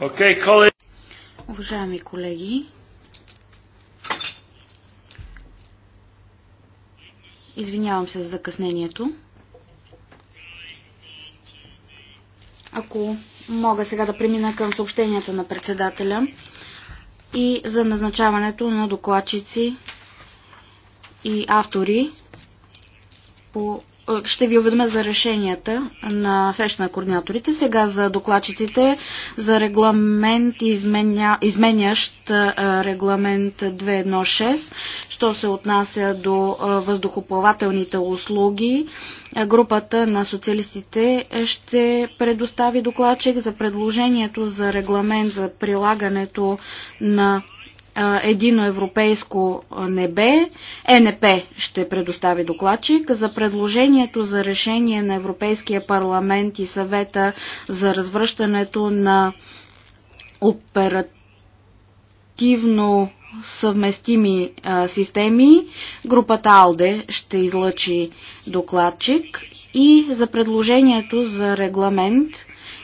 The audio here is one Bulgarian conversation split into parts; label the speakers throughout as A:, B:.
A: Okay, Уважаеми колеги, извинявам се за закъснението. Ако мога сега да премина към съобщенията на председателя и за назначаването на докладчици и автори по ще ви уведомя за решенията на среща на координаторите. Сега за докладчиците за регламент изменя, изменящ регламент 216, що се отнася до въздухоплавателните услуги. Групата на социалистите ще предостави докладчик за предложението за регламент за прилагането на едино европейско небе. ЕНП ще предостави докладчик за предложението за решение на Европейския парламент и съвета за развръщането на оперативно съвместими а, системи. Групата АЛДЕ ще излъчи докладчик и за предложението за регламент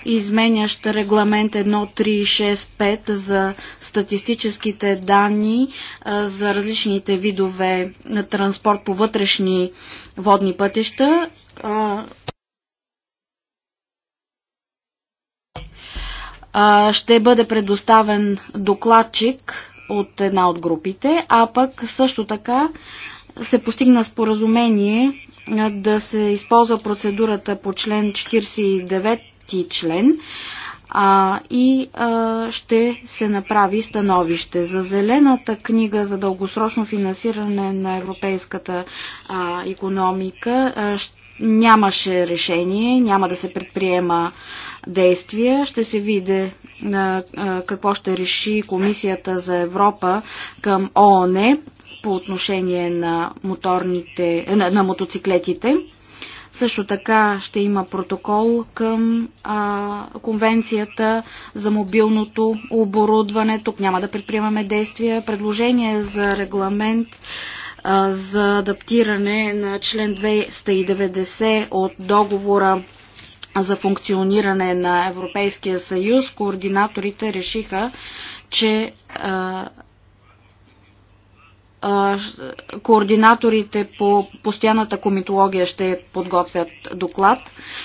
A: изменящ регламент 1365 за статистическите данни за различните видове на транспорт по вътрешни водни пътища. Ще бъде предоставен докладчик от една от групите, а пък също така се постигна споразумение да се използва процедурата по член 49 13 член а, и а, ще се направи становище. За зелената книга за дългосрочно финансиране на европейската а, економика а, нямаше решение, няма да се предприема действия. Ще се види а, а, какво ще реши Комисията за Европа към ООН по отношение на, моторните, на, на мотоциклетите. Също така ще има протокол към а, конвенцията за мобилното оборудване. Тук няма да предприемаме действия. Предложение за регламент а, за адаптиране на член 290 от договора за функциониране на Европейския съюз, координаторите решиха, че а, координаторите по постоянната комитология ще подготвят доклад.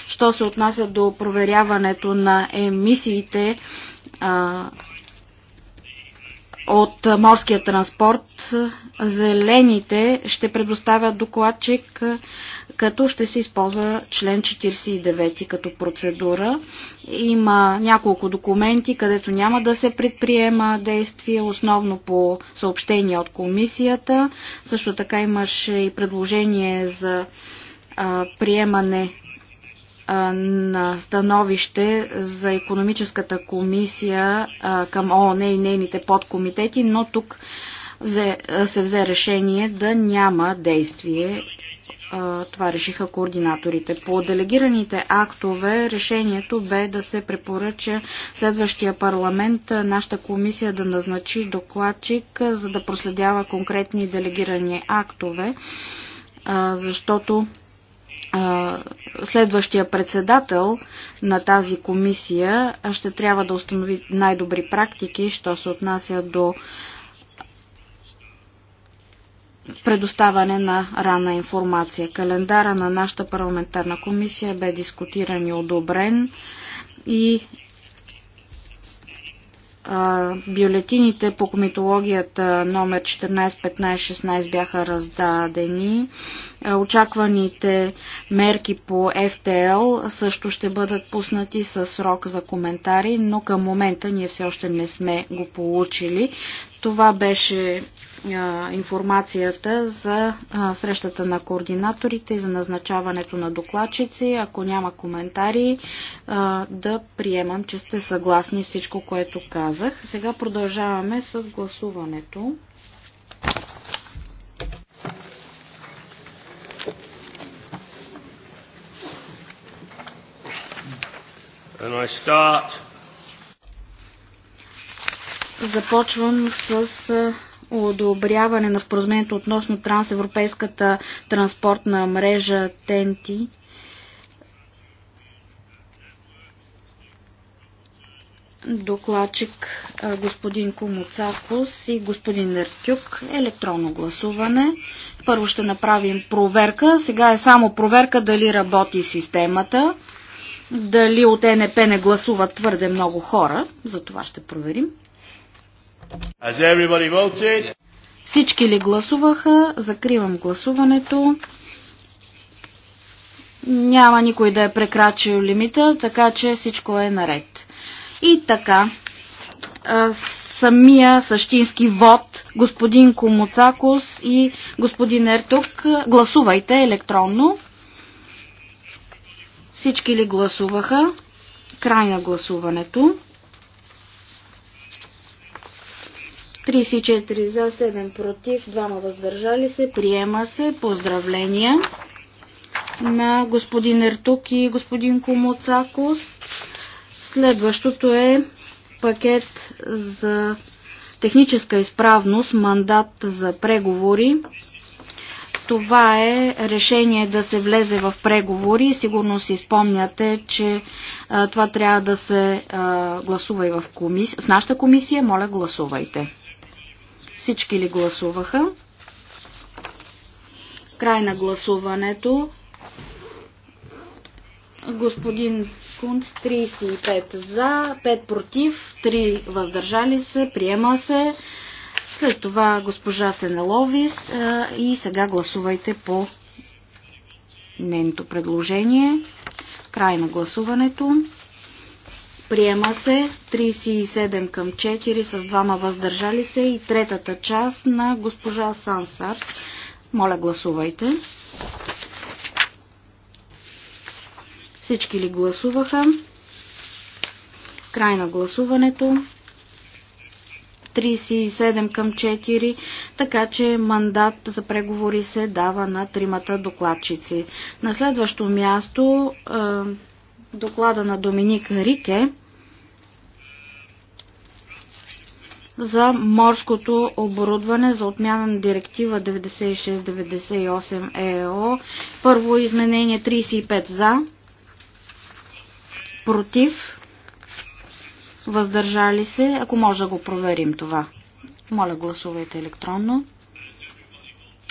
A: Що се отнася до проверяването на емисиите от морския транспорт. Зелените ще предоставят докладчик, като ще се използва член 49 като процедура. Има няколко документи, където няма да се предприема действие, основно по съобщения от комисията. Също така имаше и предложение за приемане на становище за економическата комисия към ООН и нейните подкомитети, но тук се взе решение да няма действие. Това решиха координаторите. По делегираните актове решението бе да се препоръча следващия парламент нашата комисия да назначи докладчик, за да проследява конкретни делегирани актове, защото следващия председател на тази комисия ще трябва да установи най-добри практики, що се отнася до предоставане на ранна информация. Календара на нашата парламентарна комисия бе дискутиран и одобрен и Бюлетините по комитологията номер 14, 15, 16 бяха раздадени. Очакваните мерки по FTL също ще бъдат пуснати с срок за коментари, но към момента ние все още не сме го получили. Това беше информацията за срещата на координаторите и за назначаването на докладчици. Ако няма коментари, да приемам, че сте съгласни с всичко, което казах. Сега продължаваме с гласуването. And I start Започвам с одобряване на споразумението относно трансевропейската транспортна мрежа ТЕНТИ. Докладчик господин Комуцакос и господин Нертюк. Електронно гласуване. Първо ще направим проверка. Сега е само проверка дали работи системата. Дали от НП не гласуват твърде много хора. За това ще проверим. Всички ли гласуваха? Закривам гласуването. Няма никой да е прекрачил лимита, така че всичко е наред. И така, самия същински вод, господин Комуцакос и господин Ертук, гласувайте електронно. Всички ли гласуваха? Край на гласуването. 34 за, 7 против, 2 въздържали се. Приема се. Поздравления на господин Ертук и господин Комоцакос. Следващото е пакет за техническа изправност, мандат за преговори. Това е решение да се влезе в преговори. Сигурно си спомняте, че а, това трябва да се а, гласува и в, комис... в нашата комисия. Моля, гласувайте. Всички ли гласуваха? Край на гласуването. Господин Кунц 35 за, 5 против, 3 въздържали се, приема се. След това госпожа Сенеловис и сега гласувайте по нейното предложение. Край на гласуването. Приема се 37 към 4 с двама въздържали се и третата част на госпожа Сансар. Моля, гласувайте. Всички ли гласуваха? Край на гласуването. 37 към 4, така че мандат за преговори се дава на тримата докладчици. На следващо място е, доклада на Доминик Рике за морското оборудване за отмяна на директива 9698 ЕО. Първо изменение 35 за, против, въздържали се, ако може да го проверим това. Моля гласувайте електронно.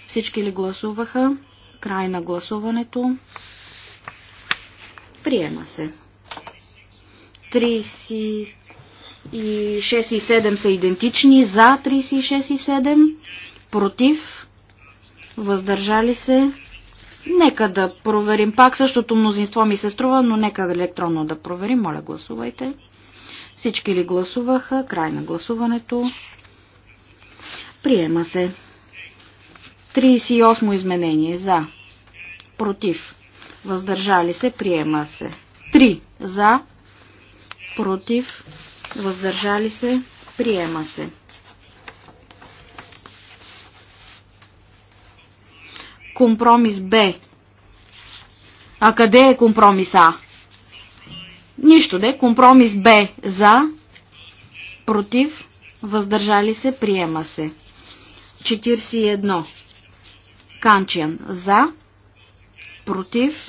A: Всички ли гласуваха? Край на гласуването. Приема се. 30 и 6 и 7 са идентични. За 36 и 7. Против. Въздържали се. Нека да проверим. Пак същото мнозинство ми се струва, но нека електронно да проверим. Моля, гласувайте. Всички ли гласуваха? Край на гласуването. Приема се. 38 изменение. За. Против. Въздържали се. Приема се. 3. За. Против въздържали се, приема се. Компромис Б. А къде е компромис А? Нищо де. Компромис Б за, против, въздържали се, приема се. 41. Канчен за, против,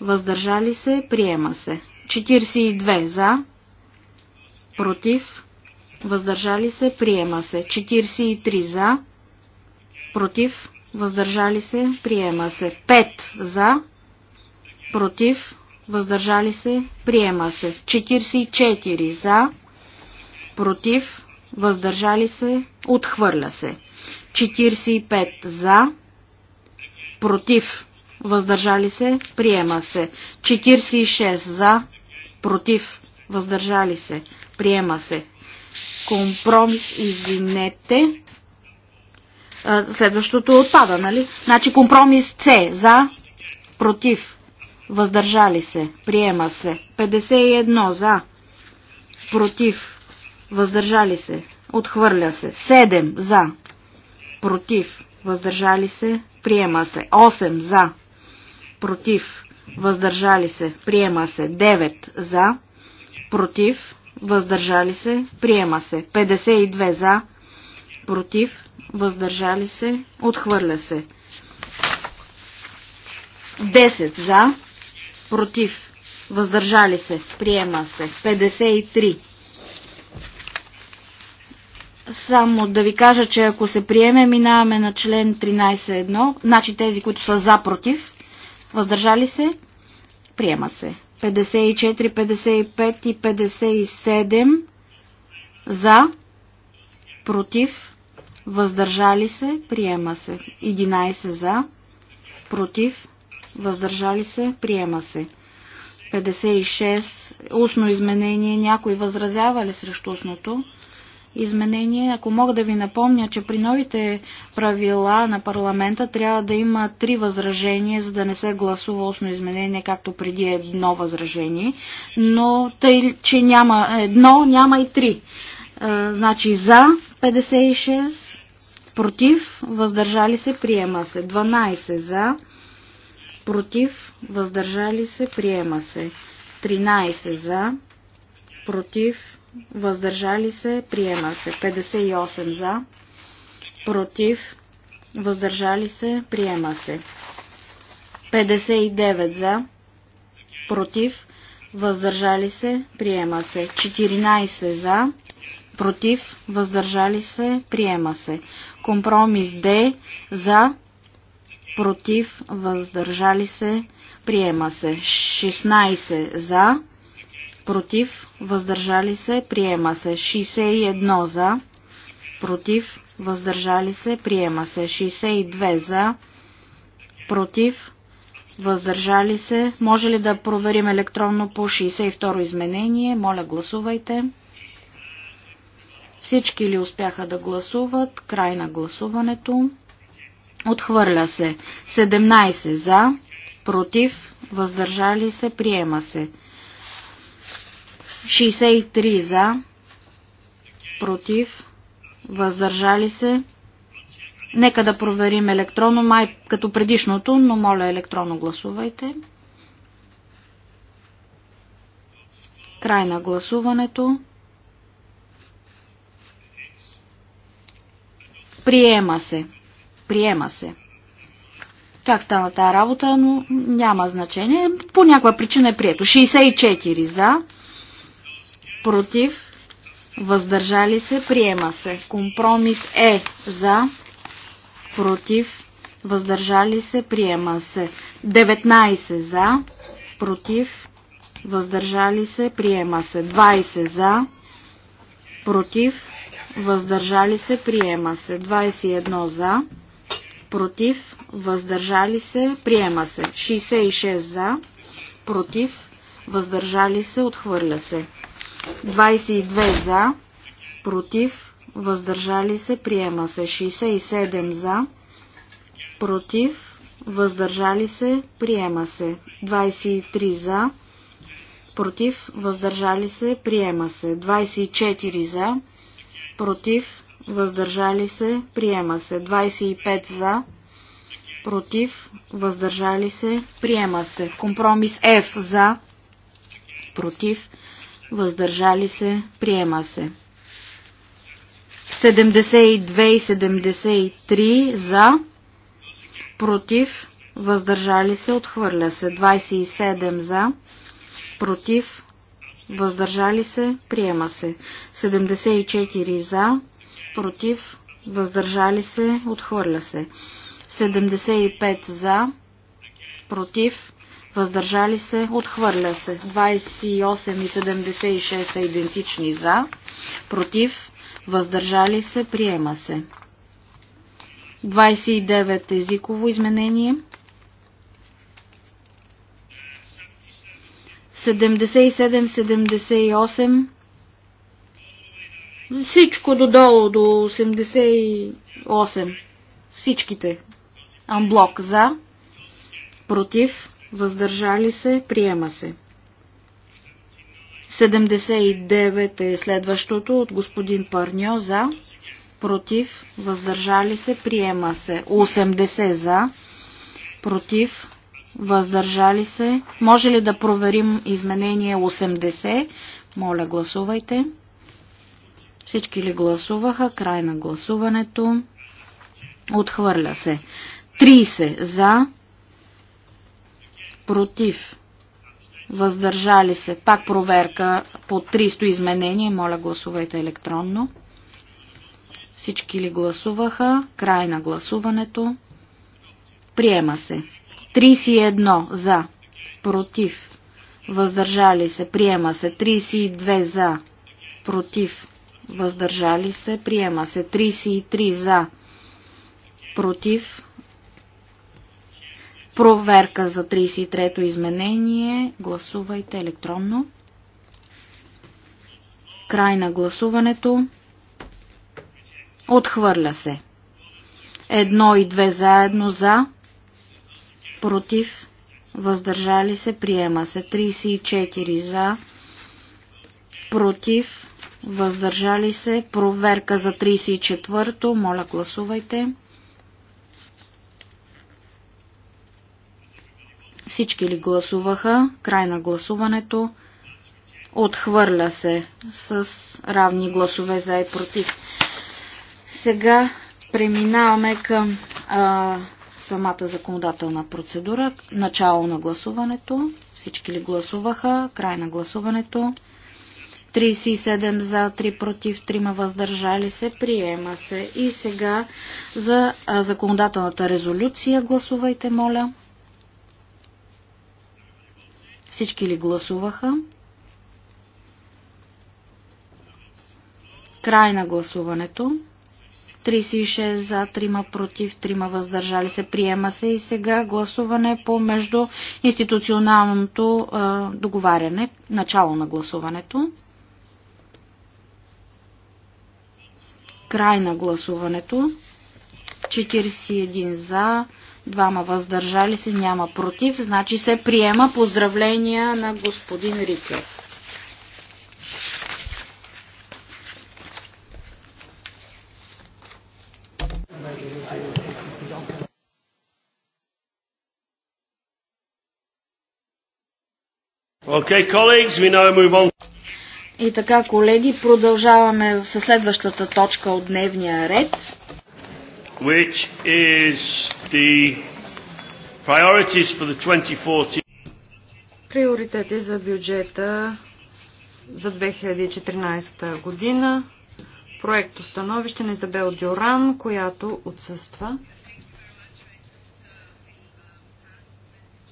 A: въздържали се, приема се. 42 за, против, въздържали се, приема се. 43 за, против, въздържали се, приема се. 5 за, против, въздържали се, приема се. 44 за, против, въздържали се, отхвърля се. 45 за, против, въздържали се, приема се. 46 за, против, въздържали се, Приема се. Компромис, извинете. Следващото отпада, нали? Значи компромис С. За. Против. Въздържали се. Приема се. 51. За. Против. Въздържали се. Отхвърля се. 7. За. Против. Въздържали се. Приема се. 8. За. Против. Въздържали се. Приема се. 9. За. Против въздържали се, приема се. 52 за, против, въздържали се, отхвърля се. 10 за, против, въздържали се, приема се. 53. Само да ви кажа, че ако се приеме, минаваме на член 13.1, значи тези, които са за, против, въздържали се, приема се. 54, 55 и 57 за, против, въздържали се, приема се. 11 за, против, въздържали се, приема се. 56. Устно изменение. Някой възразява ли срещу устното? изменение. Ако мога да ви напомня, че при новите правила на парламента трябва да има три възражения, за да не се гласува устно изменение, както преди едно възражение. Но тъй, че няма едно, няма и три. Е, значи за 56, против, въздържали се, приема се. 12 за, против, въздържали се, приема се. 13 за, против, въздържали се, приема се. 58 за, против, въздържали се, приема се. 59 за, против, въздържали се, приема се. 14 за, против, въздържали се, приема се. Компромис Д за, против, въздържали се, приема се. 16 за, против, против, въздържали се, приема се. 61 за, против, въздържали се, приема се. 62 за, против, въздържали се. Може ли да проверим електронно по 62 изменение? Моля, гласувайте. Всички ли успяха да гласуват? Край на гласуването. Отхвърля се. 17 за, против, въздържали се, приема се. 63 за, против, въздържали се. Нека да проверим електронно, май като предишното, но моля електронно гласувайте. Край на гласуването. Приема се. Приема се. Как стана тази работа, но няма значение. По някаква причина е прието. 64 за против, въздържали се, приема се. Компромис Е за, против, въздържали се, приема се. 19 за, против, въздържали се, приема се. 20 за, против, въздържали се, приема се. 21 за, против, въздържали се, приема се. 66 за, против, въздържали се, отхвърля се. 22 за, против, въздържали се, приема се. 67 за, против, въздържали се, приема се. 23 за, против, въздържали се, приема се. 24 за, против, въздържали се, приема се. 25 за, против, въздържали се, приема се. Компромис F за, против, въздържали се въздържали се, приема се. 72 и 73 за, против, въздържали се, отхвърля се. 27 за, против, въздържали се, приема се. 74 за, против, въздържали се, отхвърля се. 75 за, против, въздържали се, отхвърля се. 28 и 76 са идентични за, против, въздържали се, приема се. 29 езиково изменение. 77-78 всичко додолу до 88 всичките Анблок за против въздържали се, приема се. 79 е следващото от господин Парньо за, против, въздържали се, приема се. 80 за, против, въздържали се. Може ли да проверим изменение 80? Моля, гласувайте. Всички ли гласуваха? Край на гласуването. Отхвърля се. 30 за, против, въздържали се. Пак проверка по 300 изменения, Моля, гласувайте електронно. Всички ли гласуваха? Край на гласуването. Приема се. 31 за, против, въздържали се. Приема се. 32 за, против, въздържали се. Приема се. 33 за, против, Проверка за 33-то изменение. Гласувайте електронно. Край на гласуването. Отхвърля се. Едно и две заедно за. Против. Въздържали се. Приема се. 34 за. Против. Въздържали се. Проверка за 34-то. Моля гласувайте. Всички ли гласуваха? Край на гласуването. Отхвърля се с равни гласове за и против. Сега преминаваме към а, самата законодателна процедура. Начало на гласуването. Всички ли гласуваха? Край на гласуването. 37 за, 3 против, 3 въздържали се. Приема се. И сега за законодателната резолюция гласувайте, моля. Всички ли гласуваха? Край на гласуването. 36 за, 3 против, 3 въздържали се. Приема се и сега гласуване по между институционалното е, договаряне. Начало на гласуването. Край на гласуването. 41 за, двама въздържали се, няма против, значи се приема поздравления на господин Рикер. Okay, colleagues, we now move on. И така, колеги, продължаваме със следващата точка от дневния ред which is the priorities for the 2014.
B: Приоритети за бюджета за 2014 година. Проект установище на Изабел Дюран, която отсъства.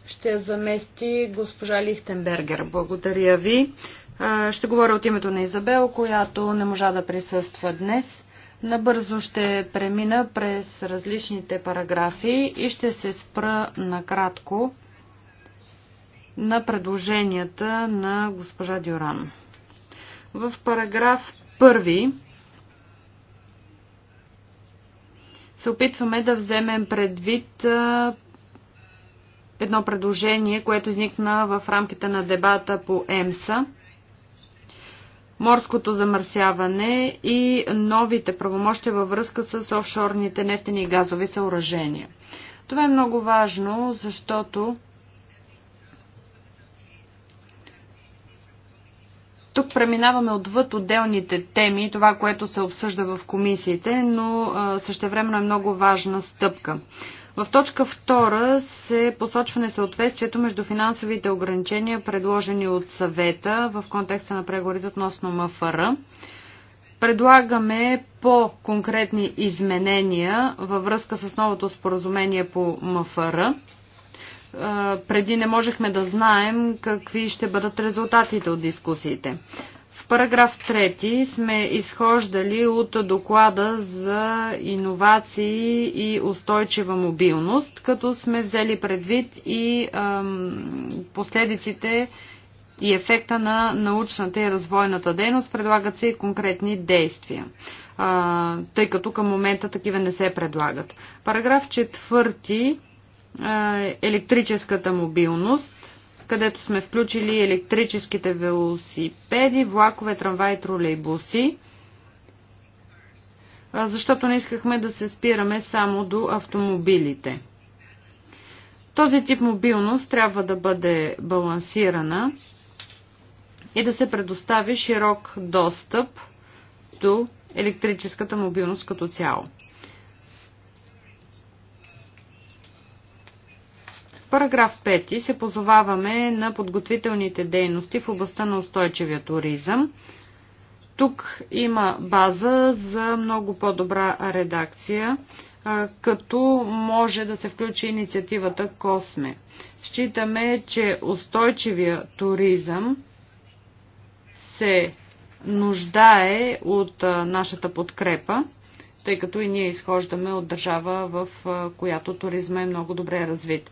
B: Ще замести госпожа Лихтенбергер. Благодаря ви. Ще говоря от името на Изабел, която не можа да присъства днес. Набързо ще премина през различните параграфи и ще се спра накратко на предложенията на госпожа Дюран. В параграф първи се опитваме да вземем предвид едно предложение, което изникна в рамките на дебата по ЕМСА – морското замърсяване и новите правомощия във връзка с офшорните нефтени и газови съоръжения. Това е много важно, защото Тук преминаваме отвъд отделните теми, това, което се обсъжда в комисиите, но времено е много важна стъпка. В точка 2 се посочва несъответствието между финансовите ограничения, предложени от съвета в контекста на преговорите относно МФР. Предлагаме по-конкретни изменения във връзка с новото споразумение по МФР е, преди не можехме да знаем какви ще бъдат резултатите от дискусиите параграф 3 сме изхождали от доклада за иновации и устойчива мобилност, като сме взели предвид и ам, последиците и ефекта на научната и развойната дейност. Предлагат се и конкретни действия, а, тъй като към момента такива не се предлагат. Параграф 4 електрическата мобилност където сме включили електрическите велосипеди, влакове, трамваи, тролейбуси, защото не искахме да се спираме само до автомобилите. Този тип мобилност трябва да бъде балансирана и да се предостави широк достъп до електрическата мобилност като цяло. параграф 5 се позоваваме на подготвителните дейности в областта на устойчивия туризъм. Тук има база за много по-добра редакция, като може да се включи инициативата Косме. Считаме, че устойчивия туризъм се нуждае от нашата подкрепа, тъй като и ние изхождаме от държава, в която туризма е много добре развит.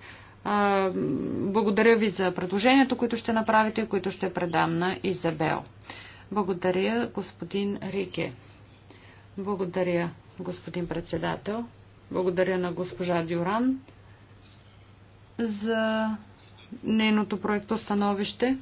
B: Благодаря ви за предложението, които ще направите и които ще предам на Изабел. Благодаря, господин Рике. Благодаря, господин председател. Благодаря на госпожа Дюран за нейното проекто становище.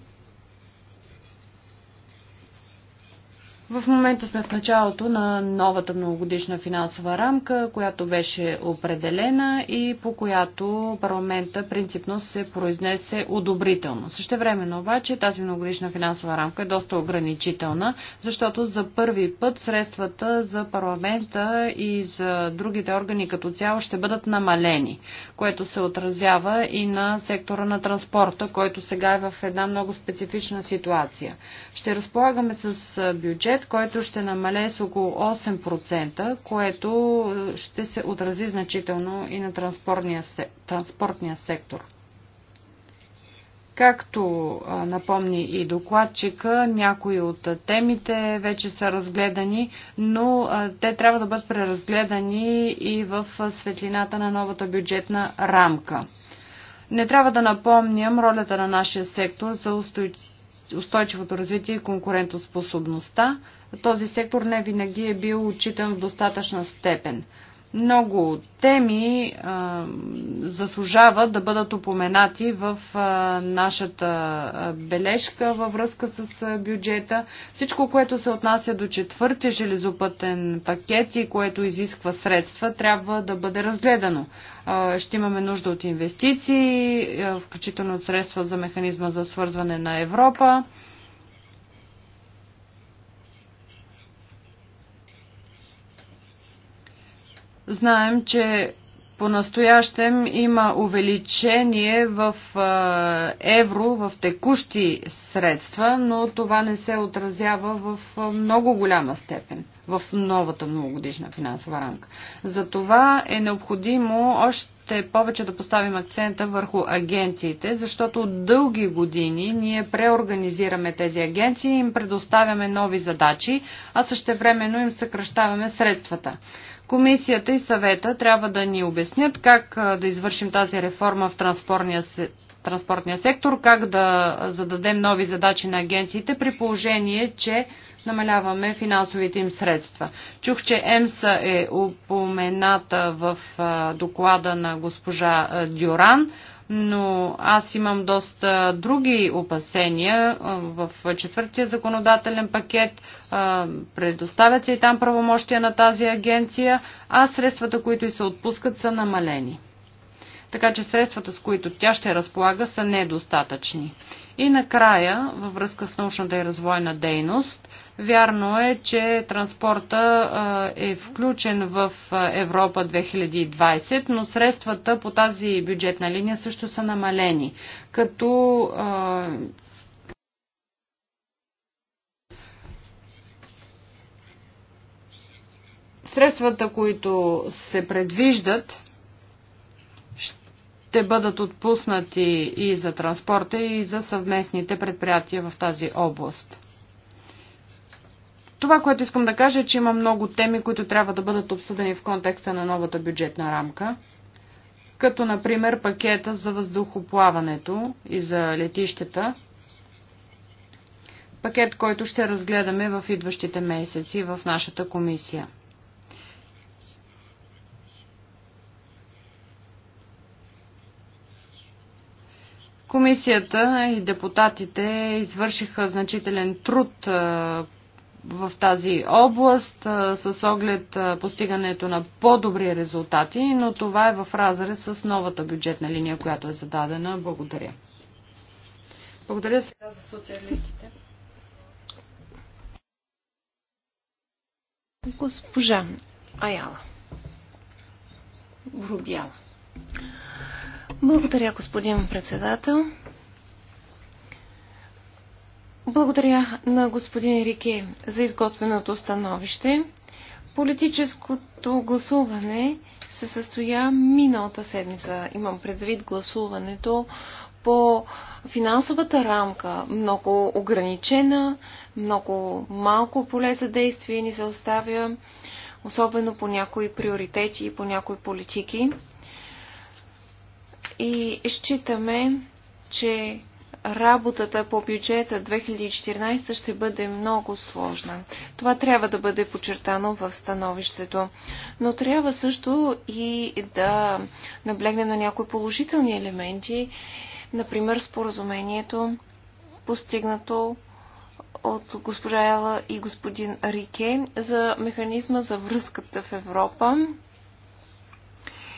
B: В момента сме в началото на новата многогодишна финансова рамка, която беше определена и по която парламента принципно се произнесе одобрително. Същевременно обаче тази многогодишна финансова рамка е доста ограничителна, защото за първи път средствата за парламента и за другите органи като цяло ще бъдат намалени, което се отразява и на сектора на транспорта, който сега е в една много специфична ситуация. Ще разполагаме с бюджет, бюджет, който ще намалее с около 8%, което е, ще се отрази значително и на транспортния, транспортния сектор. Както напомни и докладчика, някои от темите вече са разгледани, но те трябва да бъдат преразгледани и в светлината на новата бюджетна рамка. Не трябва да напомням ролята на нашия сектор за устойчивост устойчивото развитие и конкурентоспособността. Този сектор не винаги е бил отчитан в достатъчна степен много теми а, заслужават да бъдат упоменати в а, нашата бележка във връзка с а, бюджета. Всичко, което се отнася до четвърти железопътен пакет и което изисква средства, трябва да бъде разгледано. А, ще имаме нужда от инвестиции, а, включително от средства за механизма за свързване на Европа. Знаем, че по-настоящем има увеличение в евро, в текущи средства, но това не се отразява в много голяма степен в новата многогодишна финансова рамка. За това е необходимо още повече да поставим акцента върху агенциите, защото от дълги години ние преорганизираме тези агенции, им предоставяме нови задачи, а същевременно им съкръщаваме средствата. Комисията и съвета трябва да ни обяснят как да извършим тази реформа в транспортния, транспортния сектор, как да зададем нови задачи на агенциите при положение, че намаляваме финансовите им средства. Чух, че ЕМСА е упомената в доклада на госпожа Дюран но аз имам доста други опасения. В четвъртия законодателен пакет предоставят се и там правомощия на тази агенция, а средствата, които и се отпускат, са намалени. Така че средствата, с които тя ще разполага, са недостатъчни. И накрая, във връзка с научната и развойна дейност, вярно е, че транспорта е включен в Европа 2020, но средствата по тази бюджетна линия също са намалени. Като средствата, които се предвиждат, ще бъдат отпуснати и за транспорта, и за съвместните предприятия в тази област. Това, което искам да кажа е, че има много теми, които трябва да бъдат обсъдени в контекста на новата бюджетна рамка, като например пакета за въздухоплаването и за летищета, пакет, който ще разгледаме в идващите месеци в нашата комисия. Комисията и депутатите извършиха значителен труд в тази област с оглед постигането на по-добри резултати, но това е в разрез с новата бюджетна линия, която е зададена. Благодаря. Благодаря сега за социалистите. Госпожа
C: Аяла. Врубяла. Благодаря, господин председател. Благодаря на господин Рике за изготвеното становище. Политическото гласуване се състоя миналата седмица. Имам предвид гласуването по финансовата рамка. Много ограничена, много малко поле за действие ни се оставя, особено по някои приоритети и по някои политики. И считаме, че работата по бюджета 2014 ще бъде много сложна. Това трябва да бъде подчертано в становището. Но трябва също и да наблегне на някои положителни елементи, например споразумението, постигнато от госпожа Ела и господин Рике за механизма за връзката в Европа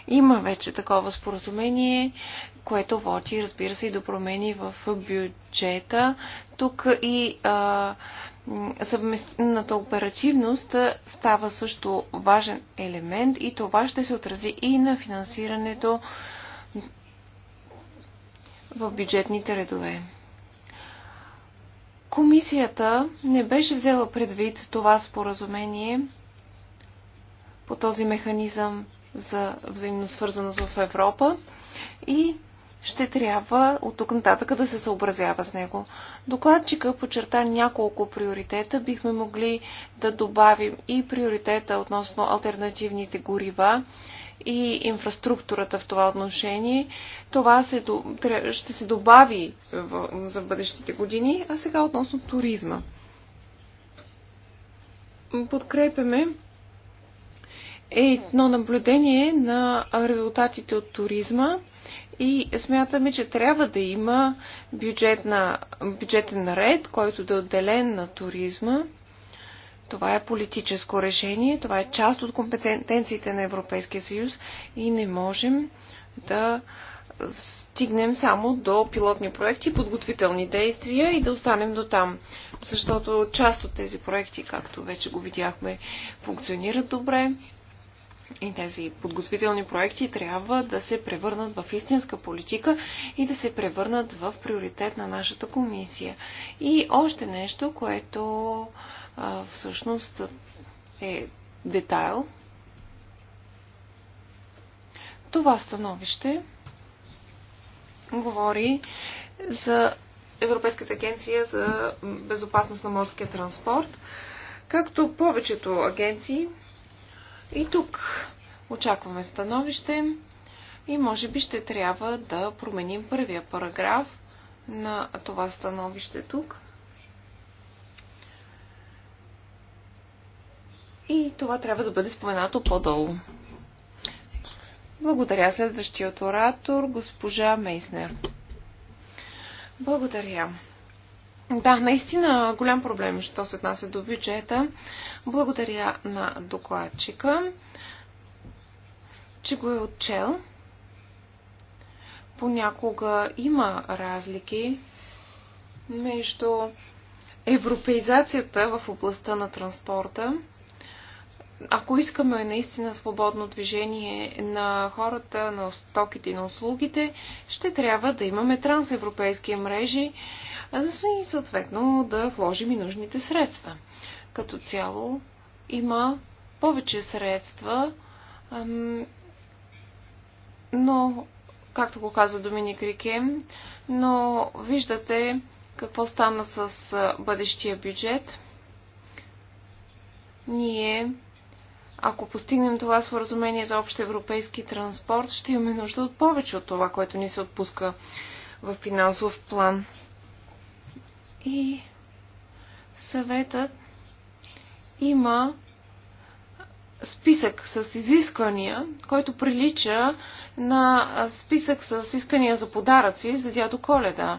C: има вече такова споразумение, което води, разбира се, и до промени в бюджета. Тук и а, съвместната оперативност става също важен елемент и това ще се отрази и на финансирането в бюджетните редове. Комисията не беше взела предвид това споразумение по този механизъм за взаимно свързаност в Европа и ще трябва от тук нататък да се съобразява с него. Докладчика подчерта няколко приоритета. Бихме могли да добавим и приоритета относно альтернативните горива и инфраструктурата в това отношение. Това се, ще се добави за бъдещите години, а сега относно туризма. Подкрепяме е едно наблюдение на резултатите от туризма и смятаме, че трябва да има бюджетна, бюджетен ред, който да е отделен на туризма. Това е политическо решение, това е част от компетенциите на Европейския съюз и не можем да стигнем само до пилотни проекти, подготвителни действия и да останем до там. Защото част от тези проекти, както вече го видяхме, функционират добре, и тези подготвителни проекти трябва да се превърнат в истинска политика и да се превърнат в приоритет на нашата комисия. И още нещо, което а, всъщност е детайл. Това становище говори за Европейската агенция за безопасност на морския транспорт. Както повечето агенции, и тук очакваме становище и може би ще трябва да променим първия параграф на това становище тук. И това трябва да бъде споменато по-долу. Благодаря следващият оратор, госпожа Мейснер. Благодаря. Да, наистина голям проблем, що се отнася до бюджета. Благодаря на докладчика, че го е отчел. Понякога има разлики между европеизацията в областта на транспорта. Ако искаме наистина свободно движение на хората, на стоките и на услугите, ще трябва да имаме трансевропейски мрежи за и съответно да вложим и нужните средства. Като цяло има повече средства, но, както го каза Доминик Рике, но виждате какво стана с бъдещия бюджет. Ние ако постигнем това споразумение за общ европейски транспорт, ще имаме нужда от повече от това, което ни се отпуска в финансов план. И съветът има списък с изисквания, който прилича на списък с искания за подаръци за дядо Коледа.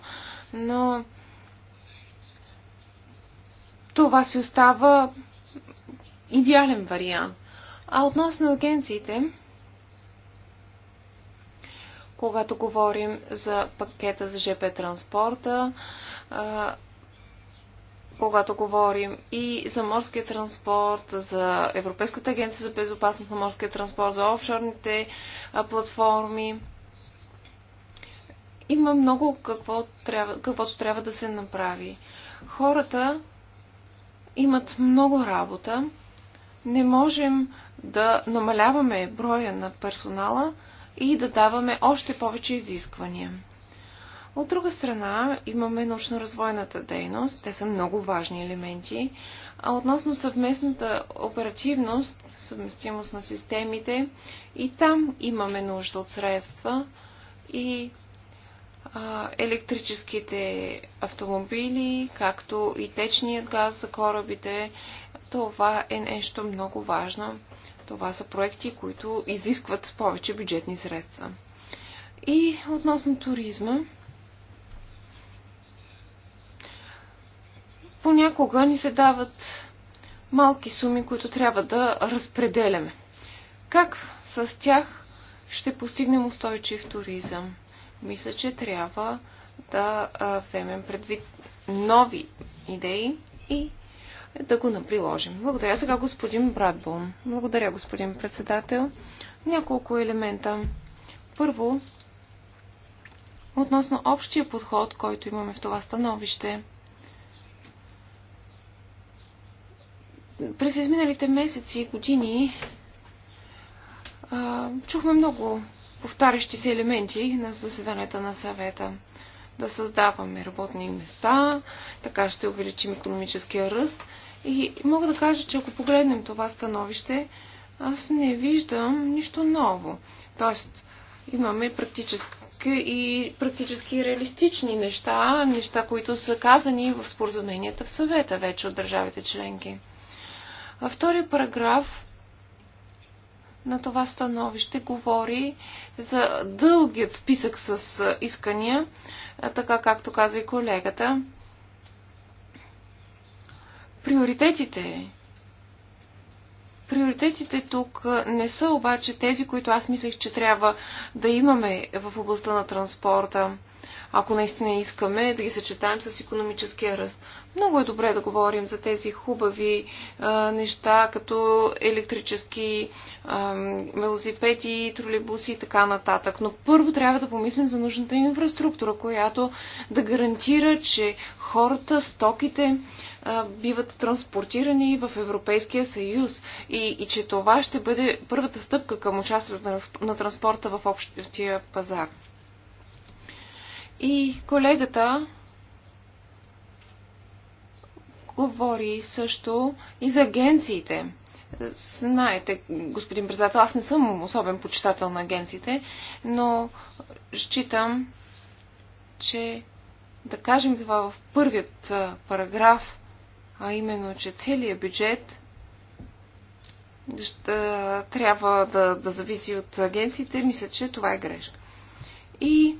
C: Но това си остава идеален вариант. А относно агенциите, когато говорим за пакета за ЖП транспорта, когато говорим и за морския транспорт, за Европейската агенция за безопасност на морския транспорт, за офшорните платформи. Има много какво трябва, каквото трябва да се направи. Хората имат много работа. Не можем да намаляваме броя на персонала и да даваме още повече изисквания. От друга страна, имаме научно-развойната дейност. Те са много важни елементи. А относно съвместната оперативност, съвместимост на системите, и там имаме нужда от средства и електрическите автомобили, както и течният газ за корабите. Това е нещо много важно. Това са проекти, които изискват повече бюджетни средства. И относно туризма, понякога ни се дават малки суми, които трябва да разпределяме. Как с тях ще постигнем устойчив туризъм? Мисля, че трябва да вземем предвид нови идеи и да го наприложим. Благодаря сега господин Брадбон. Благодаря господин председател. Няколко елемента. Първо, относно общия подход, който имаме в това становище. През изминалите месеци и години а, чухме много повтарящи се елементи на заседанията на съвета. Да създаваме работни места, така ще увеличим економическия ръст. И мога да кажа, че ако погледнем това становище, аз не виждам нищо ново. Тоест, имаме практически и практически реалистични неща, неща, които са казани в споразуменията в съвета вече от държавите членки. Във втори параграф на това становище говори за дългият списък с искания, така както каза и колегата. Приоритетите. Приоритетите тук не са обаче тези, които аз мислех, че трябва да имаме в областта на транспорта ако наистина искаме да ги съчетаем с економическия ръст. Много е добре да говорим за тези хубави а, неща, като електрически а, велосипеди, тролейбуси и така нататък. Но първо трябва да помислим за нужната инфраструктура, която да гарантира, че хората, стоките, биват транспортирани в Европейския съюз и, и че това ще бъде първата стъпка към участието на, на транспорта в общия пазар. И колегата говори също и за агенциите. Знаете, господин председател, аз не съм особен почитател на агенциите, но считам, че да кажем това в първият параграф, а именно, че целият бюджет ще, трябва да, да зависи от агенциите, мисля, че това е грешка. И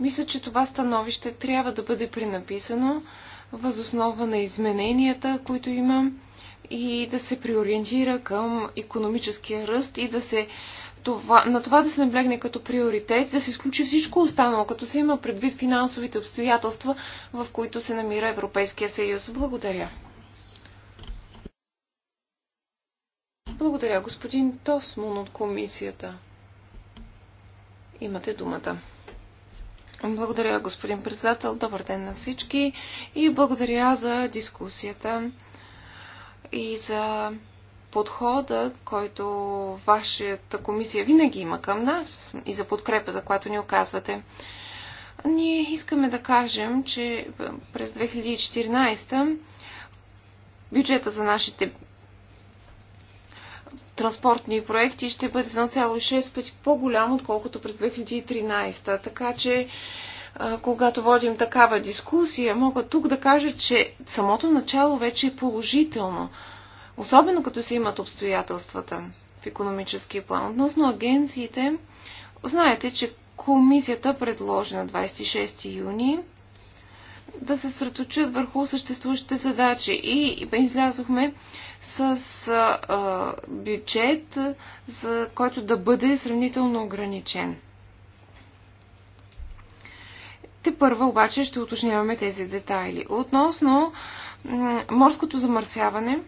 C: мисля, че това становище трябва да бъде пренаписано възоснова на измененията, които има и да се приориентира към економическия ръст и да се това, на това да се наблегне като приоритет, да се изключи всичко останало, като се има предвид финансовите обстоятелства, в които се намира Европейския съюз. Благодаря. Благодаря, господин Тосмун от комисията. Имате думата. Благодаря, господин председател. Добър ден на всички и благодаря за дискусията и за подхода, който вашата комисия винаги има към нас и за подкрепата, която ни оказвате. Ние искаме да кажем, че през 2014 бюджета за нашите транспортни проекти ще бъде 1,6 пъти по-голям, отколкото през 2013. Така че, когато водим такава дискусия, мога тук да кажа, че самото начало вече е положително, особено като се имат обстоятелствата в економическия план. Относно агенциите, знаете, че комисията предложи на 26 юни да се сръточат върху съществуващите задачи. И излязохме с а, бюджет, за който да бъде сравнително ограничен. Те първа обаче ще уточняваме тези детайли. Относно морското замърсяване,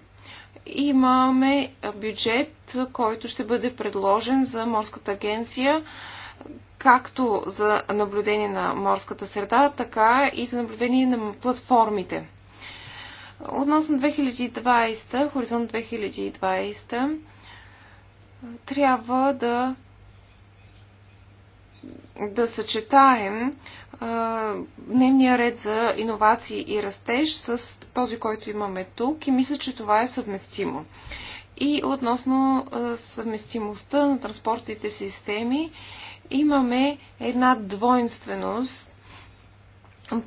C: имаме бюджет, който ще бъде предложен за Морската агенция както за наблюдение на морската среда, така и за наблюдение на платформите. Относно 2020, хоризонт 2020, трябва да да съчетаем а, дневния ред за иновации и растеж с този, който имаме тук и мисля, че това е съвместимо. И относно а, съвместимостта на транспортните системи, а, имаме една двойнственост,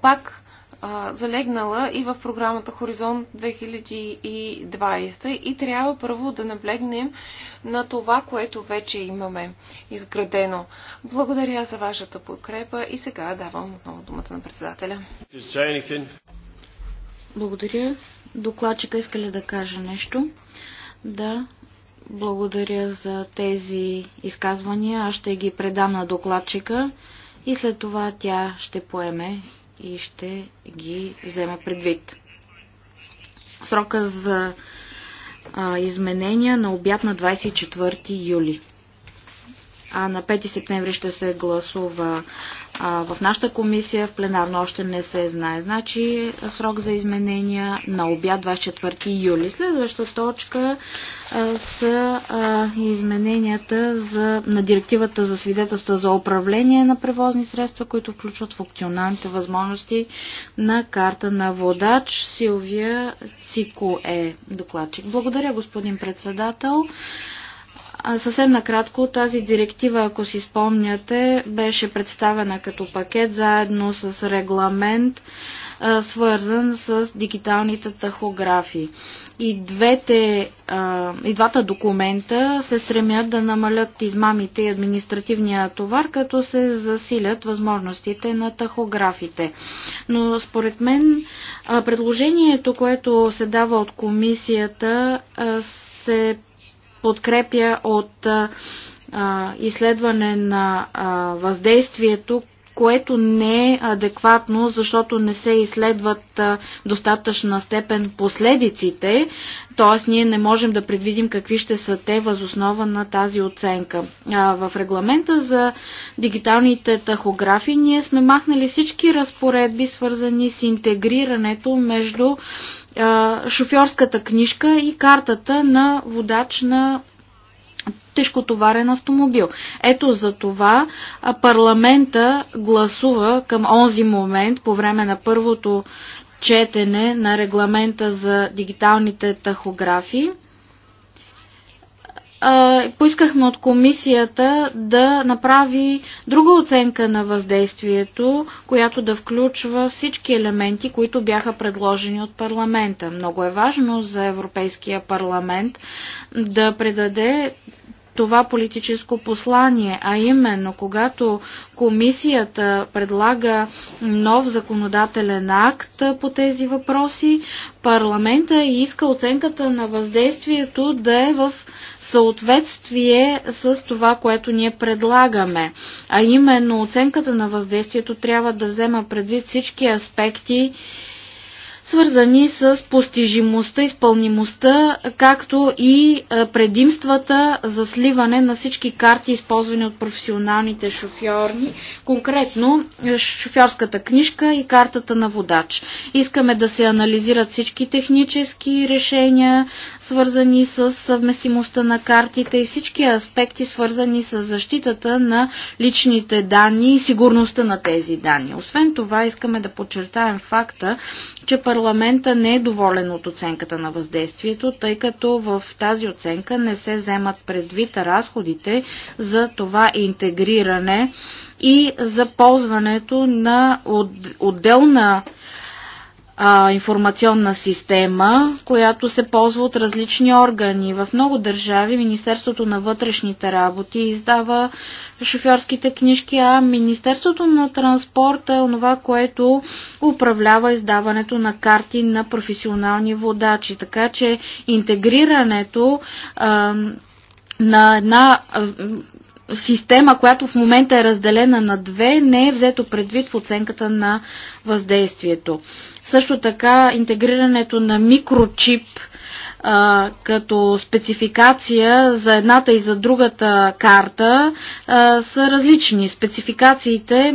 C: пак а, залегнала и в програмата Хоризонт 2020 и трябва първо да наблегнем на това, което вече имаме изградено. Благодаря за вашата подкрепа и
A: сега давам отново думата на председателя. Благодаря. Докладчика иска ли да каже нещо? Да, благодаря за тези изказвания. Аз ще ги предам на докладчика и след това тя ще поеме и ще ги вземе предвид. Срока за а, изменения на обяд на 24 юли а на 5 септември ще се гласува а, в нашата комисия, в пленарно още не се знае. Значи срок за изменения на обяд 24 юли. Следваща точка а, са а, измененията за, на директивата за свидетелства за управление на превозни средства, които включват функционалните възможности на карта на водач. Силвия Цико е докладчик. Благодаря, господин председател. Съвсем накратко, тази директива, ако си спомняте, беше представена като пакет заедно с регламент, свързан с дигиталните тахографии. И, двете, и двата документа се стремят да намалят измамите и административния товар, като се засилят възможностите на тахографите. Но според мен предложението, което се дава от комисията, се подкрепя от изследване на въздействието, което не е адекватно, защото не се изследват достатъчна степен последиците, т.е. ние не можем да предвидим какви ще са те възоснова на тази оценка. В регламента за дигиталните тахографи ние сме махнали всички разпоредби, свързани с интегрирането между шофьорската книжка и картата на водач на тежкотоварен автомобил. Ето за това парламента гласува към онзи момент, по време на първото четене на регламента за дигиталните тахографии поискахме от комисията да направи друга оценка на въздействието, която да включва всички елементи, които бяха предложени от парламента. Много е важно за Европейския парламент да предаде това политическо послание, а именно когато комисията предлага нов законодателен акт по тези въпроси, парламента иска оценката на въздействието да е в съответствие с това, което ние предлагаме. А именно оценката на въздействието трябва да взема предвид всички аспекти свързани с постижимостта, изпълнимостта, както и предимствата за сливане на всички карти, използвани от професионалните шофьорни, конкретно шофьорската книжка и картата на водач. Искаме да се анализират всички технически решения, свързани с съвместимостта на картите и всички аспекти, свързани с защитата на личните данни и сигурността на тези данни. Освен това, искаме да подчертаем факта, че парламента не е доволен от оценката на въздействието, тъй като в тази оценка не се вземат предвид разходите за това интегриране и за ползването на отделна а, информационна система, която се ползва от различни органи. В много държави Министерството на вътрешните работи издава шофьорските книжки, а Министерството на транспорта е онова, което управлява издаването на карти на професионални водачи. Така че интегрирането а, на една система, която в момента е разделена на две, не е взето предвид в оценката на въздействието. Също така интегрирането на микрочип като спецификация за едната и за другата карта са различни. Спецификациите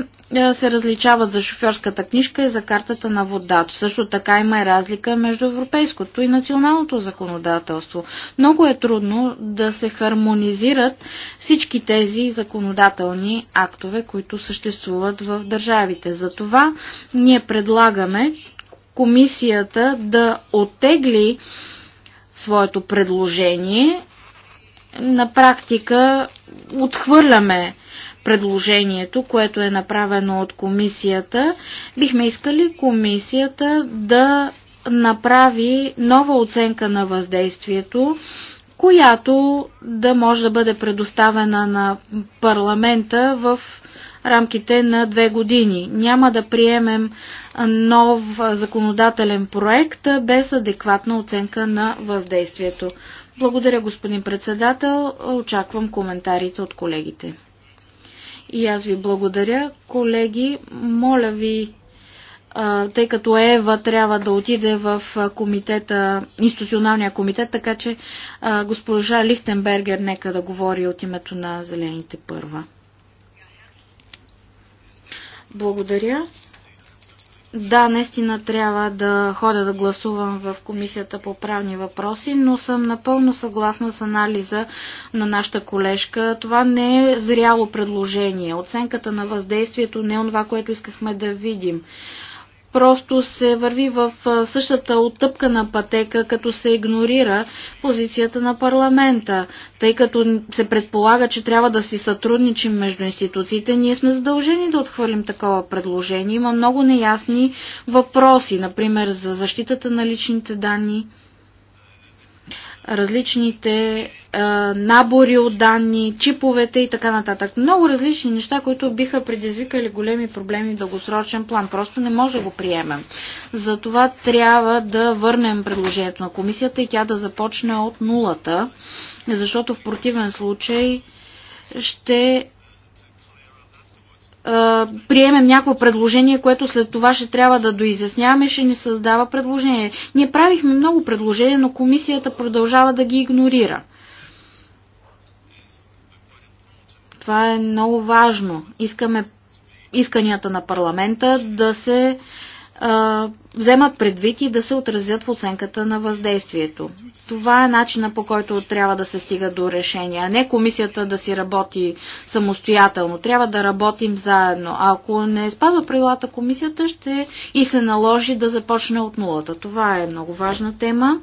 A: се различават за шофьорската книжка и за картата на водач. Също така има и разлика между европейското и националното законодателство. Много е трудно да се хармонизират всички тези законодателни актове, които съществуват в държавите. Затова ние предлагаме комисията да отегли своето предложение. На практика отхвърляме предложението, което е направено от комисията. Бихме искали комисията да направи нова оценка на въздействието, която да може да бъде предоставена на парламента в рамките на две години. Няма да приемем нов законодателен проект без адекватна оценка на въздействието. Благодаря, господин председател. Очаквам коментарите от колегите. И аз ви благодаря. Колеги, моля ви, тъй като Ева трябва да отиде в комитета, институционалния комитет, така че госпожа Лихтенбергер нека да говори от името на Зелените първа. Благодаря. Да, наистина трябва да ходя да гласувам в Комисията по правни въпроси, но съм напълно съгласна с анализа на нашата колежка. Това не е зряло предложение. Оценката на въздействието не е това, което искахме да видим просто се върви в същата оттъпка на пътека, като се игнорира позицията на парламента. Тъй като се предполага, че трябва да си сътрудничим между институциите, ние сме задължени да отхвърлим такова предложение. Има много неясни въпроси, например за защитата на личните данни различните а, набори от данни, чиповете и така нататък. Много различни неща, които биха предизвикали големи проблеми в дългосрочен план. Просто не може да го приемем. Затова трябва да върнем предложението на комисията и тя да започне от нулата, защото в противен случай ще приемем някакво предложение, което след това ще трябва да доизясняваме, ще ни създава предложение. Ние правихме много предложения, но комисията продължава да ги игнорира. Това е много важно. Искаме исканията на парламента да се а, вземат предвид и да се отразят в оценката на въздействието. Това е начина по който трябва да се стига до решение, а не комисията да си работи самостоятелно. Трябва да работим заедно. А ако не спазва правилата комисията, ще и се наложи да започне от нулата. Това е много важна тема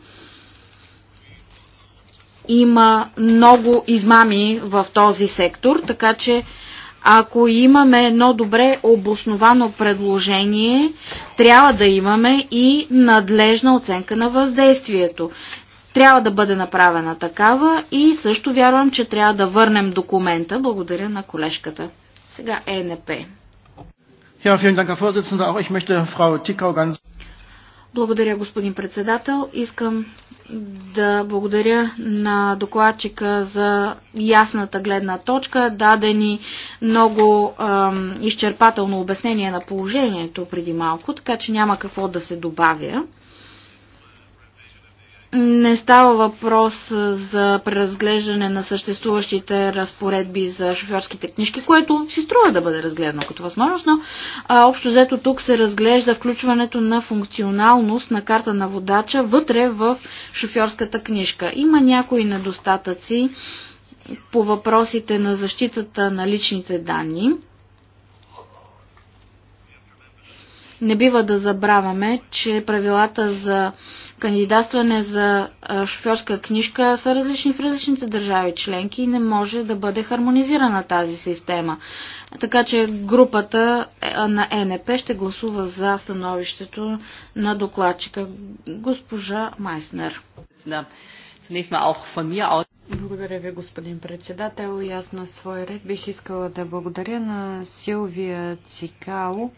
A: има много измами в този сектор, така че ако имаме едно добре обосновано предложение, трябва да имаме и надлежна оценка на въздействието. Трябва да бъде направена такава и също вярвам, че трябва да върнем документа. Благодаря на колежката. Сега ЕНП. Благодаря, господин председател. Искам да благодаря на докладчика за ясната гледна точка, дадени много ем, изчерпателно обяснение на положението преди малко, така че няма какво да се добавя. Не става въпрос за преразглеждане на съществуващите разпоредби за шофьорските книжки, което си струва да бъде разгледано като възможност, но а, общо взето тук се разглежда включването на функционалност на карта на водача вътре в шофьорската книжка. Има някои недостатъци по въпросите на защитата на личните данни. Не бива да забравяме, че правилата за кандидатстване за шофьорска книжка са различни в различните държави членки и не може да бъде хармонизирана тази система. Така че групата е, на ЕНП ще гласува за становището на докладчика госпожа Майснер. Благодаря ви, господин председател.
B: И аз на свой ред бих искала да благодаря на Силвия Цикао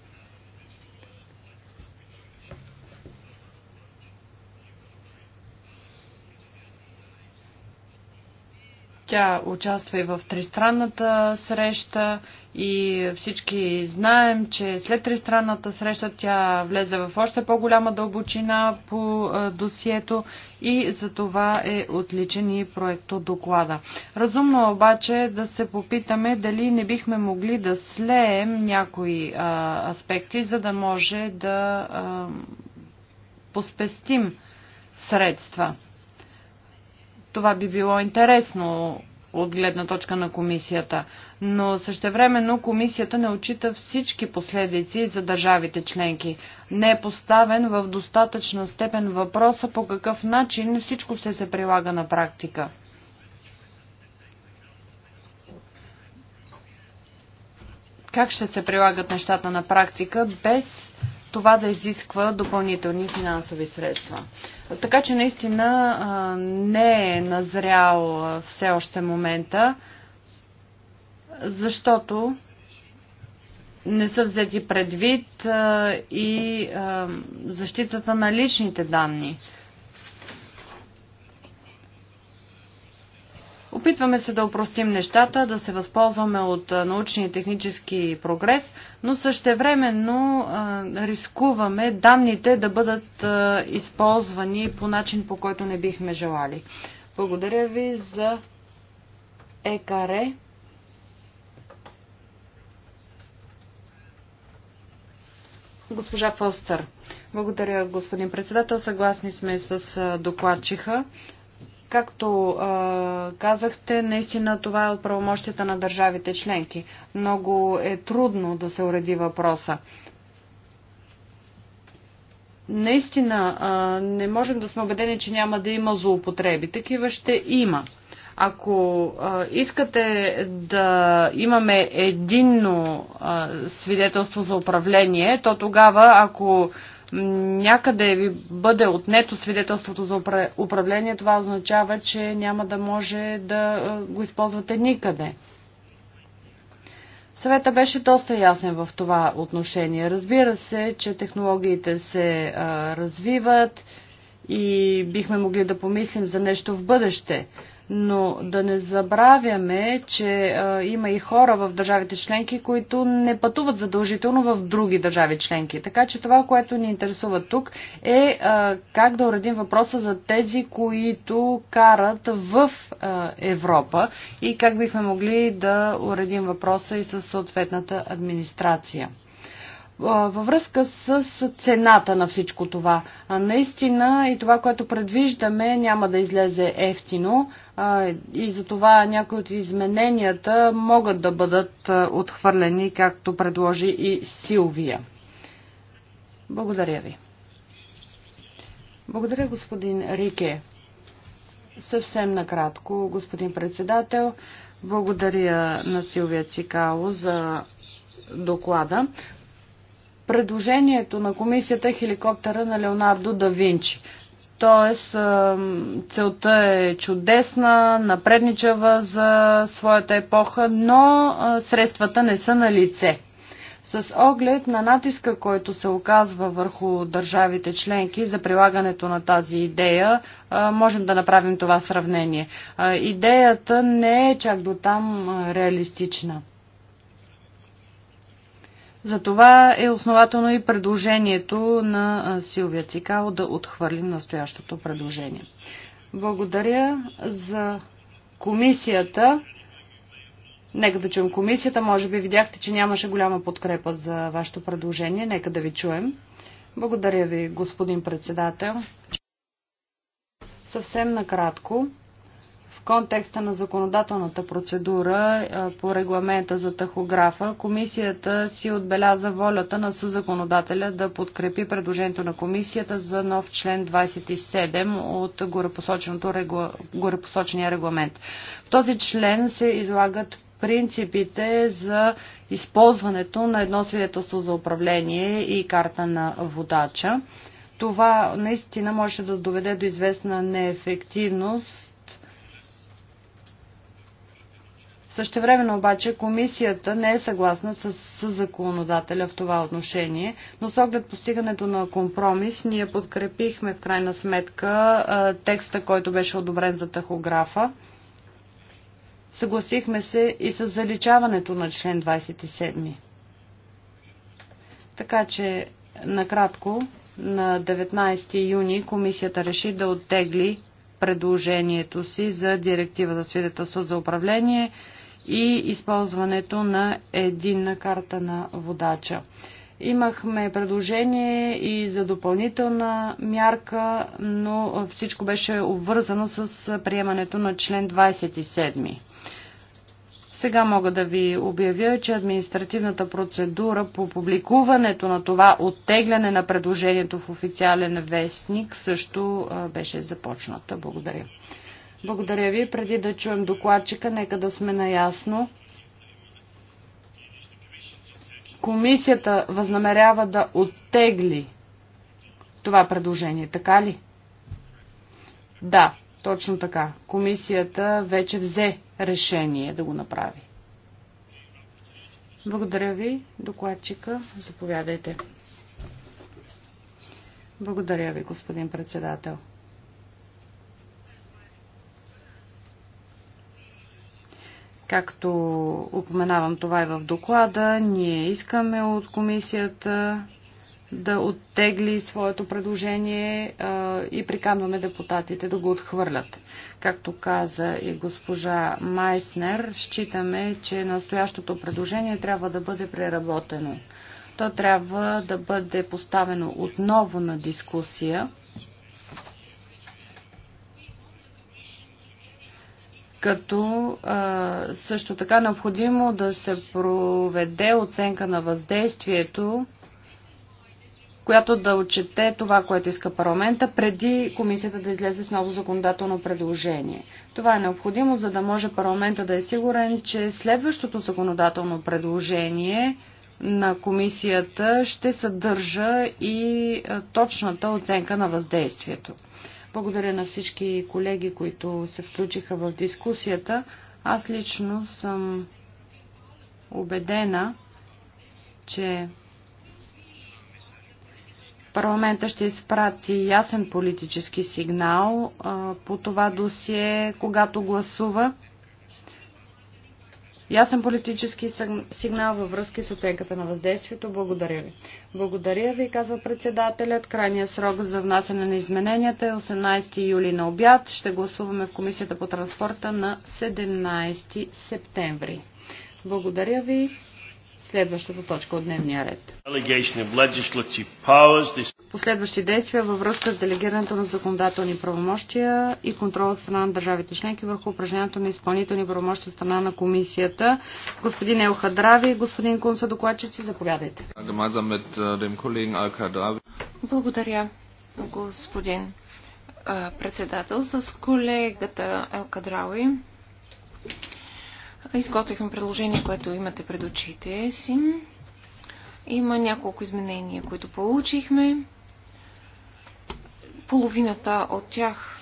B: Тя участва и в тристранната среща и всички знаем, че след тристранната среща тя влезе в още по-голяма дълбочина по досието и за това е отличен и проекто доклада. Разумно обаче е да се попитаме дали не бихме могли да слеем някои аспекти, за да може да поспестим средства. Това би било интересно от гледна точка на комисията, но същевременно комисията не отчита всички последици за държавите членки. Не е поставен в достатъчна степен въпроса по какъв начин всичко ще се прилага на практика. Как ще се прилагат нещата на практика без това да изисква допълнителни финансови средства. Така че наистина не е назрял все още момента, защото не са взети предвид и защитата на личните данни. Опитваме се да упростим нещата, да се възползваме от научни и технически прогрес, но същевременно рискуваме данните да бъдат използвани по начин, по който не бихме желали. Благодаря ви за ЕКАРЕ. Госпожа Фостър. Благодаря, господин председател. Съгласни сме с докладчиха. Както а, казахте, наистина това е от правомощията на държавите членки. Много е трудно да се уреди въпроса. Наистина а, не можем да сме убедени, че няма да има злоупотреби. Такива ще има. Ако а, искате да имаме единно а, свидетелство за управление, то тогава, ако някъде ви бъде отнето свидетелството за управление, това означава, че няма да може да го използвате никъде. Съвета беше доста ясен в това отношение. Разбира се, че технологиите се развиват и бихме могли да помислим за нещо в бъдеще. Но да не забравяме, че а, има и хора в държавите членки, които не пътуват задължително в други държави членки. Така че това, което ни интересува тук е а, как да уредим въпроса за тези, които карат в а, Европа и как бихме могли да уредим въпроса и с съответната администрация във връзка с цената на всичко това. Наистина и това, което предвиждаме, няма да излезе ефтино и за това някои от измененията могат да бъдат отхвърлени, както предложи и Силвия. Благодаря ви. Благодаря, господин Рике. Съвсем накратко, господин председател. Благодаря на Силвия Цикало за доклада. Предложението на комисията е хеликоптера на Леонардо да Винчи. Тоест, целта е чудесна, напредничава за своята епоха, но средствата не са на лице. С оглед на натиска, който се оказва върху държавите членки за прилагането на тази идея, можем да направим това сравнение. Идеята не е чак до там реалистична. За това е основателно и предложението на Силвия Цикао да отхвърлим настоящото предложение. Благодаря за комисията. Нека да чуем комисията. Може би видяхте, че нямаше голяма подкрепа за вашето предложение. Нека да ви чуем. Благодаря ви, господин председател. Съвсем накратко контекста на законодателната процедура е, по регламента за тахографа, комисията си отбеляза волята на съзаконодателя да подкрепи предложението на комисията за нов член 27 от горепосочения регламент. В този член се излагат принципите за използването на едно свидетелство за управление и карта на водача това наистина може да доведе до известна неефективност Същевременно обаче комисията не е съгласна с, с законодателя в това отношение, но с оглед постигането на компромис ние подкрепихме в крайна сметка текста, който беше одобрен за тахографа. Съгласихме се и с заличаването на член 27. Така че, накратко, на 19 юни комисията реши да оттегли предложението си за директива за свидетелство за управление и използването на единна карта на водача. Имахме предложение и за допълнителна мярка, но всичко беше обвързано с приемането на член 27. Сега мога да ви обявя, че административната процедура по публикуването на това оттегляне на предложението в официален вестник също беше започната. Благодаря. Благодаря ви. Преди да чуем докладчика, нека да сме наясно. Комисията възнамерява да оттегли това предложение, така ли? Да, точно така. Комисията вече взе решение да го направи. Благодаря ви, докладчика. Заповядайте. Благодаря ви, господин председател. Както упоменавам това и е в доклада, ние искаме от комисията да оттегли своето предложение а, и приканваме депутатите да го отхвърлят. Както каза и госпожа Майснер, считаме, че настоящото предложение трябва да бъде преработено. То трябва да бъде поставено отново на дискусия като а, също така необходимо да се проведе оценка на въздействието, която да отчете това, което иска парламента, преди комисията да излезе с ново законодателно предложение. Това е необходимо, за да може парламента да е сигурен, че следващото законодателно предложение на комисията ще съдържа и точната оценка на въздействието. Благодаря на всички колеги, които се включиха в дискусията. Аз лично съм убедена, че парламента ще изпрати ясен политически сигнал по това досие, когато гласува ясен политически сигнал във връзка с оценката на въздействието. Благодаря ви. Благодаря ви, казва председателят. Крайният срок за внасяне на измененията е 18 юли на обяд. Ще гласуваме в Комисията по транспорта на 17 септември. Благодаря ви. Следващата точка от дневния ред последващи действия във връзка с делегирането на законодателни правомощия и контрол от страна на държавите членки върху упражнението на изпълнителни правомощия от страна на комисията. Господин Елхадрави Хадрави, господин Кунса, докладчици, заповядайте. Äh, Благодаря,
C: господин председател. С колегата Ел изготвихме предложение, което имате пред очите си. Има няколко изменения, които получихме половината от тях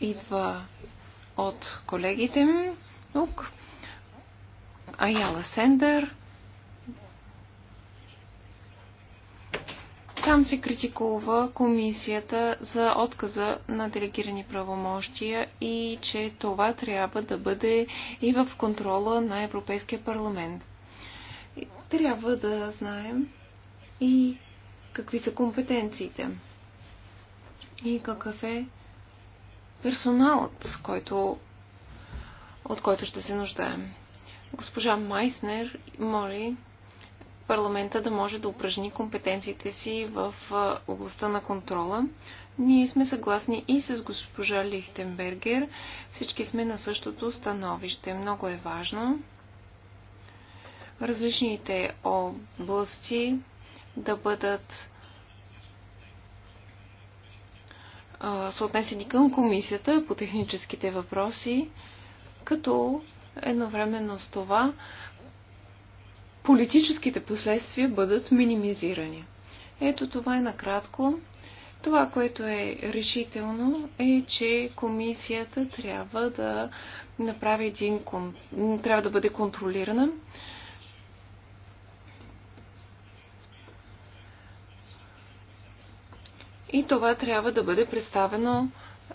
C: идва от колегите ми тук. Аяла Сендер. Там се критикува комисията за отказа на делегирани правомощия и че това трябва да бъде и в контрола на Европейския парламент. Трябва да знаем и какви са компетенциите и какъв е персоналът, с който, от който ще се нуждаем. Госпожа Майснер моли парламента да може да упражни компетенциите си в областта на контрола. Ние сме съгласни и с госпожа Лихтенбергер. Всички сме на същото становище. Много е важно различните области да бъдат съотнесени към комисията по техническите въпроси, като едновременно с това политическите последствия бъдат минимизирани. Ето това е накратко. Това, което е решително, е, че комисията трябва да направи един, трябва да бъде контролирана И това трябва да бъде представено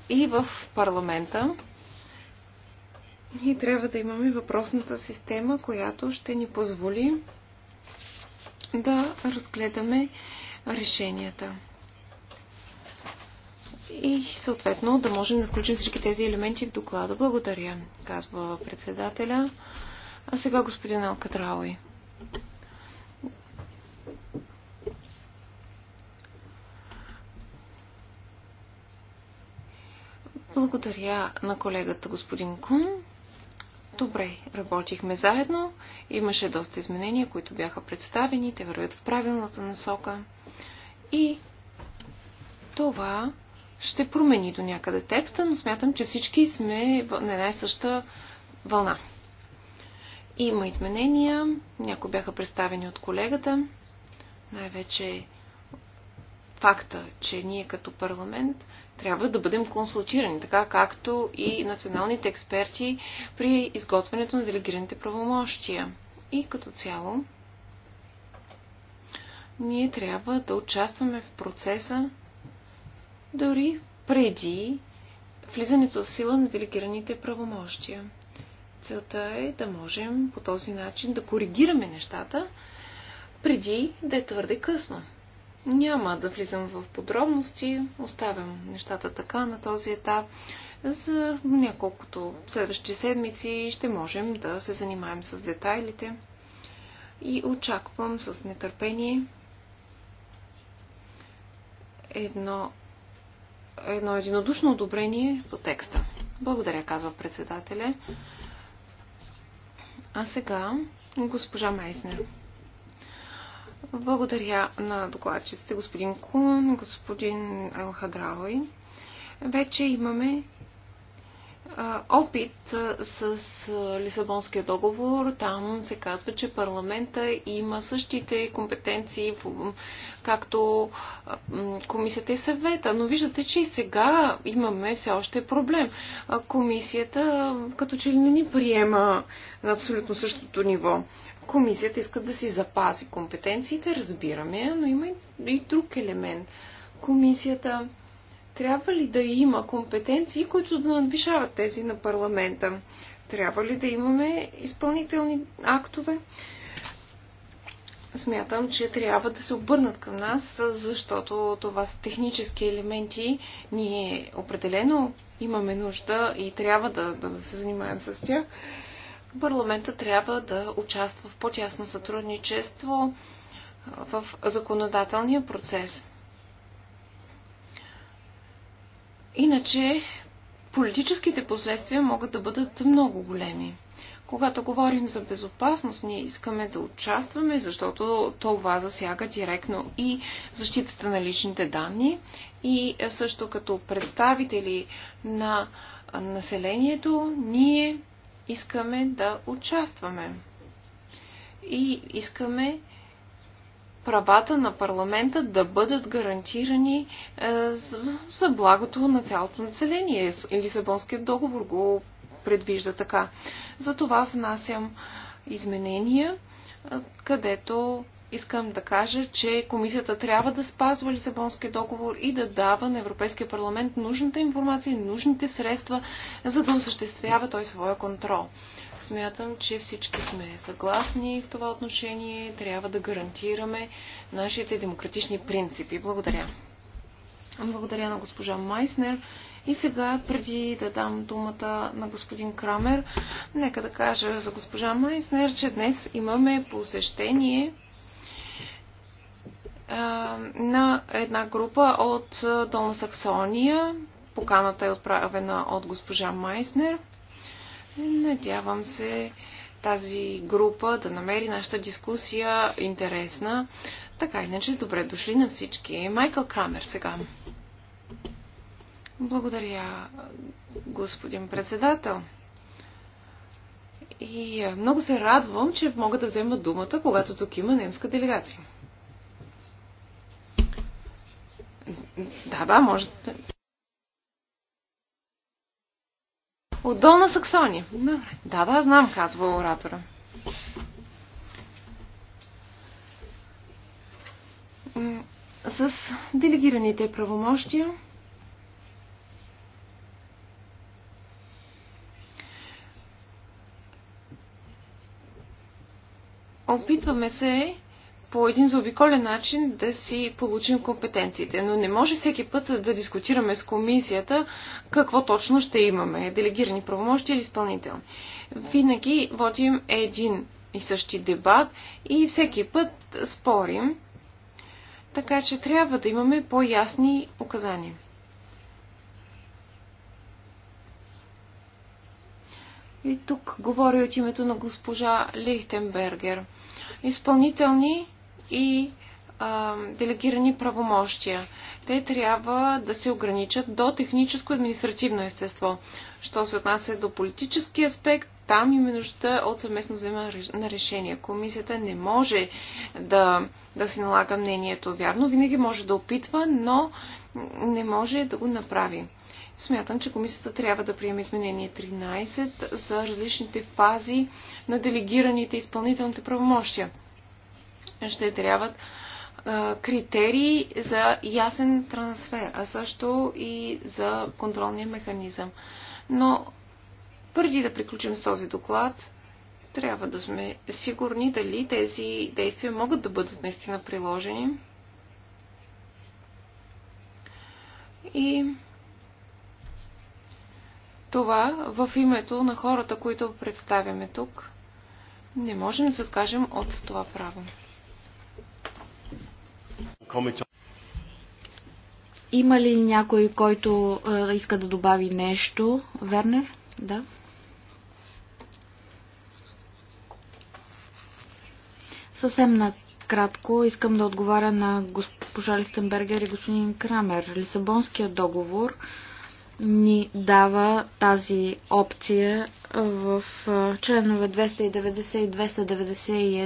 C: и в парламента. И трябва да имаме въпросната система, която ще ни позволи да разгледаме решенията. И съответно да можем да включим всички тези елементи в доклада. Благодаря, казва председателя. А сега господин Алкатрауи. Благодаря на колегата господин Кун. Добре, работихме заедно. Имаше доста изменения, които бяха представени. Те вървят в правилната насока. И това ще промени до някъде текста, но смятам, че всички сме на една и съща вълна. Има изменения, някои бяха представени от колегата, най-вече факта, че ние като парламент трябва да бъдем консултирани, така както и националните експерти при изготвянето на делегираните правомощия. И като цяло, ние трябва да участваме в процеса дори преди влизането в сила на делегираните правомощия. Целта е да можем по този начин да коригираме нещата преди да е твърде късно. Няма да влизам в подробности, оставям нещата така на този етап. За няколкото следващи седмици ще можем да се занимаем с детайлите и очаквам с нетърпение едно, едно единодушно одобрение по текста. Благодаря, казва председателя. А сега госпожа Майснер. Благодаря на докладчиците, господин Кун, господин Елхадрауи. Вече имаме опит с Лисабонския договор. Там се казва, че парламента има същите компетенции, както комисията и съвета. Но виждате, че и сега имаме все още проблем. Комисията като че ли не ни приема на абсолютно същото ниво комисията иска да си запази компетенциите, разбираме, но има и друг елемент. Комисията трябва ли да има компетенции, които да надвишават тези на парламента? Трябва ли да имаме изпълнителни актове? Смятам, че трябва да се обърнат към нас, защото това са технически елементи. Ние определено имаме нужда и трябва да, да се занимаем с тях парламента трябва да участва в по-тясно сътрудничество в законодателния процес. Иначе политическите последствия могат да бъдат много големи. Когато говорим за безопасност, ние искаме да участваме, защото това засяга директно и защитата на личните данни и също като представители на населението, ние искаме да участваме. И искаме правата на парламента да бъдат гарантирани е, за благото на цялото население. Лисабонският договор го предвижда така. Затова внасям изменения, е, където искам да кажа, че комисията трябва да спазва Лисабонския договор и да дава на Европейския парламент нужната информация и нужните средства, за да осъществява той своя контрол. Смятам, че всички сме съгласни в това отношение. Трябва да гарантираме нашите демократични принципи. Благодаря. Благодаря на госпожа Майснер. И сега, преди да дам думата на господин Крамер, нека да кажа за госпожа Майснер, че днес имаме посещение на една група от Долна Саксония. Поканата е отправена от госпожа Майснер. Надявам се тази група да намери нашата дискусия интересна. Така иначе, добре дошли на всички. Майкъл Крамер сега. Благодаря, господин председател. И много се радвам, че мога да взема думата, когато тук има немска делегация. Да, да, може. От Долна Саксония. Добре. Да, да, знам, казва оратора. С делегираните правомощия опитваме се по един заобиколен начин да си получим компетенциите. Но не може всеки път да дискутираме с комисията какво точно ще имаме делегирани правомощи или изпълнителни. Винаги водим един и същи дебат и всеки път спорим, така че трябва да имаме по-ясни указания. И тук говоря от името на госпожа Лихтенбергер. Изпълнителни и а, делегирани правомощия. Те трябва да се ограничат до техническо и административно естество. Що се отнася до политически аспект, там има нужда от съвместно вземане на решение. Комисията не може да, да си налага мнението. Вярно, винаги може да опитва, но не може да го направи. Смятам, че комисията трябва да приеме изменение 13 за различните фази на делегираните изпълнителните правомощия ще трябват критерии за ясен трансфер, а също и за контролния механизъм. Но преди да приключим с този доклад, трябва да сме сигурни дали тези действия могат да бъдат наистина приложени. И това в името на хората, които представяме тук, не можем да се откажем от това право.
A: Има ли някой, който е, иска да добави нещо? Вернер? Да. Съвсем накратко искам да отговаря на госпожа Лихтенбергер и господин Крамер. Лисабонският договор ни дава тази опция в членове 290 и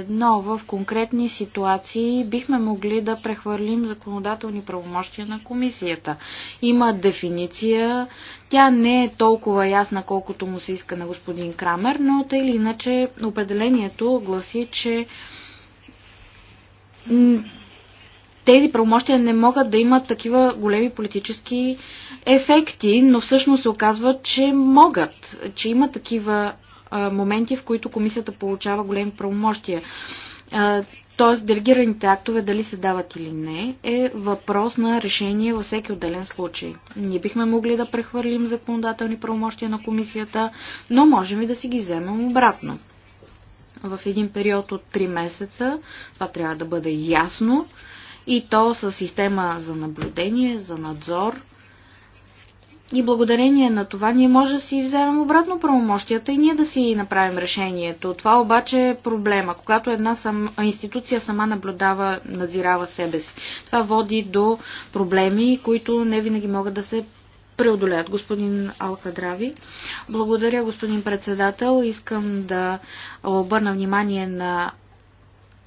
A: 291 в конкретни ситуации бихме могли да прехвърлим законодателни правомощия на комисията. Има дефиниция, тя не е толкова ясна, колкото му се иска на господин Крамер, но тъй или иначе определението гласи, че тези правомощия не могат да имат такива големи политически ефекти, но всъщност се оказва, че могат, че има такива а, моменти, в които комисията получава големи правомощия. Т.е. делегираните актове дали се дават или не е въпрос на решение във всеки отделен случай. Ние бихме могли да прехвърлим законодателни правомощия на комисията, но можем и да си ги вземем обратно. В един период от 3 месеца, това трябва да бъде ясно, и то с система за наблюдение, за надзор. И благодарение на това ние може да си вземем обратно правомощията и ние да си направим решението. Това обаче е проблема, когато една сам, институция сама наблюдава, надзирава себе си. Това води до проблеми, които не винаги могат да се преодолеят. Господин Алкадрави. Благодаря, господин председател. Искам да обърна внимание на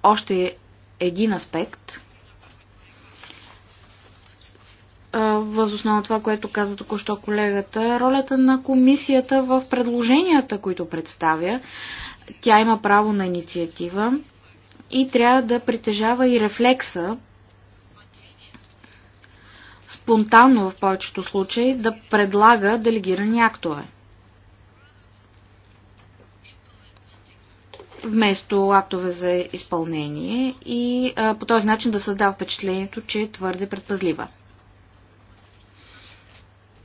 A: още един аспект. възоснова това, което каза току-що колегата, ролята на комисията в предложенията, които представя. Тя има право на инициатива и трябва да притежава и рефлекса спонтанно в повечето случаи да предлага делегирани актове. вместо актове за изпълнение и а, по този начин да създава впечатлението, че е твърде предпазлива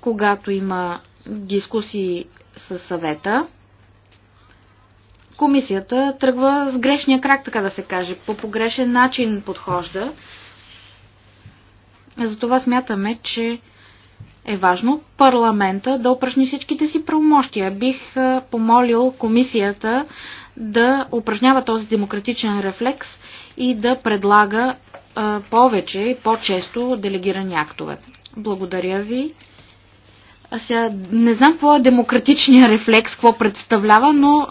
A: когато има дискусии с съвета, комисията тръгва с грешния крак, така да се каже. По погрешен начин подхожда. Затова смятаме, че е важно парламента да упражни всичките си правомощия. Бих помолил комисията да упражнява този демократичен рефлекс и да предлага повече и по-често делегирани актове. Благодаря ви. А сега не знам какво е демократичния рефлекс, какво представлява, но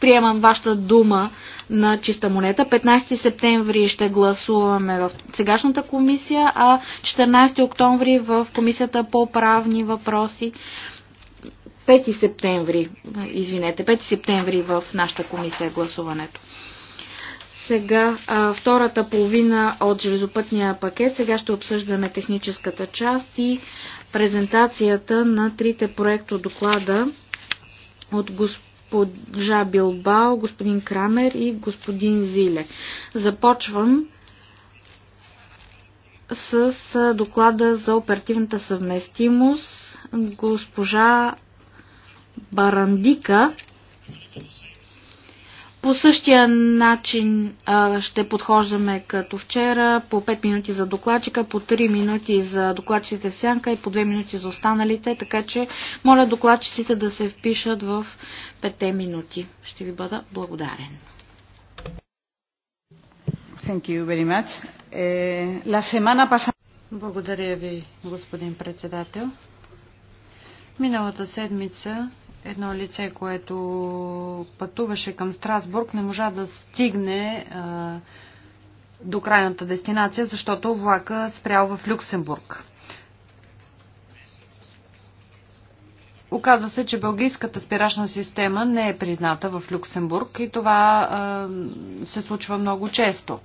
A: приемам вашата дума на чиста монета. 15 септември ще гласуваме в сегашната комисия, а 14 октомври в комисията по правни въпроси. 5 септември, извинете, 5 септември в нашата комисия е гласуването. Сега втората половина от железопътния пакет. Сега ще обсъждаме техническата част и презентацията на трите проекто доклада от госпожа Билбао, господин Крамер и господин Зиле. Започвам с доклада за оперативната съвместимост. Госпожа Барандика по същия начин ще подхождаме като вчера, по 5 минути за докладчика, по 3 минути за докладчиците в сянка и по 2 минути за останалите, така че моля докладчиците да се впишат в 5 минути. Ще ви бъда благодарен. Thank you very much. Eh, la Благодаря ви, господин председател.
B: Миналата седмица едно лице, което пътуваше към Страсбург, не можа да стигне а, до крайната дестинация, защото влака спрял в Люксембург. Оказва се, че бългийската спирачна система не е призната в Люксембург и това а, се случва много често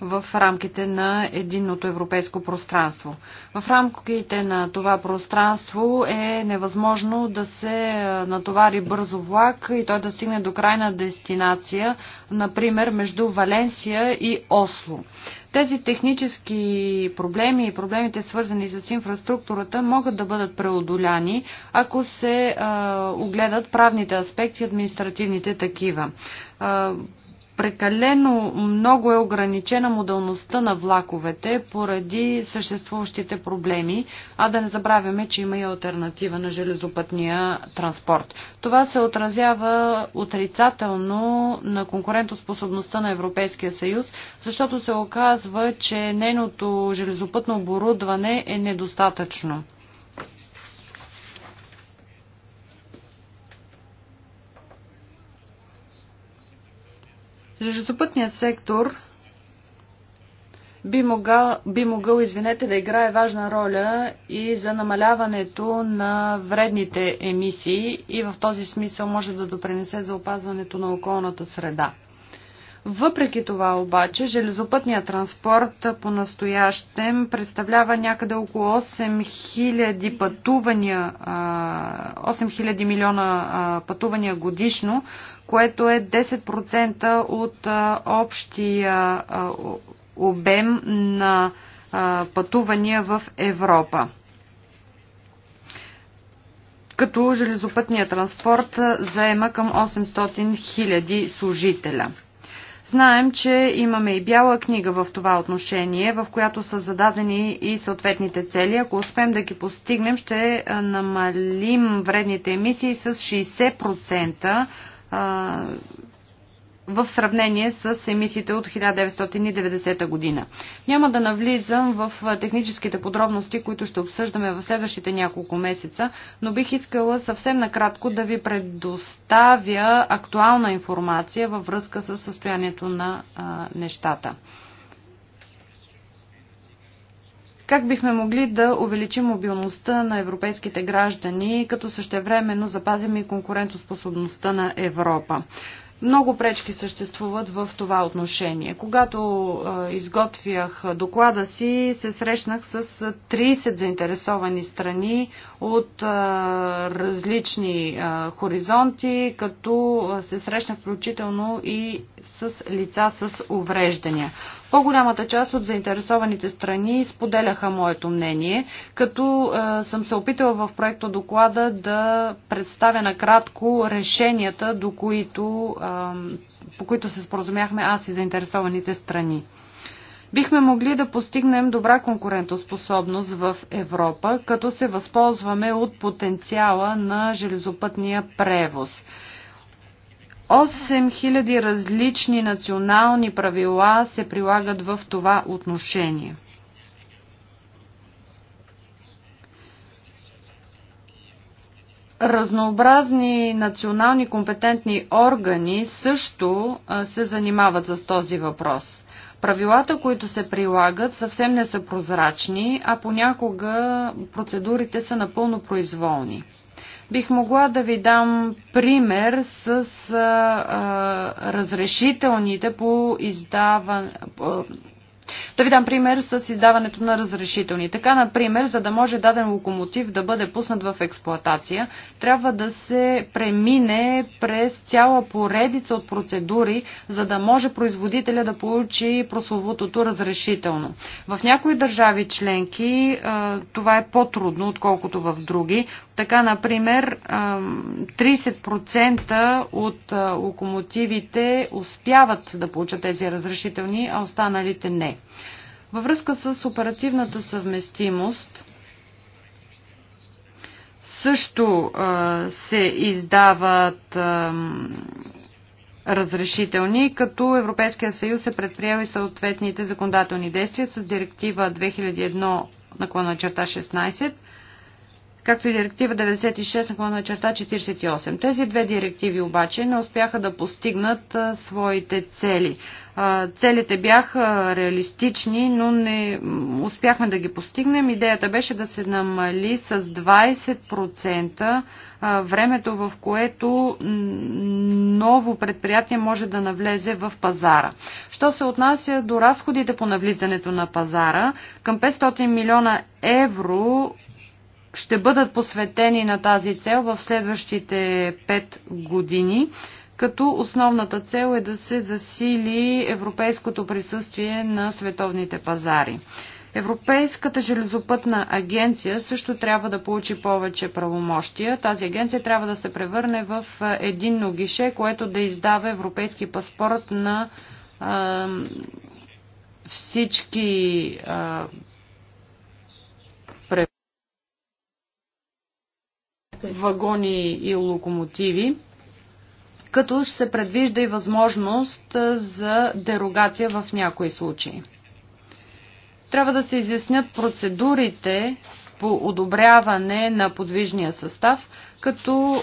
B: в рамките на единното европейско пространство. В рамките на това пространство е невъзможно да се натовари бързо влак и той да стигне до крайна дестинация, например между Валенсия и Осло. Тези технически проблеми и проблемите свързани с инфраструктурата могат да бъдат преодоляни, ако се а, огледат правните аспекти и административните такива. А, Прекалено много е ограничена модалността на влаковете поради съществуващите проблеми, а да не забравяме, че има и альтернатива на железопътния транспорт. Това се отразява отрицателно на конкурентоспособността на Европейския съюз, защото се оказва, че нейното железопътно оборудване е недостатъчно. Железопътният сектор би могъл, би могъл извинете, да играе важна роля и за намаляването на вредните емисии и в този смисъл може да допринесе за опазването на околната среда. Въпреки това обаче, железопътният транспорт по-настоящем представлява някъде около 8000 пътувания, 8000 милиона пътувания годишно, което е 10% от общия обем на пътувания в Европа като железопътният транспорт заема към 800 000 служителя. Знаем, че имаме и бяла книга в това отношение, в която са зададени и съответните цели. Ако успеем да ги постигнем, ще намалим вредните емисии с 60% в сравнение с емисиите от 1990 година. Няма да навлизам в техническите подробности, които ще обсъждаме в следващите няколко месеца, но бих искала съвсем накратко да ви предоставя актуална информация във връзка с състоянието на а, нещата. Как бихме могли да увеличим мобилността на европейските граждани, като същевременно запазим и конкурентоспособността на Европа? Много пречки съществуват в това отношение. Когато изготвях доклада си, се срещнах с 30 заинтересовани страни от различни хоризонти, като се срещнах включително и с лица с увреждания. По-голямата част от заинтересованите страни споделяха моето мнение, като е, съм се опитала в проекта доклада да представя накратко решенията, до които, е, по които се споразумяхме аз и заинтересованите страни бихме могли да постигнем добра конкурентоспособност в Европа, като се възползваме от потенциала на железопътния превоз. 8000 различни национални правила се прилагат в това отношение. Разнообразни национални компетентни органи също се занимават с този въпрос. Правилата, които се прилагат, съвсем не са прозрачни, а понякога процедурите са напълно произволни. Бих могла да ви дам пример с а, а, разрешителните по издаване. Да ви дам пример с издаването на разрешителни. Така, например, за да може даден локомотив да бъде пуснат в експлоатация, трябва да се премине през цяла поредица от процедури, за да може производителя да получи прословутото разрешително. В някои държави членки това е по-трудно, отколкото в други. Така, например, 30% от локомотивите успяват да получат тези разрешителни, а останалите не. Във връзка с оперативната съвместимост също се издават разрешителни, като Европейския съюз е предприел и съответните законодателни действия с директива 2001 наклона черта 16 както и директива 96 на на черта 48. Тези две директиви обаче не успяха да постигнат своите цели. целите бяха реалистични, но не успяхме да ги постигнем. Идеята беше да се намали с 20% времето, в което ново предприятие може да навлезе в пазара. Що се отнася до разходите по навлизането на пазара, към 500 милиона евро ще бъдат посветени на тази цел в следващите 5 години, като основната цел е да се засили европейското присъствие на световните пазари. Европейската железопътна агенция също трябва да получи повече правомощия. Тази агенция трябва да се превърне в единно гише, което да издава европейски паспорт на а, всички а, вагони и локомотиви, като ще се предвижда и възможност за дерогация в някои случаи. Трябва да се изяснят процедурите по одобряване на подвижния състав, като е,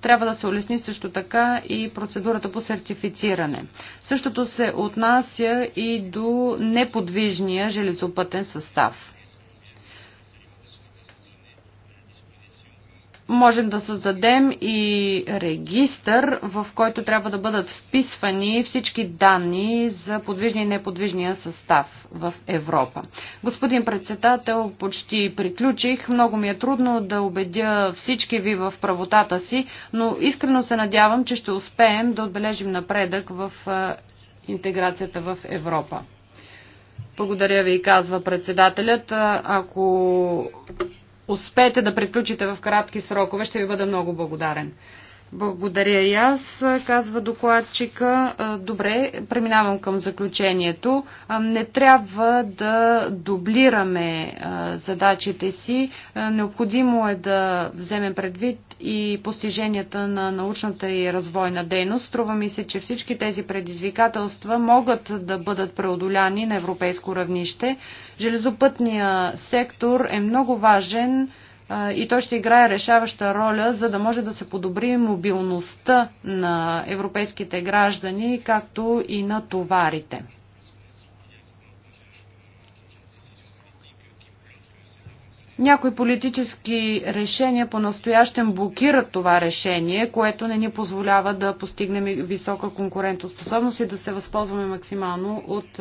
B: трябва да се улесни също така и процедурата по сертифициране. Същото се отнася и до неподвижния железопътен състав. можем да създадем и регистър, в който трябва да бъдат вписвани всички данни за подвижния и неподвижния състав в Европа. Господин председател, почти приключих. Много ми е трудно да убедя всички ви в правотата си, но искрено се надявам, че ще успеем да отбележим напредък в интеграцията в Европа. Благодаря ви, казва председателят. Ако успеете да приключите в кратки срокове, ще ви бъда много благодарен. Благодаря и аз, казва докладчика. Добре, преминавам към заключението. Не трябва да дублираме задачите си. Необходимо е да вземем предвид и постиженията на научната и развойна дейност. Струва ми се, че всички тези предизвикателства могат да бъдат преодоляни на европейско равнище. Железопътния сектор е много важен и той ще играе решаваща роля, за да може да се подобри мобилността на европейските граждани, както и на товарите. Някои политически решения по-настоящем блокират това решение, което не ни позволява да постигнем висока конкурентоспособност и да се възползваме максимално от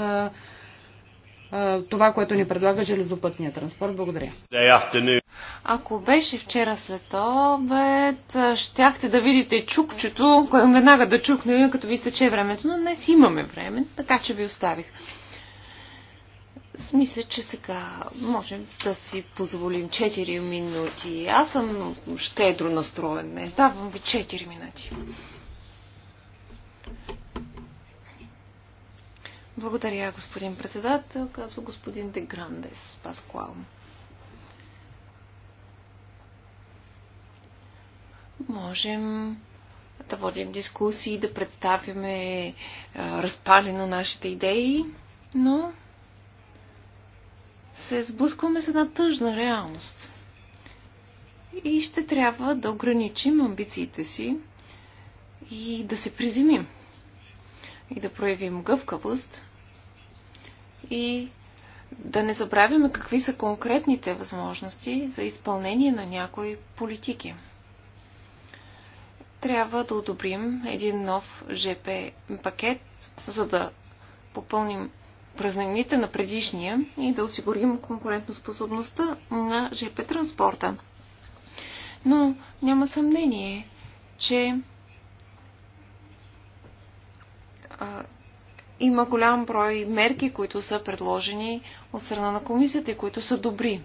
B: това, което ни предлага железопътния транспорт. Благодаря. Ако беше вчера след обед, щяхте
C: да видите чукчето, което веднага да чукне, като ви стече времето, но днес имаме време, така че ви оставих. Смисля, мисля, че сега можем да си позволим 4 минути. Аз съм щедро настроен днес. Давам ви 4 минути. Благодаря, господин председател, казва господин Де Грандес Паскуал. Можем да водим дискусии, да представяме е, разпалено нашите идеи, но се сблъскваме с една тъжна реалност. И ще трябва да ограничим амбициите си и да се приземим. И да проявим гъвкавост, и да не забравяме какви са конкретните възможности за изпълнение на някои политики. Трябва да одобрим един нов ЖП пакет, за да попълним празнините на предишния и да осигурим конкурентоспособността на ЖП транспорта. Но няма съмнение, че има голям брой мерки, които са предложени от страна на комисията и които са добри.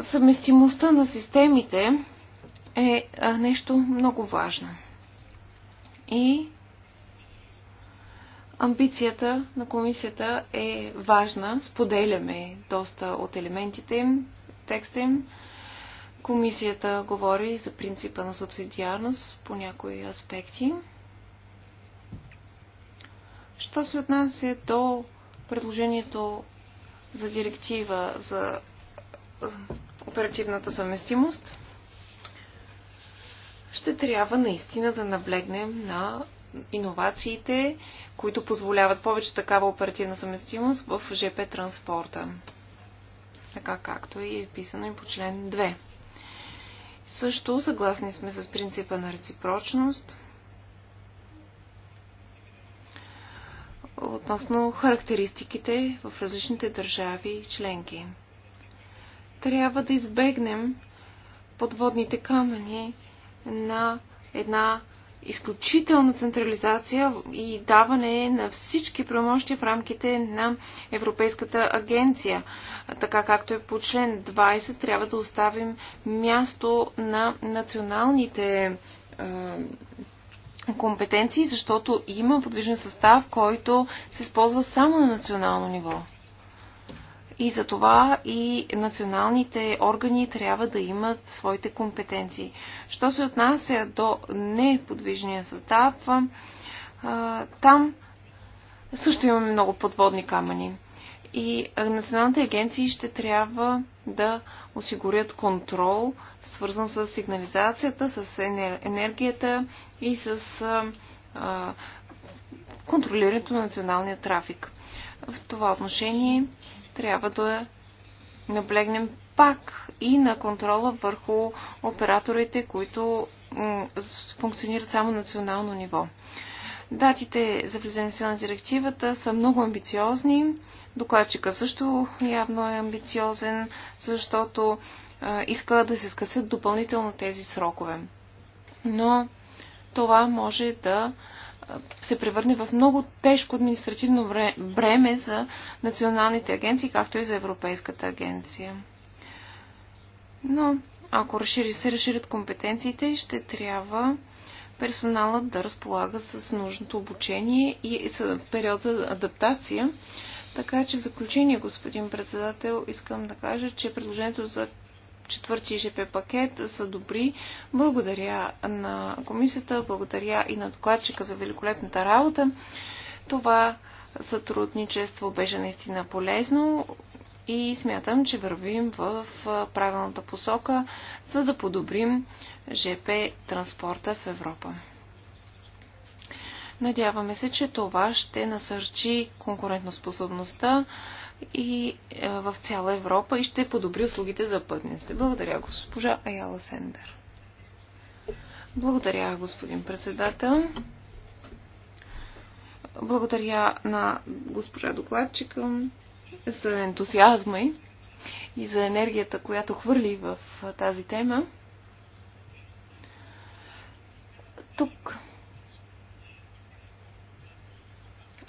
C: Съвместимостта на системите е нещо много важно. И амбицията на комисията е важна. Споделяме доста от елементите им, текста им. Комисията говори за принципа на субсидиарност по някои аспекти. Що се отнася до предложението за директива за оперативната съвместимост, ще трябва наистина да наблегнем на иновациите, които позволяват повече такава оперативна съвместимост в ЖП транспорта. Така както е и е писано и по член 2. Също съгласни сме с принципа на реципрочност – относно характеристиките в различните държави и членки. Трябва да избегнем подводните камъни на една изключителна централизация и даване на всички промощи в рамките на Европейската агенция. Така както е по член 20, трябва да оставим място на националните компетенции, защото има подвижен състав, който се използва само на национално ниво. И за това и националните органи трябва да имат своите компетенции. Що се отнася до неподвижния състав, там също имаме много подводни камъни и националните агенции ще трябва да осигурят контрол, свързан с сигнализацията, с енергията и с контролирането на националния трафик. В това отношение трябва да наблегнем пак и на контрола върху операторите, които функционират само на национално ниво. Датите за влизане на директивата са много амбициозни. Докладчика също явно е амбициозен, защото а, иска да се скъсят допълнително тези срокове. Но това може да се превърне в много тежко административно бреме за националните агенции, както и за Европейската агенция. Но ако се разширят компетенциите, ще трябва персоналът да разполага с нужното обучение и с период за адаптация. Така че в заключение, господин председател, искам да кажа, че предложението за четвърти ЖП пакет са добри. Благодаря на комисията, благодаря и на докладчика за великолепната работа. Това сътрудничество беше наистина полезно и смятам, че вървим в правилната посока, за да подобрим ЖП транспорта в Европа. Надяваме се, че това ще насърчи конкурентоспособността и е, в цяла Европа и ще подобри услугите за пътниците. Благодаря, госпожа Аяла Сендер. Благодаря, господин председател. Благодаря на госпожа докладчика за ентусиазма и за енергията, която хвърли в е, тази тема. Тук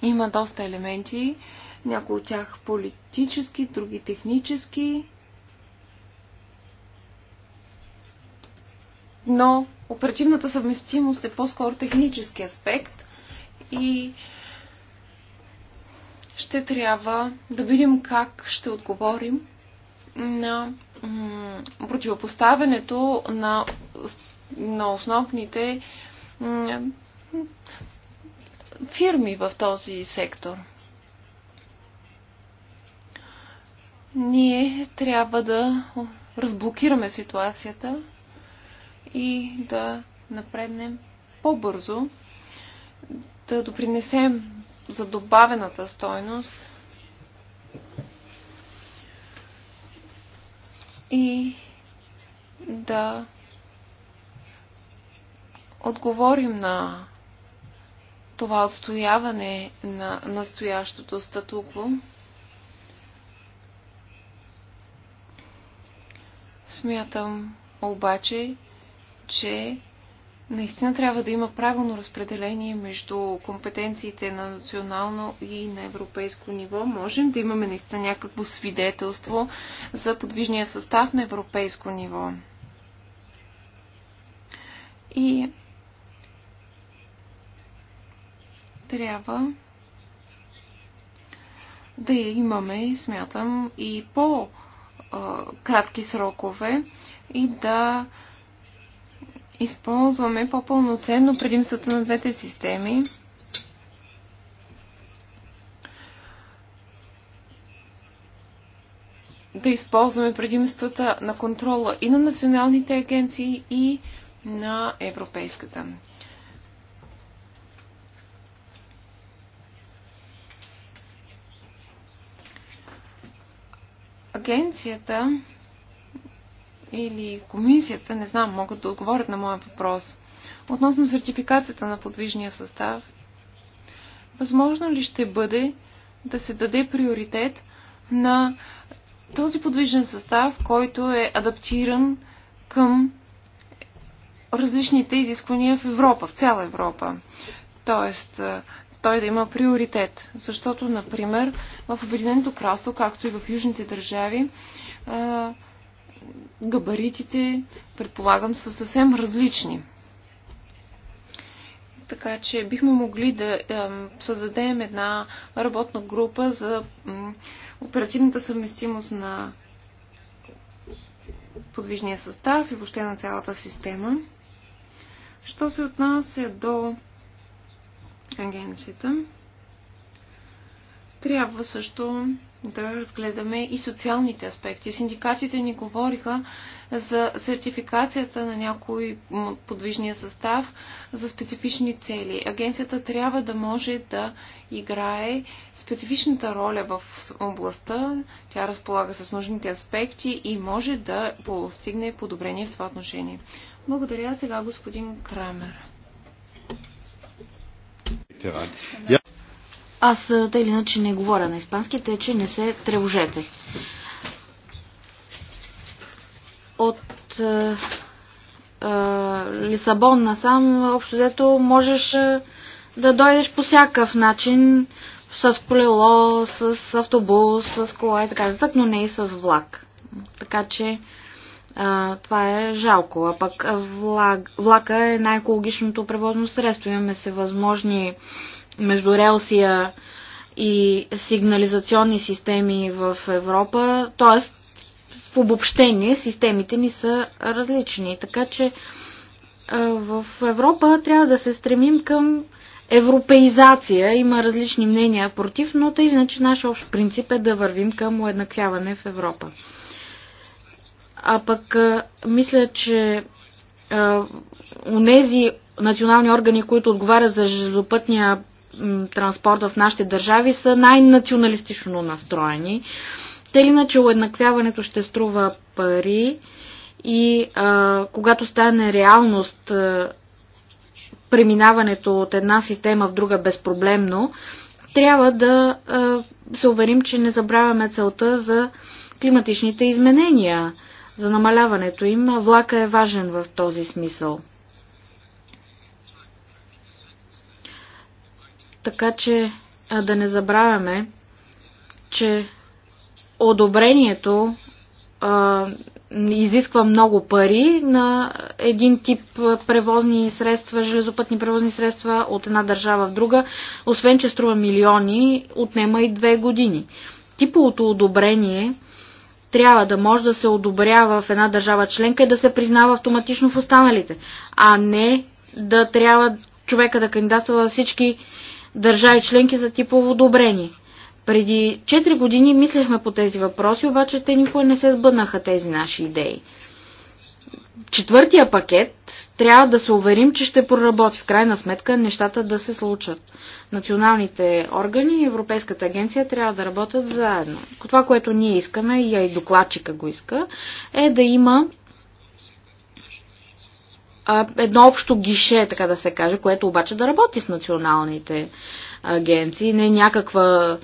C: има доста елементи, някои от тях политически, други технически, но оперативната съвместимост е по-скоро технически аспект и ще трябва да видим как ще отговорим на противопоставянето на, на основните фирми в този сектор. Ние трябва да разблокираме ситуацията и да напреднем по-бързо, да допринесем за добавената стойност и да отговорим на това отстояване на настоящото статукво, смятам обаче, че наистина трябва да има правилно разпределение между компетенциите на национално и на европейско ниво. Можем да имаме наистина някакво свидетелство за подвижния състав на европейско ниво. И трябва да имаме, смятам, и по-кратки срокове и да използваме по-пълноценно предимствата на двете системи. Да използваме предимствата на контрола и на националните агенции, и на европейската. Агенцията или комисията, не знам, могат да отговорят на моя въпрос. Относно сертификацията на подвижния състав, възможно ли ще бъде да се даде приоритет на този подвижен състав, който е адаптиран към различните изисквания в Европа, в цяла Европа. Тоест, той да има приоритет. Защото, например, в Обединеното кралство, както и в южните държави, габаритите, предполагам, са съвсем различни. Така че бихме могли да създадем една работна група за оперативната съвместимост на подвижния състав и въобще на цялата система. Що се отнася до агенцията. Трябва също да разгледаме и социалните аспекти. Синдикатите ни говориха за сертификацията на някой подвижния състав за специфични цели. Агенцията трябва да може да играе специфичната роля в областта. Тя разполага с нужните аспекти и може да постигне подобрение в това отношение. Благодаря сега господин Крамер.
B: Mediterran. Е,
A: аз е, тъй или иначе не говоря на испански, тъй че не се тревожете. От е, е, Лисабон насам, общо взето, можеш е, да дойдеш по всякакъв начин, с колело, с автобус, с кола и така нататък, но не и с влак. Така че а, това е жалко. А пък влак, влака е най-екологичното превозно средство. Имаме се възможни между релсия и сигнализационни системи в Европа. Тоест, в обобщение, системите ни са различни. Така че в Европа трябва да се стремим към европеизация. Има различни мнения против, но тъй иначе наш общ принцип е да вървим към уеднаквяване в Европа. А пък мисля, че онези национални органи, които отговарят за железопътния транспорт в нашите държави, са най-националистично настроени. Те иначе уеднаквяването ще струва пари и а, когато стане реалност а, преминаването от една система в друга безпроблемно, трябва да а, се уверим, че не забравяме целта за климатичните изменения за намаляването им. Влака е важен в този смисъл. Така че да не забравяме, че одобрението а, изисква много пари на един тип превозни средства, железопътни превозни средства от една държава в друга, освен че струва милиони, отнема и две години. Типовото одобрение трябва да може да се одобрява в една държава членка и да се признава автоматично в останалите, а не да трябва човека да кандидатства във всички държави членки за типово одобрение. Преди 4 години мислехме по тези въпроси, обаче те никога не се сбъднаха тези наши идеи четвъртия пакет трябва да се уверим, че ще проработи. В крайна сметка нещата да се случат. Националните органи и Европейската агенция трябва да работят заедно. Това, което ние искаме, и докладчика го иска, е да има едно общо гише, така да се каже, което обаче да работи с националните агенции, не някаква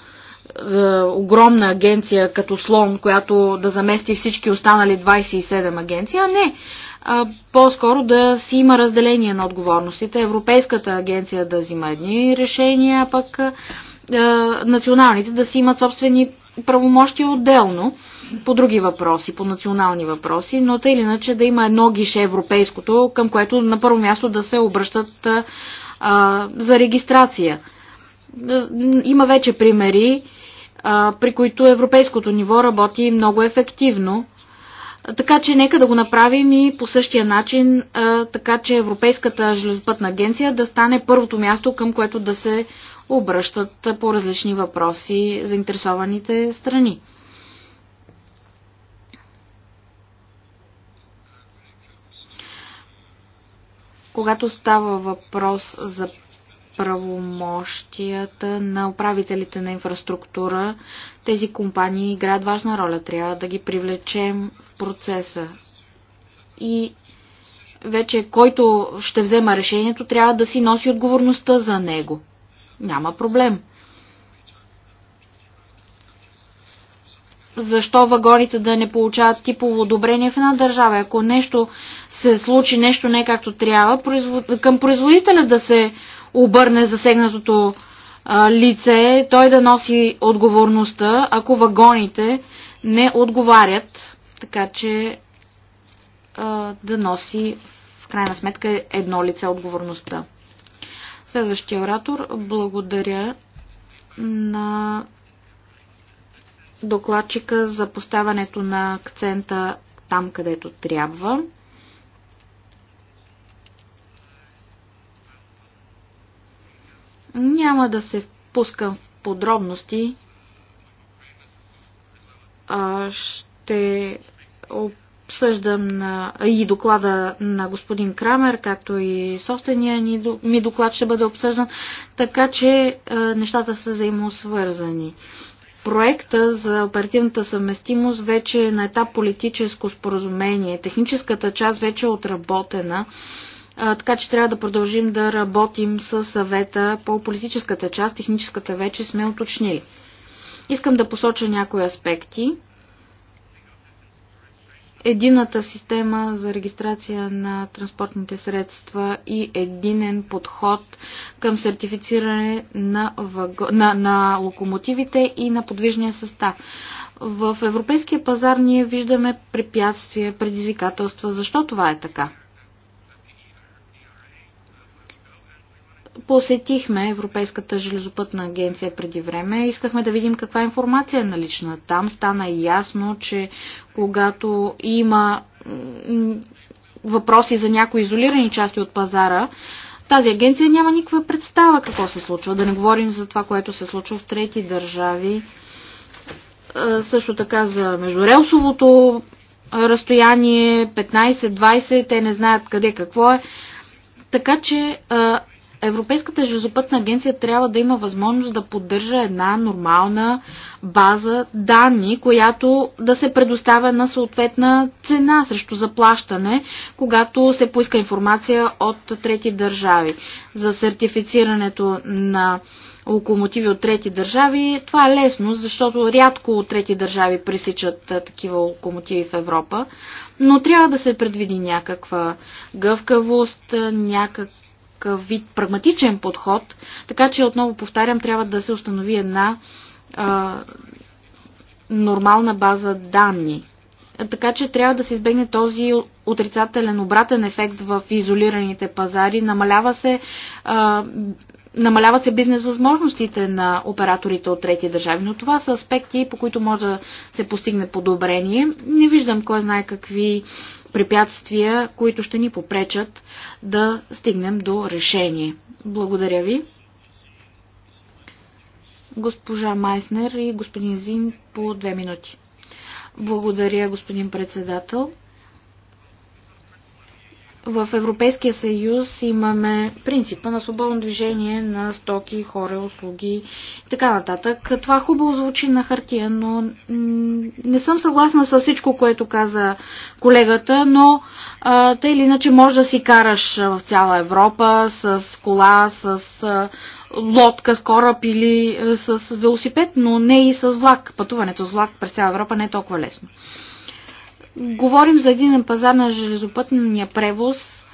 A: е, огромна агенция като слон, която да замести всички останали 27 агенции, а не. по-скоро да си има разделение на отговорностите. Европейската агенция да взима едни решения, а пък е, националните да си имат собствени правомощия отделно по други въпроси, по национални въпроси, но тъй или иначе да има едно гише европейското, към което на първо място да се обръщат а, е, за регистрация. Има вече примери при които европейското ниво работи много ефективно. Така че нека да го направим и по същия начин, така че Европейската железопътна агенция да стане първото място, към което да се обръщат по различни въпроси заинтересованите страни. Когато става въпрос за правомощията на управителите на инфраструктура. Тези компании играят важна роля. Трябва да ги привлечем в процеса. И вече който ще взема решението, трябва да си носи отговорността за него. Няма проблем. защо вагоните да не получават типово одобрение в една държава. Ако нещо се случи, нещо не е както трябва, към производителя да се обърне засегнатото лице, той да носи отговорността, ако вагоните не отговарят, така че да носи в крайна сметка едно лице отговорността. Следващия оратор. Благодаря на докладчика за поставянето на акцента там, където трябва. Няма да се впускам в подробности. А, ще обсъждам на, и доклада на господин Крамер, както и собствения ни, ми доклад ще бъде обсъждан, така че а, нещата са взаимосвързани. Проекта за оперативната съвместимост вече е на етап политическо споразумение. Техническата част вече е отработена. А, така че трябва да продължим да работим с съвета по политическата част, техническата вече сме уточнили. Искам да посоча някои аспекти. Едината система за регистрация на транспортните средства и единен подход към сертифициране на, вагон, на, на локомотивите и на подвижния състав. В европейския пазар ние виждаме препятствия, предизвикателства. Защо това е така? Посетихме Европейската железопътна агенция преди време. Искахме да видим каква информация е налична там. Стана ясно, че когато има въпроси за някои изолирани части от пазара, тази агенция няма никаква представа какво се случва. Да не говорим за това, което се случва в трети държави. Също така за междурелсовото разстояние 15-20, те не знаят къде какво е. Така че Европейската железопътна агенция трябва да има възможност да поддържа една нормална база данни, която да се предоставя на съответна цена срещу заплащане, когато се поиска информация от трети държави. За сертифицирането на локомотиви от трети държави, това е лесно, защото рядко от трети държави пресичат такива локомотиви в Европа, но трябва да се предвиди някаква гъвкавост, някак някакъв вид прагматичен подход, така че отново повтарям, трябва да се установи една а, нормална база данни. Така че трябва да се избегне този отрицателен обратен ефект в изолираните пазари. Намалява се а, Намаляват се бизнес възможностите на операторите от трети държави, но това са аспекти, по които може да се постигне подобрение. Не виждам кой знае какви препятствия, които ще ни попречат да стигнем до решение. Благодаря ви. Госпожа Майснер и господин Зин по две минути. Благодаря, господин председател в Европейския съюз имаме принципа на свободно движение на стоки, хора, услуги и така нататък. Това хубаво звучи на хартия, но не съм съгласна с всичко, което каза колегата, но а, или иначе може да си караш в цяла Европа с кола, с а, лодка, с кораб или а, с велосипед, но не и с влак. Пътуването с влак през цяла Европа не е толкова лесно. Говорим за един пазар на железопътния превоз,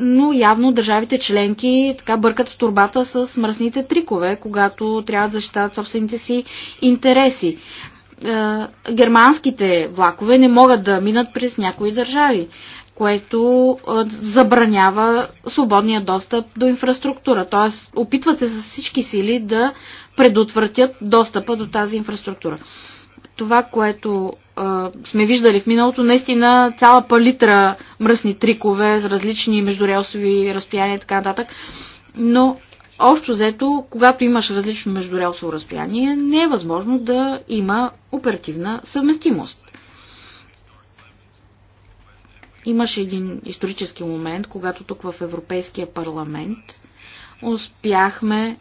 A: но явно държавите членки така бъркат в турбата с мръсните трикове, когато трябва да защитават собствените си интереси. Германските влакове не могат да минат през някои държави което забранява свободния достъп до инфраструктура. Т.е. опитват се с всички сили да предотвратят достъпа до тази инфраструктура това, което а, сме виждали в миналото, наистина цяла палитра мръсни трикове с различни междурелсови разстояния и така нататък. Но общо взето, когато имаш различно междурелсово разстояние, не е възможно да има оперативна съвместимост. Имаше един исторически момент, когато тук в Европейския парламент успяхме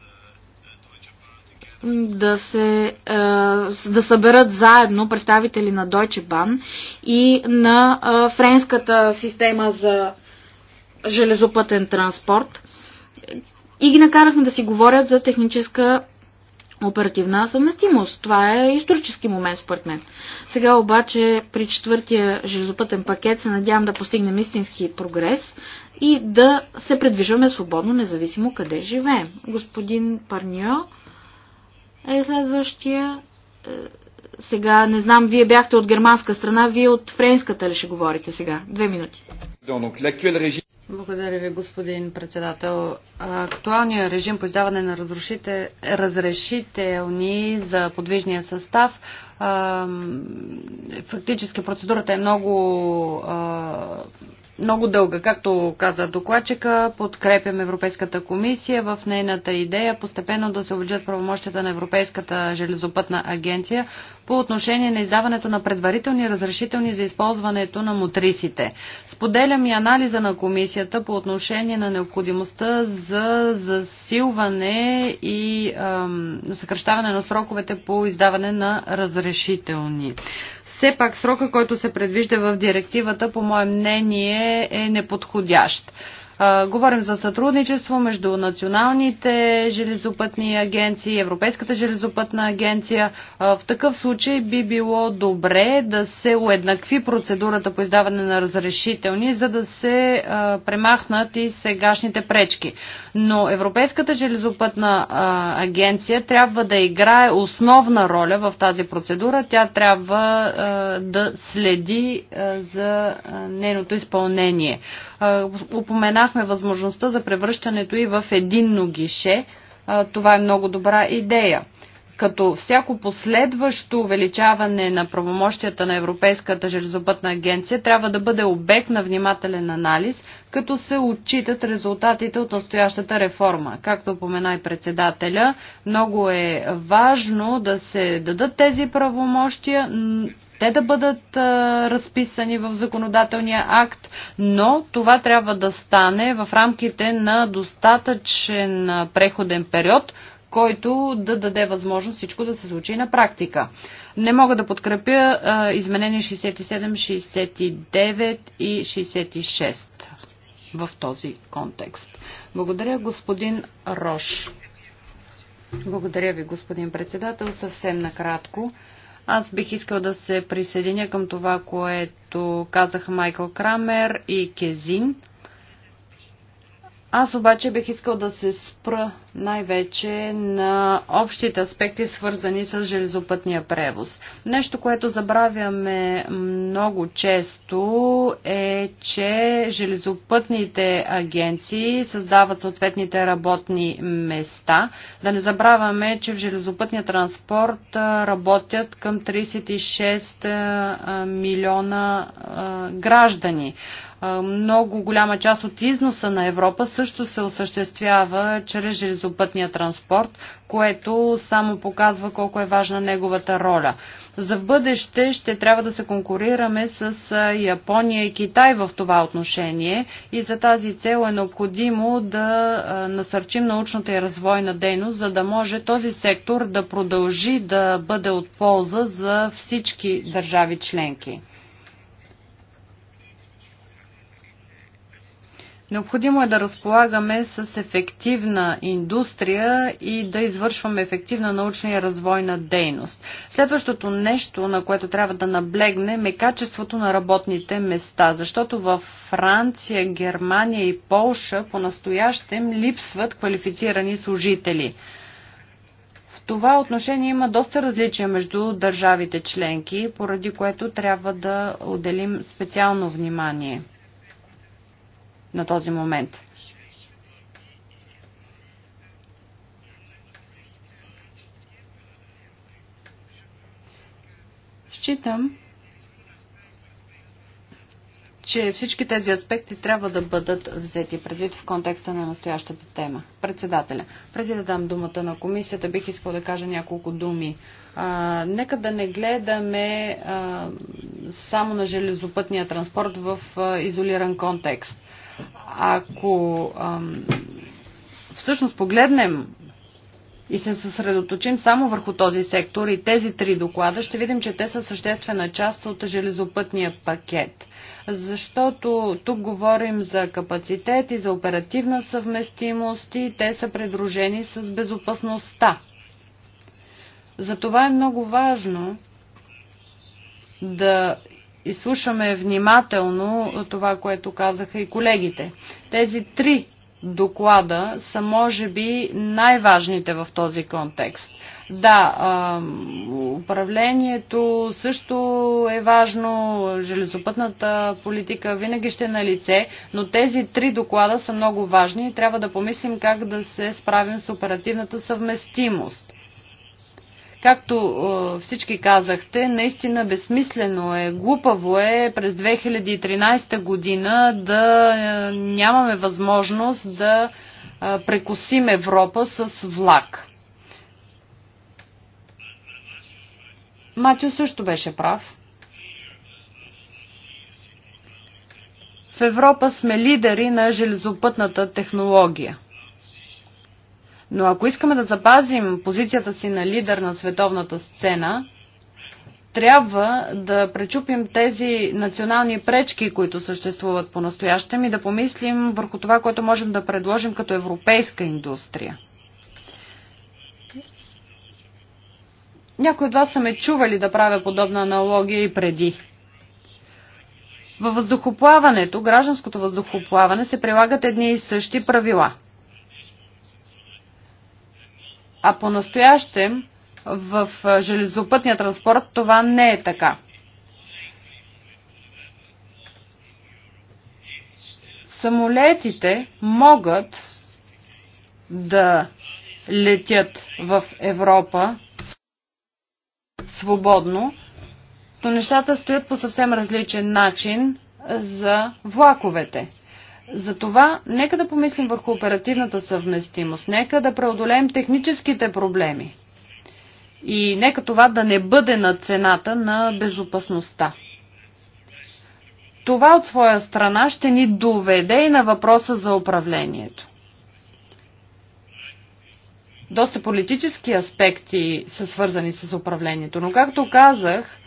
A: да се е, да съберат заедно представители на Deutsche Bahn и на е, френската система за железопътен транспорт и ги накарахме да си говорят за техническа оперативна съвместимост. Това е исторически момент, според мен. Сега обаче при четвъртия железопътен пакет се надявам да постигнем истински прогрес и да се предвижваме свободно, независимо къде живеем. Господин Парньо е следващия. Е, сега не знам, вие бяхте от германска страна, вие от френската ли ще говорите сега? Две минути. Благодаря ви, господин председател. Актуалният режим по издаване на
B: разрешителни за подвижния състав фактически процедурата е много много дълга. Както каза докладчика, подкрепям Европейската комисия в нейната идея постепенно да се увеличат правомощията на Европейската железопътна агенция по отношение на издаването на предварителни разрешителни за използването на мотрисите. Споделям и анализа на комисията по отношение на необходимостта за засилване и ам, съкръщаване на сроковете по издаване на разрешителни. Все пак срока, който се предвижда в директивата, по мое мнение, е неподходящ. Говорим за сътрудничество между националните железопътни агенции, Европейската железопътна агенция. В такъв случай би било добре да се уеднакви процедурата по издаване на разрешителни, за да се премахнат и сегашните пречки но Европейската железопътна а, агенция трябва да играе основна роля в тази процедура. Тя трябва а, да следи а, за а, нейното изпълнение. А, упоменахме възможността за превръщането и в единно гише. А, това е много добра идея като всяко последващо увеличаване на правомощията на Европейската железопътна агенция трябва да бъде обект на внимателен анализ, като се отчитат резултатите от настоящата реформа. Както помена и председателя, много е важно да се дадат тези правомощия, те да бъдат а, разписани в законодателния акт, но това трябва да стане в рамките на достатъчен преходен период, който да даде възможност всичко да се случи на практика. Не мога да подкрепя а, изменения 67, 69 и 66 в този контекст. Благодаря, господин Рош. Благодаря ви, господин председател. Съвсем накратко. Аз бих искал да се присъединя към това, което казах Майкъл Крамер и Кезин. Аз обаче бих искал да се спра най-вече на общите аспекти, свързани с железопътния превоз. Нещо, което забравяме много често е, че железопътните агенции създават съответните работни места. Да не забравяме, че в железопътния транспорт работят към 36 милиона граждани. Много голяма част от износа на Европа също се осъществява чрез железопътния транспорт, което само показва колко е важна неговата роля. За бъдеще ще трябва да се конкурираме с Япония и Китай в това отношение и за тази цел е необходимо да насърчим научната и развойна дейност, за да може този сектор да продължи да бъде от полза за всички държави членки. Необходимо е да разполагаме с ефективна индустрия и да извършваме ефективна научна и развойна дейност. Следващото нещо, на което трябва да наблегнем е качеството на работните места, защото в Франция, Германия и Полша по-настоящем липсват квалифицирани служители В това отношение има доста различия между държавите членки, поради което трябва да отделим специално внимание на този момент. Считам, че всички тези аспекти трябва да бъдат взети предвид в контекста на настоящата тема. Председателя, преди да дам думата на комисията, бих искал да кажа няколко думи. А, нека да не гледаме а, само на железопътния транспорт в а, изолиран контекст. Ако ам, всъщност погледнем и се съсредоточим само върху този сектор и тези три доклада, ще видим, че те са съществена част от железопътния пакет. Защото тук говорим за капацитет и за оперативна съвместимост и те са придружени с безопасността. Затова е много важно да изслушаме внимателно това, което казаха и колегите. Тези три доклада са може би най-важните в този контекст. Да, управлението също е важно, железопътната политика винаги ще е на лице, но тези три доклада са много важни и трябва да помислим как да се справим с оперативната съвместимост. Както е, всички казахте, наистина безсмислено е, глупаво е през 2013 година да е, нямаме възможност да е, прекусим Европа с влак. Матио също беше прав. В Европа сме лидери на железопътната технология – но ако искаме да запазим позицията си на лидер на световната сцена, трябва да пречупим тези национални пречки, които съществуват по-настоящем и да помислим върху това, което можем да предложим като европейска индустрия. Някои от вас са ме чували да правя подобна аналогия и преди. Във въздухоплаването, гражданското въздухоплаване, се прилагат едни и същи правила – а по-настоящем в железопътния транспорт това не е така. Самолетите могат да летят в Европа свободно, но нещата стоят по съвсем различен начин за влаковете. Затова нека да помислим върху оперативната съвместимост, нека да преодолеем техническите проблеми и нека това да не бъде на цената на безопасността. Това от своя страна ще ни доведе и на въпроса за управлението. Доста политически аспекти са свързани с управлението, но както казах,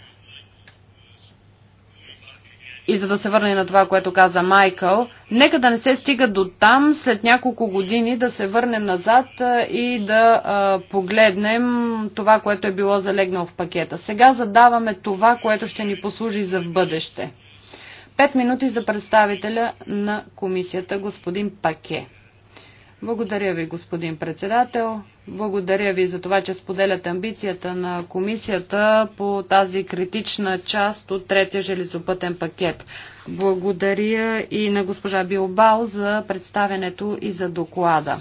B: и за да се върне на това, което каза Майкъл, нека да не се стига до там след няколко години да се върнем назад и да а, погледнем това, което е било залегнало в пакета. Сега задаваме това, което ще ни послужи за в бъдеще. Пет минути за представителя на комисията, господин Паке. Благодаря ви, господин председател. Благодаря ви за това, че споделят амбицията на комисията по тази критична част от третия железопътен пакет. Благодаря и на госпожа Билбал за представенето и за доклада.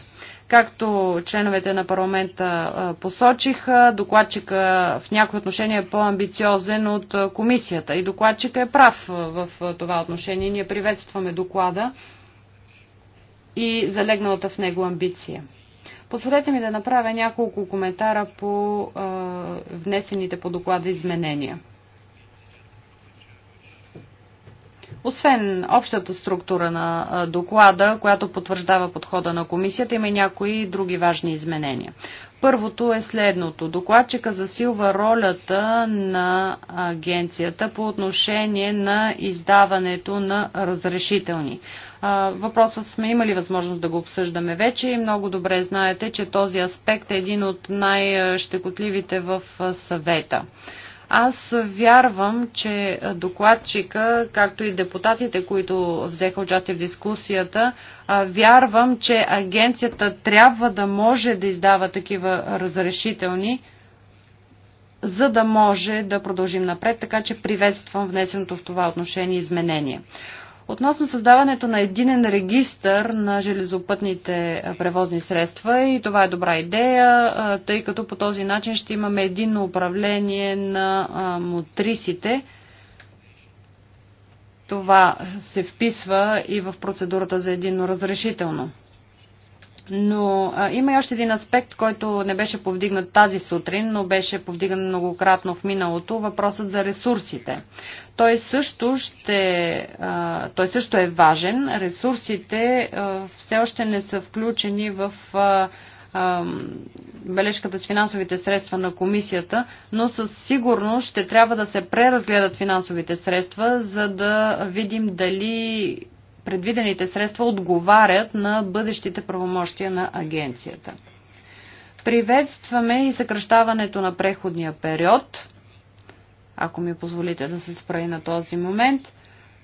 B: Както членовете на парламента посочиха, докладчика в някои отношения е по-амбициозен от комисията. И докладчика е прав в това отношение. Ние приветстваме доклада и залегналата в него амбиция. Позволете ми да направя няколко коментара по а, внесените по доклада изменения. Освен общата структура на доклада, която потвърждава подхода на комисията, има и някои други важни изменения. Първото е следното. Докладчика засилва ролята на агенцията по отношение на издаването на разрешителни. Въпросът сме имали възможност да го обсъждаме вече и много добре знаете, че този аспект е един от най-щекотливите в съвета. Аз вярвам, че докладчика, както и депутатите, които взеха участие в дискусията, вярвам, че агенцията трябва да може да издава такива разрешителни, за да може да продължим напред, така че приветствам внесеното в това отношение изменение. Относно създаването на единен регистър на железопътните превозни средства и това е добра идея, тъй като по този начин ще имаме единно управление на мотрисите. Това се вписва и в процедурата за единно разрешително. Но а, има и още един аспект, който не беше повдигнат тази сутрин, но беше повдиган многократно в миналото въпросът за ресурсите. Той също, ще, а, той също е важен. Ресурсите а, все още не са включени в. А, бележката с финансовите средства на комисията, но със сигурност ще трябва да се преразгледат финансовите средства, за да видим дали предвидените средства отговарят на бъдещите правомощия на агенцията. Приветстваме и съкръщаването на преходния период, ако ми позволите да се спра и на този момент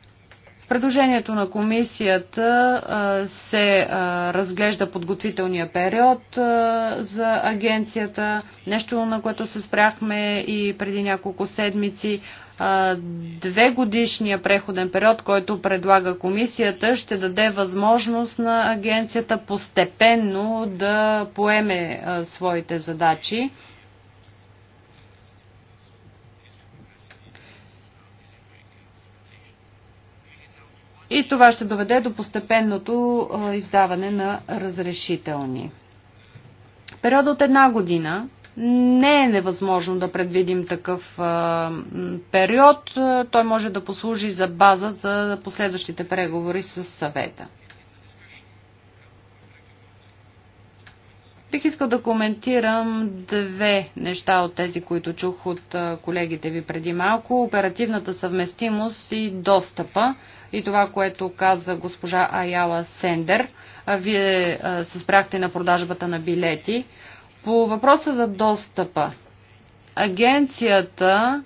B: – предложението на комисията се разглежда подготвителния период за агенцията, нещо на което се спряхме и преди няколко седмици, две годишния преходен период, който предлага комисията, ще даде възможност на агенцията постепенно да поеме своите задачи. И това ще доведе до постепенното издаване на разрешителни. Периода от една година не е невъзможно да предвидим такъв а, период. Той може да послужи за база за последващите преговори с съвета. Бих искал да коментирам две неща от тези, които чух от колегите ви преди малко. Оперативната съвместимост и достъпа и това, което каза госпожа Аяла Сендер. Вие се спряхте на продажбата на билети. По въпроса за достъпа. Агенцията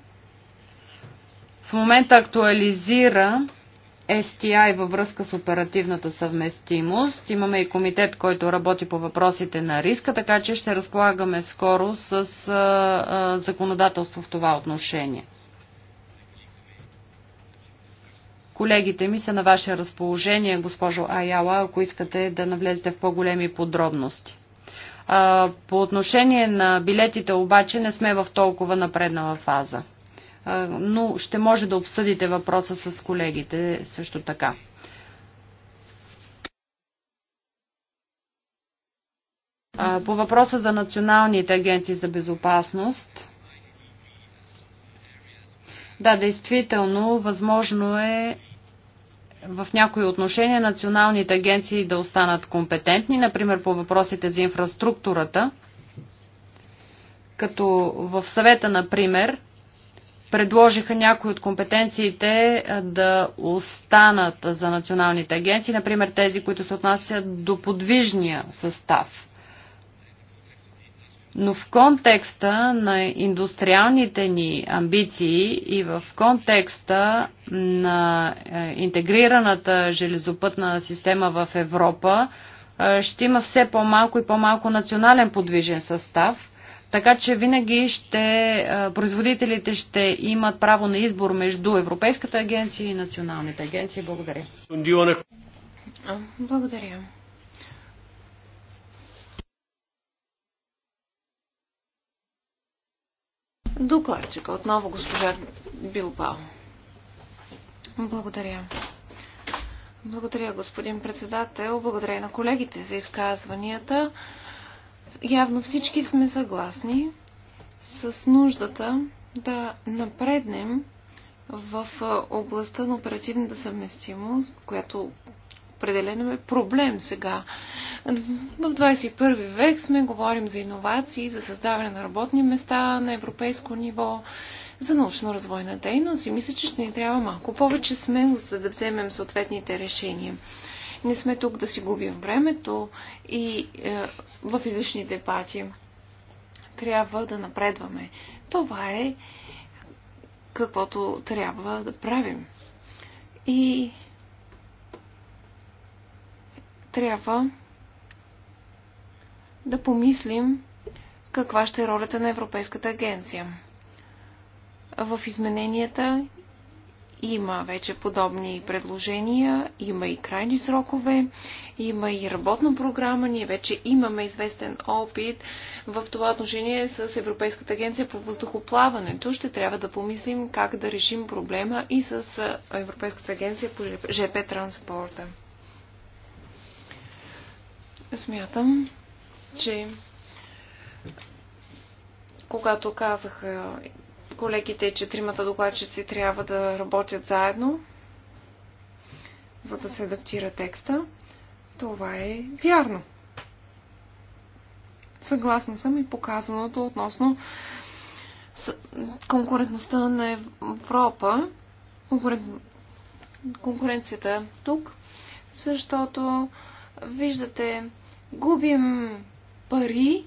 B: в момента актуализира STI във връзка с оперативната съвместимост. Имаме и комитет, който работи по въпросите на риска, така че ще разполагаме скоро с а, а, законодателство в това отношение. Колегите ми са на ваше разположение, госпожо Аяла, ако искате да навлезете в по-големи подробности. По отношение на билетите обаче не сме в толкова напреднала фаза. Но ще може да обсъдите въпроса с колегите също така. По въпроса за националните агенции за безопасност. Да, действително, възможно е в някои отношения националните агенции да останат компетентни, например по въпросите за инфраструктурата, като в съвета, например, предложиха някои от компетенциите да останат за националните агенции, например тези, които се отнасят до подвижния състав. Но в контекста на индустриалните ни амбиции и в контекста на е, интегрираната железопътна система в Европа е, ще има все по-малко и по-малко национален подвижен състав, така че винаги ще, е, производителите ще имат право на избор между Европейската агенция и националните агенции. Благодаря.
C: Благодаря. Докладчика отново госпожа Билбао. Благодаря. Благодаря, господин председател. Благодаря на колегите за изказванията. Явно всички сме съгласни с нуждата да напреднем в областта на оперативната съвместимост, която определено е проблем сега. В 21 век сме, говорим за иновации, за създаване на работни места на европейско ниво, за научно-развойна дейност и мисля, че ще ни трябва малко повече смелост, за да вземем съответните решения. Не сме тук да си губим времето и е, в излишни дебати. Трябва да напредваме. Това е каквото трябва да правим. И трябва да помислим каква ще е ролята на Европейската агенция. В измененията има вече подобни предложения, има и крайни срокове, има и работна програма. Ние вече имаме известен опит в това отношение с Европейската агенция по въздухоплаването. Ще трябва да помислим как да решим проблема и с Европейската агенция по ЖП транспорта. Смятам, че когато казаха колегите, че тримата докладчици трябва да работят заедно, за да се адаптира текста, това е вярно. Съгласна съм и показаното относно конкурентността на Европа, конкурен... конкуренцията тук, защото виждате губим пари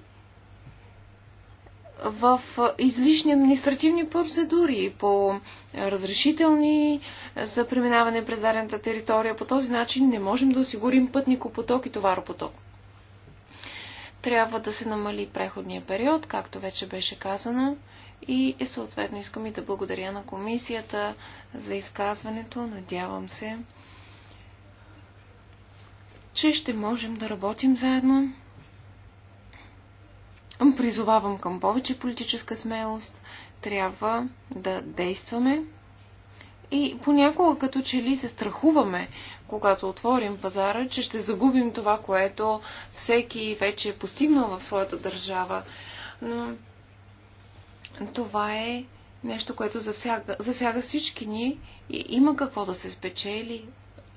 C: в излишни административни процедури по разрешителни за преминаване през дадената територия. По този начин не можем да осигурим пътникопоток и товаропоток. Трябва да се намали преходния период, както вече беше казано, и е съответно искам и да благодаря на комисията за изказването. Надявам се, че ще можем да работим заедно. Призовавам към повече политическа смелост. Трябва да действаме. И понякога като че ли се страхуваме, когато отворим пазара, че ще загубим това, което всеки вече е постигнал в своята държава. Но това е нещо, което засяга, засяга всички ни и има какво да се спечели.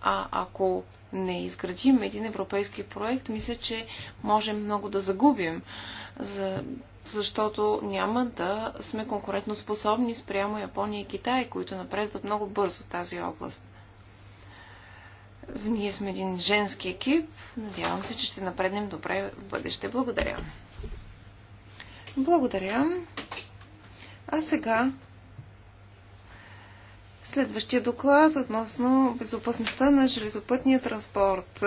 C: А ако не изградим един европейски проект, мисля, че можем много да загубим, защото няма да сме конкурентно способни спрямо Япония и Китай, които напредват много бързо в тази област. Ние сме един женски екип. Надявам се, че ще напреднем добре в бъдеще. Благодаря. Благодаря. А сега Следващия доклад относно безопасността на железопътния транспорт.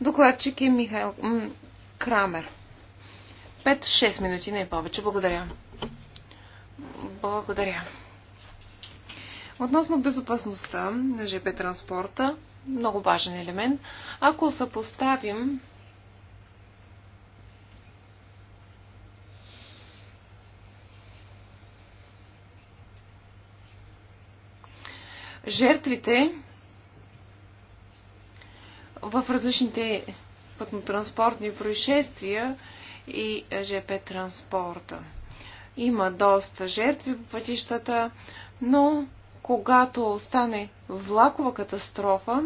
C: Докладчик е Михаил Крамер. 5-6 минути, не повече. Благодаря. Благодаря. Относно безопасността на ЖП транспорта, много важен елемент, ако съпоставим жертвите в различните пътнотранспортни происшествия и ЖП транспорта. Има доста жертви по пътищата, но когато стане влакова катастрофа,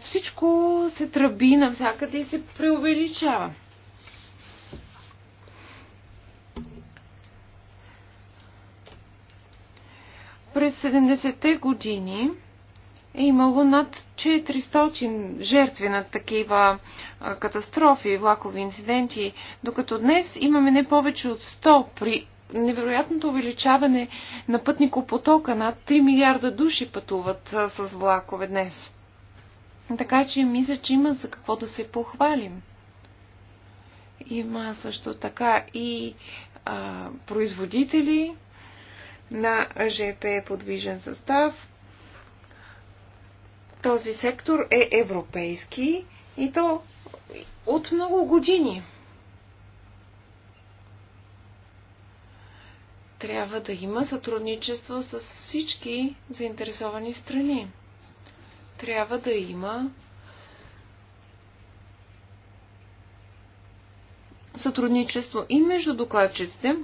C: всичко се тръби навсякъде и се преувеличава. През 70-те години е имало над 400 жертви на такива катастрофи, влакови инциденти, докато днес имаме не повече от 100 при невероятното увеличаване на пътникопотока. Над 3 милиарда души пътуват с влакове днес. Така че мисля, че има за какво да се похвалим. Има също така и а, производители, на ЖП е подвижен състав. Този сектор е европейски и то от много години. Трябва да има сътрудничество с всички заинтересовани страни. Трябва да има сътрудничество и между докладчиците,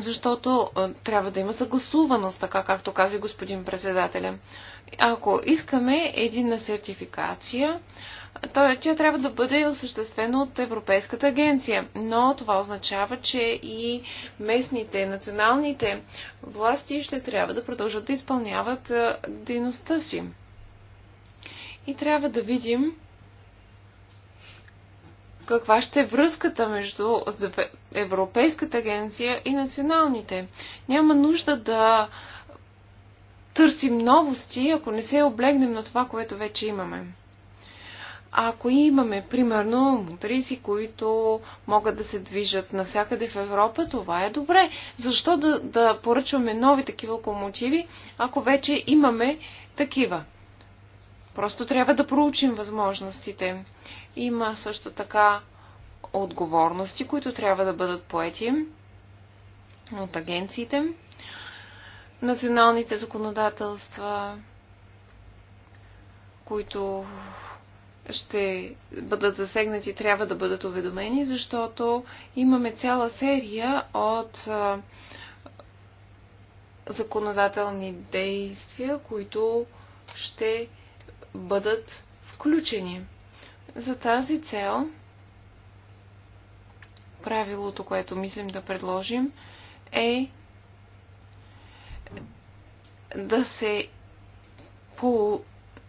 C: защото трябва да има съгласуваност, така както каза господин председателя. Ако искаме на сертификация, то тя трябва да бъде осъществена от Европейската агенция. Но това означава, че и местните, националните власти ще трябва да продължат да изпълняват дейността си. И трябва да видим каква ще е връзката между Европейската агенция и националните. Няма нужда да търсим новости, ако не се облегнем на това, което вече имаме. А ако имаме, примерно, мотриси, които могат да се движат навсякъде в Европа, това е добре. Защо да, да поръчваме нови такива локомотиви, ако вече имаме такива? Просто трябва да проучим възможностите. Има също така отговорности, които трябва да бъдат поети от агенциите, националните законодателства, които ще бъдат засегнати, трябва да бъдат уведомени, защото имаме цяла серия от законодателни действия, които ще бъдат включени. За тази цел правилото, което мислим да предложим, е да се, по,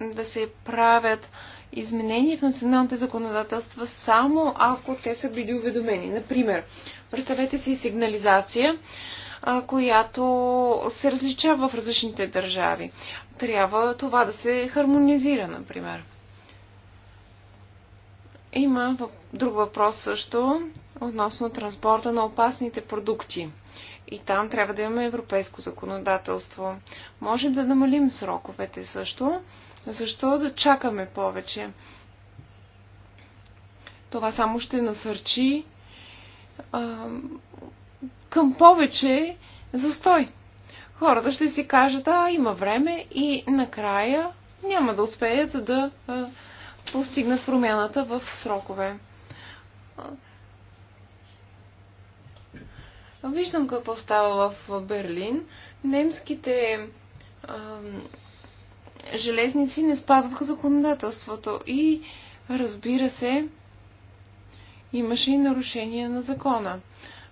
C: да се правят изменения в националните законодателства само ако те са били уведомени. Например, представете си сигнализация която се различава в различните държави. Трябва това да се хармонизира, например. Има друг въпрос също относно транспорта на опасните продукти. И там трябва да имаме европейско законодателство. Можем да намалим сроковете също. Защо да чакаме повече? Това само ще насърчи към повече застой. Хората ще си кажат, а има време и накрая няма да успеят да а, постигнат промяната в срокове. Виждам какво става в Берлин. Немските а, железници не спазваха законодателството и разбира се, имаше и нарушение на закона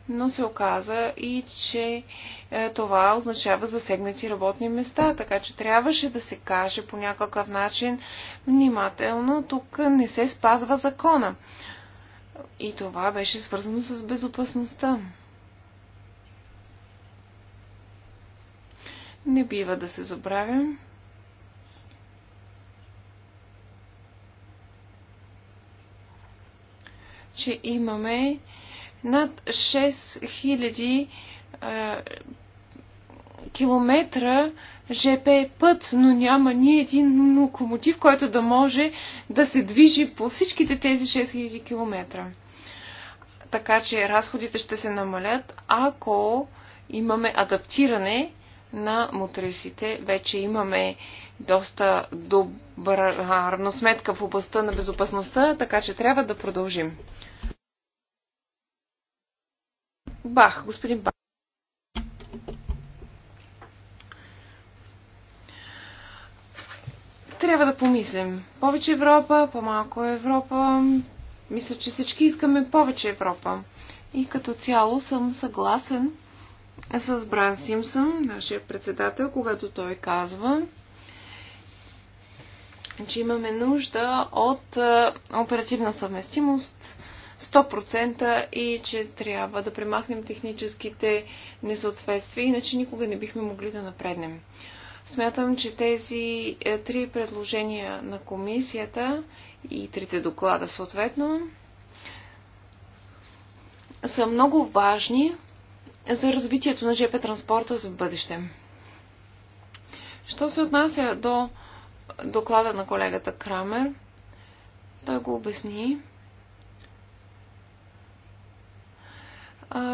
C: но се оказа и, че е, това означава засегнати работни места, така че трябваше да се каже по някакъв начин внимателно, тук не се спазва закона. И това беше свързано с безопасността. Не бива да се забравям. че имаме над 6000 а, километра ЖП път, но няма ни един локомотив, който да може да се движи по всичките тези 6000 км. Така че разходите ще се намалят, ако имаме адаптиране на мутресите, Вече имаме доста добра равносметка в областта на безопасността, така че трябва да продължим. Бах, господин Бах. Трябва да помислим. Повече Европа, по-малко Европа. Мисля, че всички искаме повече Европа. И като цяло съм съгласен с Бран Симсън, нашия председател, когато той казва, че имаме нужда от оперативна съвместимост 100% и че трябва да премахнем техническите несъответствия, иначе никога не бихме могли да напреднем. Смятам, че тези е, три предложения на комисията и трите доклада съответно са много важни за развитието на ЖП транспорта за бъдеще. Що се отнася до доклада на колегата Крамер, той го обясни.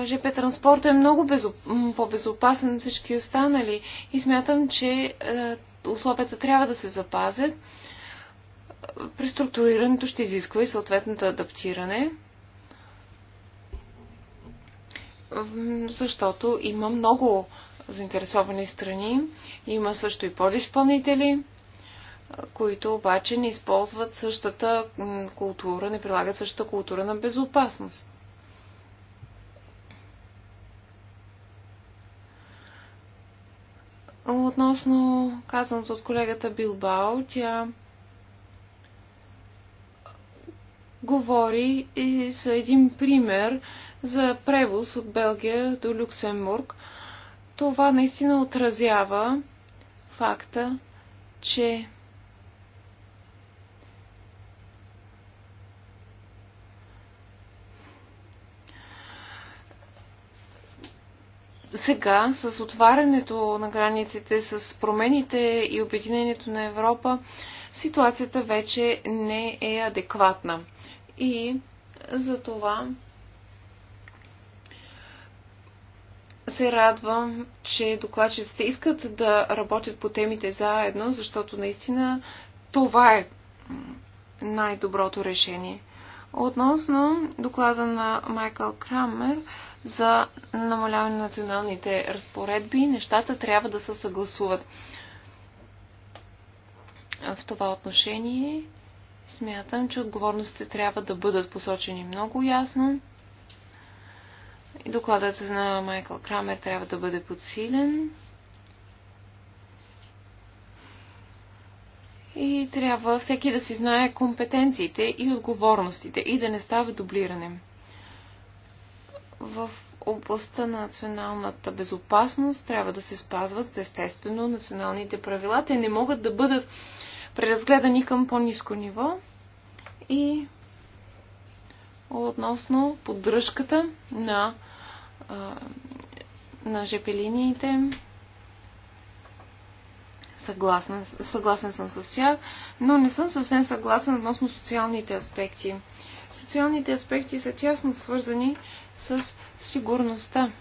C: ЖП Транспорта е много безоп... по-безопасен от всички останали и смятам, че е, условията трябва да се запазят. Преструктурирането ще изисква и съответното адаптиране, защото има много заинтересовани страни, има също и подиспълнители, които обаче не използват същата култура, не прилагат същата култура на безопасност. Относно казаното от колегата Билбао, тя говори и за един пример за превоз от Белгия до Люксембург. Това наистина отразява факта, че сега с отварянето на границите, с промените и обединението на Европа, ситуацията вече не е адекватна. И за това се радвам, че докладчиците искат да работят по темите заедно, защото наистина това е най-доброто решение. Относно доклада на Майкъл Крамер, за намаляване на националните разпоредби. Нещата трябва да се съгласуват. В това отношение смятам, че отговорностите трябва да бъдат посочени много ясно. И докладът на Майкъл Крамер трябва да бъде подсилен. И трябва всеки да си знае компетенциите и отговорностите и да не става дублиране в областта на националната безопасност трябва да се спазват естествено националните правила. Те не могат да бъдат преразгледани към по-низко ниво. И относно поддръжката на, на жепелиниите, съгласен, съгласен съм с тях, но не съм съвсем съгласен относно социалните аспекти. Социалните аспекти са тясно свързани с сигурността.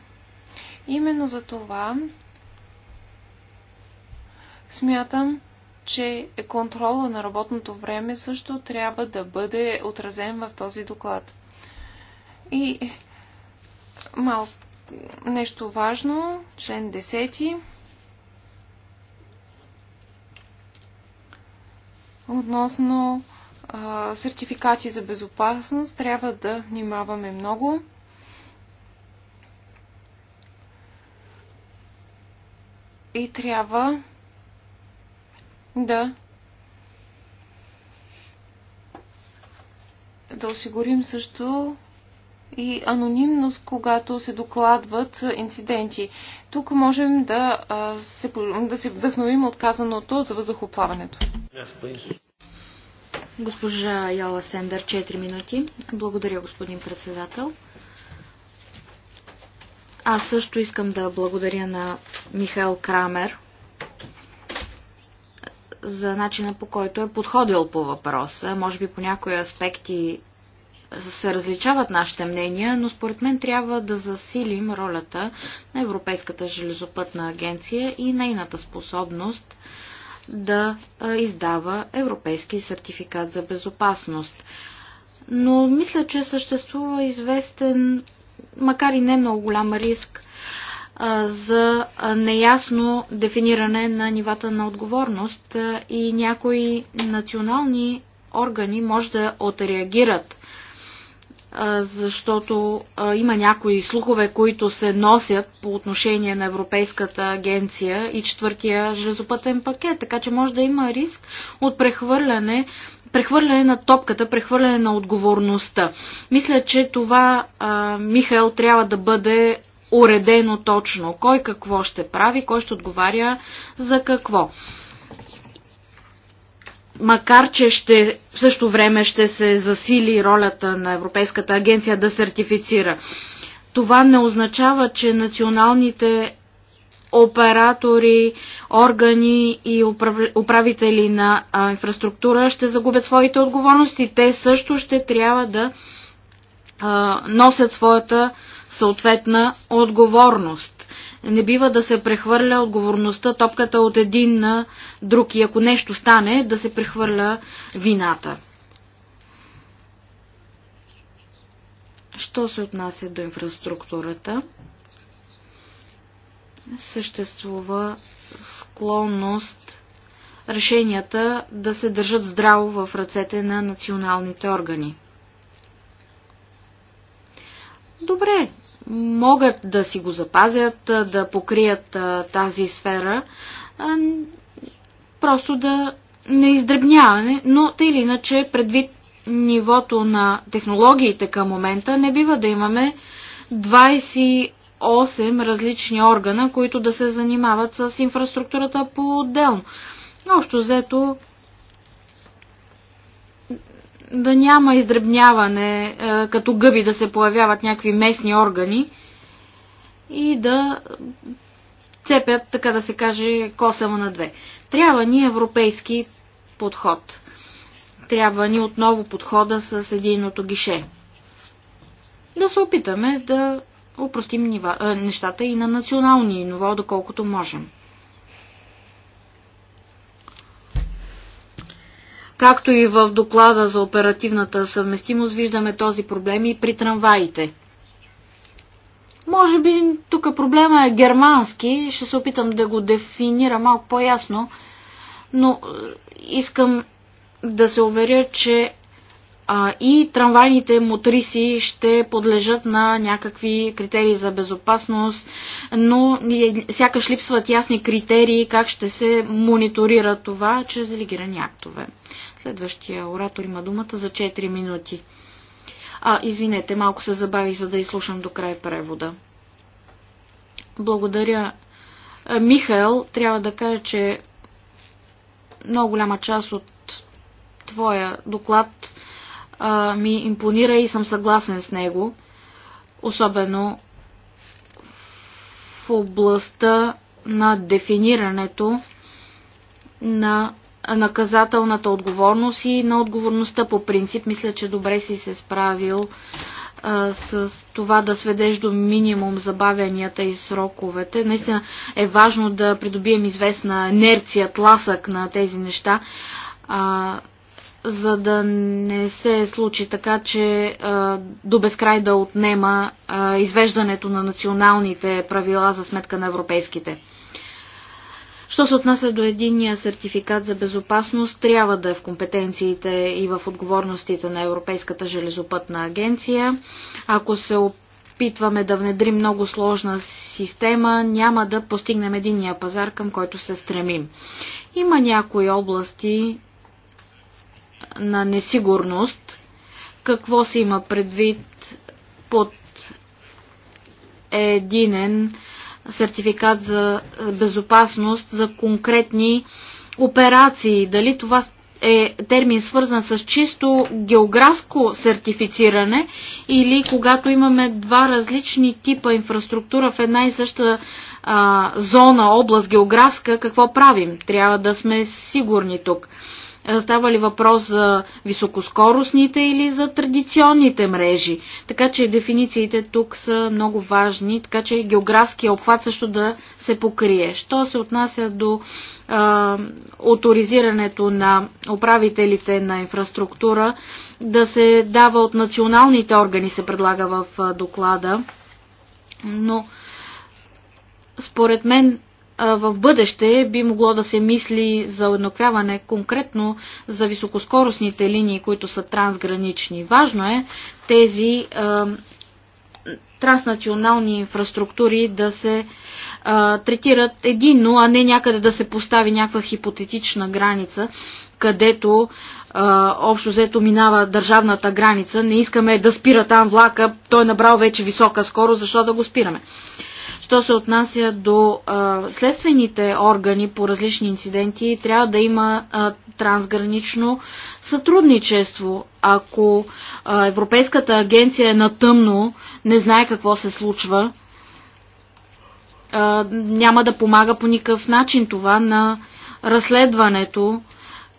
C: Именно за това смятам, че е контрола на работното време също трябва да бъде отразен в този доклад. И малко нещо важно, член 10. Относно а, сертификати за безопасност, трябва да внимаваме много. и трябва да да осигурим също и анонимност, когато се докладват инциденти. Тук можем да се, да се вдъхновим от
A: казаното за въздухоплаването. Госпожа Яла Сендър, 4 минути. Благодаря, господин председател. Аз също искам да благодаря на Михаил Крамер за начина по който е подходил по въпроса. Може би по някои аспекти се различават нашите мнения, но според мен трябва да засилим ролята на Европейската железопътна агенция и нейната способност да издава европейски сертификат за безопасност. Но мисля, че съществува известен макар и не много голям риск за неясно дефиниране на нивата на отговорност и някои национални органи може да отреагират, защото има някои слухове, които се носят по отношение на Европейската агенция и четвъртия железопътен пакет, така че може да има риск от прехвърляне прехвърляне на топката, прехвърляне на отговорността. Мисля, че това, а, Михаил, трябва да бъде уредено точно. Кой какво ще прави, кой ще отговаря за какво. Макар, че ще, в същото време ще се засили ролята на Европейската агенция да сертифицира. Това не означава, че националните оператори, органи и управители на инфраструктура ще загубят своите отговорности. Те също ще трябва да носят своята съответна отговорност. Не бива да се прехвърля отговорността, топката от един на друг и ако нещо стане, да се прехвърля вината. Що се отнася до инфраструктурата? съществува склонност решенията да се държат здраво в ръцете на националните органи. Добре, могат да си го запазят, да покрият тази сфера, просто да не издребняване, но тъй или иначе предвид нивото на технологиите към момента не бива да имаме 20 8 различни органа, които да се занимават с инфраструктурата по-отделно. Общо взето да няма издребняване, е, като гъби да се появяват някакви местни органи и да цепят, така да се каже, косама на две. Трябва ни европейски подход. Трябва ни отново подхода с единото гише. Да се опитаме да упростим нива, е, нещата и на национални ниво, доколкото можем. Както и в доклада за оперативната съвместимост виждаме този проблем и при трамваите. Може би тук проблема е германски, ще се опитам да го дефинира малко по-ясно, но е, искам да се уверя, че а, и трамвайните мотриси ще подлежат на някакви критерии за безопасност, но сякаш липсват ясни критерии как ще се мониторира това чрез делегирани актове. Следващия оратор има думата за 4 минути. А, извинете, малко се забавих, за да изслушам до край превода. Благодаря. Михаел, трябва да кажа, че много голяма част от твоя доклад а, ми импонира и съм съгласен с него, особено в областта на дефинирането на наказателната отговорност и на отговорността по принцип. Мисля, че добре си се справил а, с това да сведеш до минимум забавянията и сроковете. Наистина е важно да придобием известна инерция, тласък на тези неща. А, за да не се случи така, че а, до безкрай да отнема а, извеждането на националните правила за сметка на европейските. Що се отнася до единния сертификат за безопасност, трябва да е в компетенциите и в отговорностите на Европейската железопътна агенция. Ако се опитваме да внедрим много сложна система, няма да постигнем единния пазар, към който се стремим. Има някои области, на несигурност. Какво се има предвид под единен сертификат за безопасност за конкретни операции? Дали това е термин свързан с чисто географско сертифициране или когато имаме два различни типа инфраструктура в една и съща а, зона, област географска, какво правим? Трябва да сме сигурни тук. Става ли въпрос за високоскоростните или за традиционните мрежи? Така че дефинициите тук са много важни, така че географския обхват също да се покрие. Що се отнася до а, авторизирането на управителите на инфраструктура, да се дава от националните органи, се предлага в доклада. Но според мен в бъдеще би могло да се мисли за уеднаквяване конкретно за високоскоростните линии, които са трансгранични. Важно е тези а, транснационални инфраструктури да се а, третират единно, а не някъде да се постави някаква хипотетична граница, където а, общо взето минава държавната граница. Не искаме да спира там влака, той е набрал вече висока скорост, защо да го спираме? Що се отнася до а, следствените органи по различни инциденти, трябва да има а, трансгранично сътрудничество. Ако а, Европейската агенция е натъмно, не знае какво се случва, а, няма да помага по никакъв начин това на разследването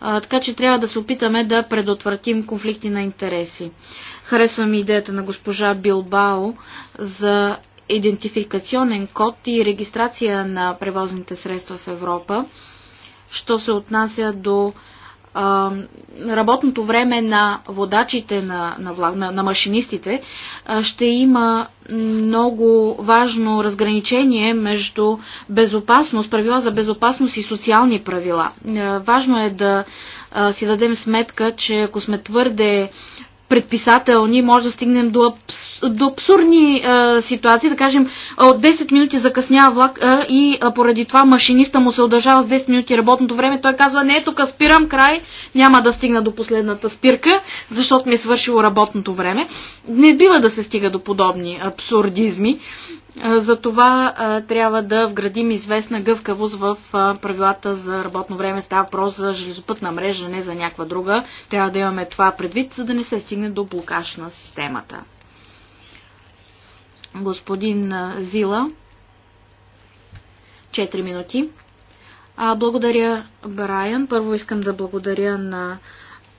A: а, така че трябва да се опитаме да предотвратим конфликти на интереси. Харесвам идеята на госпожа Билбао за идентификационен код и регистрация на превозните средства в Европа, що се отнася до а, работното време на водачите, на, на, на, на машинистите, а, ще има много важно разграничение между безопасност, правила за безопасност и социални правила. А, важно е да а, си дадем сметка, че ако сме твърде предписателни, може да стигнем до, абс, до абсурдни а, ситуации, да кажем от 10 минути закъснява влак а, и а, поради това машиниста му се удължава с 10 минути работното време, той казва не, тук спирам край, няма да стигна до последната спирка, защото ми е свършило работното време. Не бива да се стига до подобни абсурдизми. За това трябва да вградим известна гъвкавост в правилата за работно време. Става въпрос за железопътна мрежа, не за някаква друга. Трябва да имаме това предвид, за да не се стигне до блокаж на системата. Господин Зила, 4 минути. благодаря, Брайан. Първо искам да благодаря на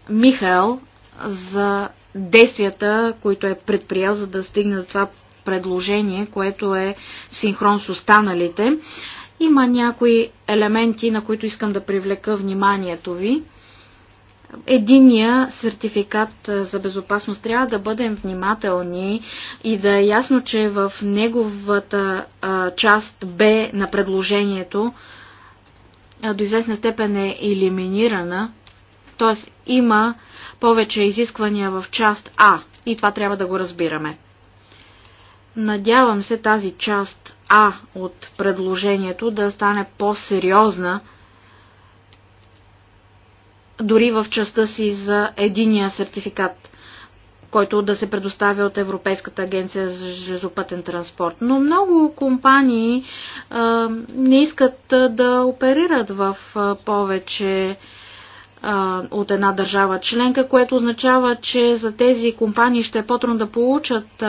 A: Михаел за действията, които е предприял, за да стигне до това предложение, което е в синхрон с останалите. Има някои елементи, на които искам да привлека вниманието ви. Единия сертификат за безопасност трябва да бъдем внимателни и да е ясно, че в неговата част Б на предложението до известна степен е елиминирана, т.е. има повече изисквания в част А и това трябва да го разбираме. Надявам се тази част А от предложението да стане по-сериозна, дори в частта си за единия сертификат, който да се предоставя от Европейската агенция за железопътен транспорт. Но много компании а, не искат да оперират в повече а, а, от една държава членка, което означава, че за тези компании ще е по-трудно да получат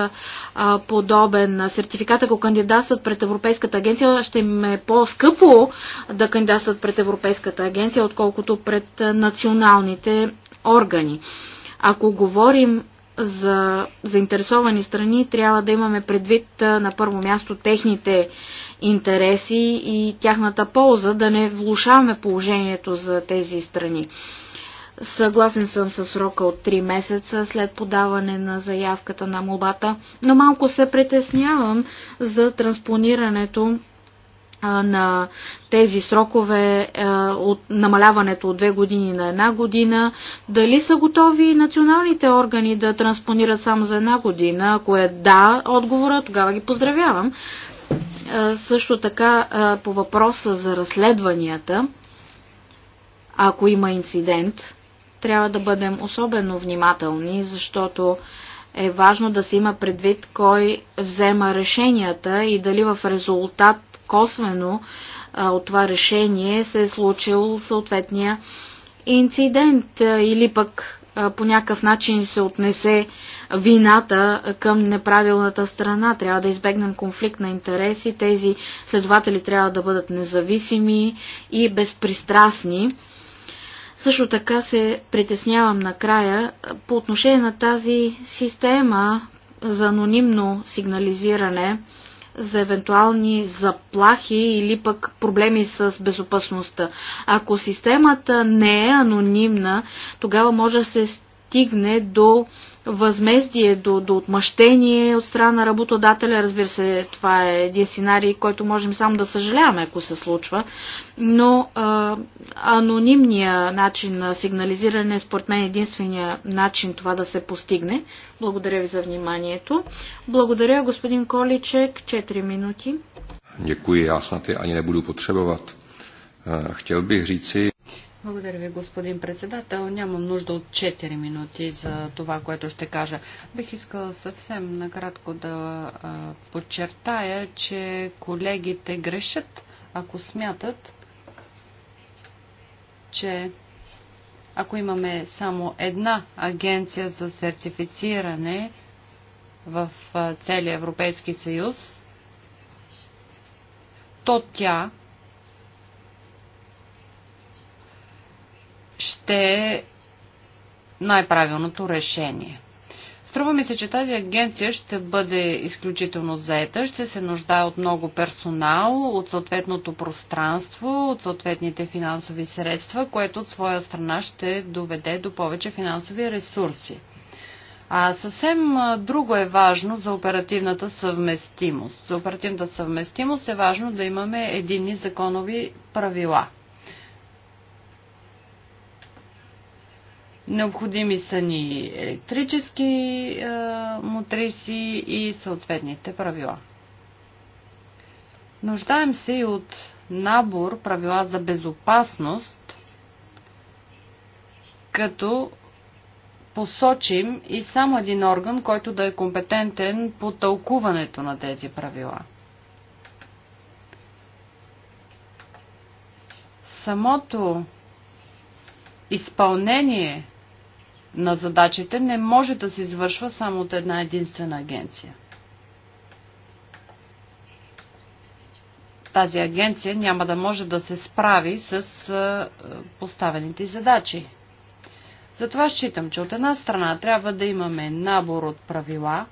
A: а, подобен сертификат, ако кандидатстват пред Европейската агенция, ще им е по-скъпо да кандидатстват пред Европейската агенция, отколкото пред националните органи. Ако говорим за заинтересовани страни, трябва да имаме предвид на първо място техните интереси и тяхната полза, да не влушаваме положението за тези страни. Съгласен съм с срока от 3 месеца след подаване на заявката на молбата, но малко се притеснявам за транспонирането на тези срокове от намаляването от две години на една година. Дали са готови националните органи да транспонират само за една година? Ако е да, отговора, тогава ги поздравявам. Също така по въпроса за разследванията, ако има инцидент, трябва да бъдем особено внимателни, защото е важно да се има предвид кой взема решенията и дали в резултат косвено от това решение се е случил съответния инцидент или пък по някакъв начин се отнесе вината към неправилната страна. Трябва да избегнем конфликт на интереси. Тези следователи трябва да бъдат независими и безпристрастни. Също така се притеснявам накрая по отношение на тази система за анонимно сигнализиране за евентуални заплахи или пък проблеми с безопасността. Ако системата не е анонимна, тогава може да се стигне до възмездие, до, до отмъщение от страна на работодателя. Разбира се, това е един сценарий, който можем само да съжаляваме, ако се случва. Но а, анонимния начин на сигнализиране е според мен единствения начин това да се постигне. Благодаря ви за вниманието. Благодаря, господин Количек. 4 минути.
B: Děkuji, já snad je ani nebudu potřebovat. Е, chtěl bych říci... Благодаря ви, господин председател. Нямам нужда от 4 минути за това, което ще кажа. Бих искала съвсем накратко да подчертая, че колегите грешат, ако смятат, че ако имаме само една агенция за сертифициране в целия Европейски съюз, то тя ще е най-правилното решение. Струва ми се, че тази агенция ще бъде изключително заета, ще се нуждае от много персонал, от съответното пространство, от съответните финансови средства, което от своя страна ще доведе до повече финансови ресурси. А съвсем друго е важно за оперативната съвместимост. За оперативната съвместимост е важно да имаме едини законови правила – Необходими са ни електрически е, мотриси и съответните правила. Нуждаем се и от набор правила за безопасност, като посочим и само един орган, който да е компетентен по тълкуването на тези правила. Самото изпълнение на задачите не може да се извършва само от една единствена агенция. Тази агенция няма да може да се справи с поставените задачи. Затова считам, че от една страна трябва да имаме набор от правила,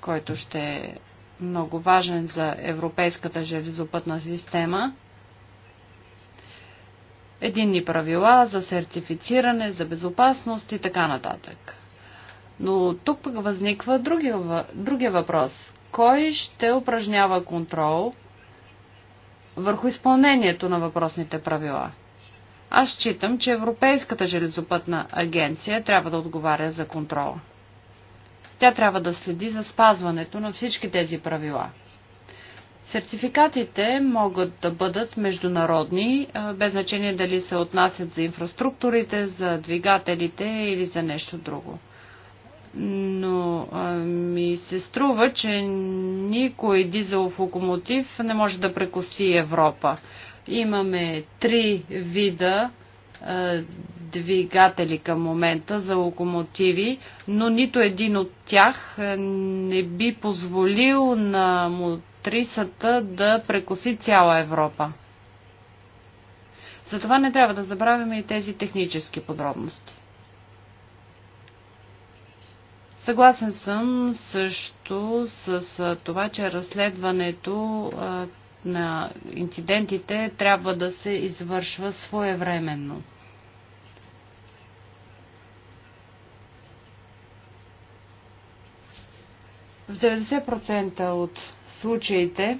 B: който ще е много важен за европейската железопътна система – единни правила за сертифициране, за безопасност и така нататък. Но тук пък възниква другия, другия въпрос. Кой ще упражнява контрол върху изпълнението на въпросните правила? Аз считам, че Европейската железопътна агенция трябва да отговаря за контрола. Тя трябва да следи за спазването на всички тези правила – Сертификатите могат да бъдат международни, без значение дали се отнасят за инфраструктурите, за двигателите или за нещо друго. Но ми се струва, че никой дизелов локомотив не може да прекоси Европа. Имаме три вида двигатели към момента за локомотиви, но нито един от тях не би позволил на мотивите актрисата да прекоси цяла Европа. Затова не трябва да забравяме и тези технически подробности. Съгласен съм също с това, че разследването на инцидентите трябва да се извършва своевременно. В 90% от случаите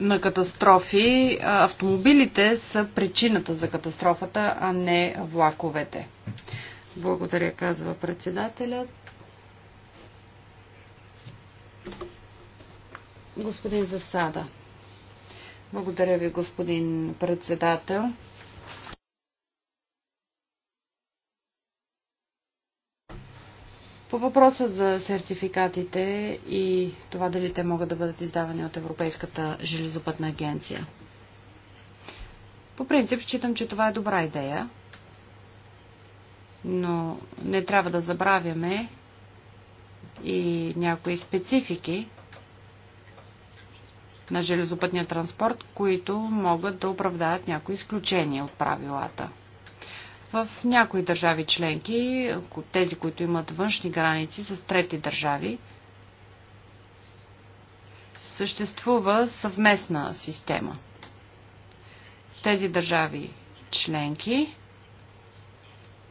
B: на катастрофи, автомобилите са причината за катастрофата, а не влаковете. Благодаря, казва председателят. Господин Засада. Благодаря ви, господин председател. По въпроса за сертификатите и това дали те могат да бъдат издавани от Европейската железопътна агенция. По принцип, считам, че това е добра идея, но не трябва да забравяме и някои специфики на железопътния транспорт, които могат да оправдаят някои изключения от правилата. В някои държави членки, тези, които имат външни граници с трети държави, съществува съвместна система. В тези държави членки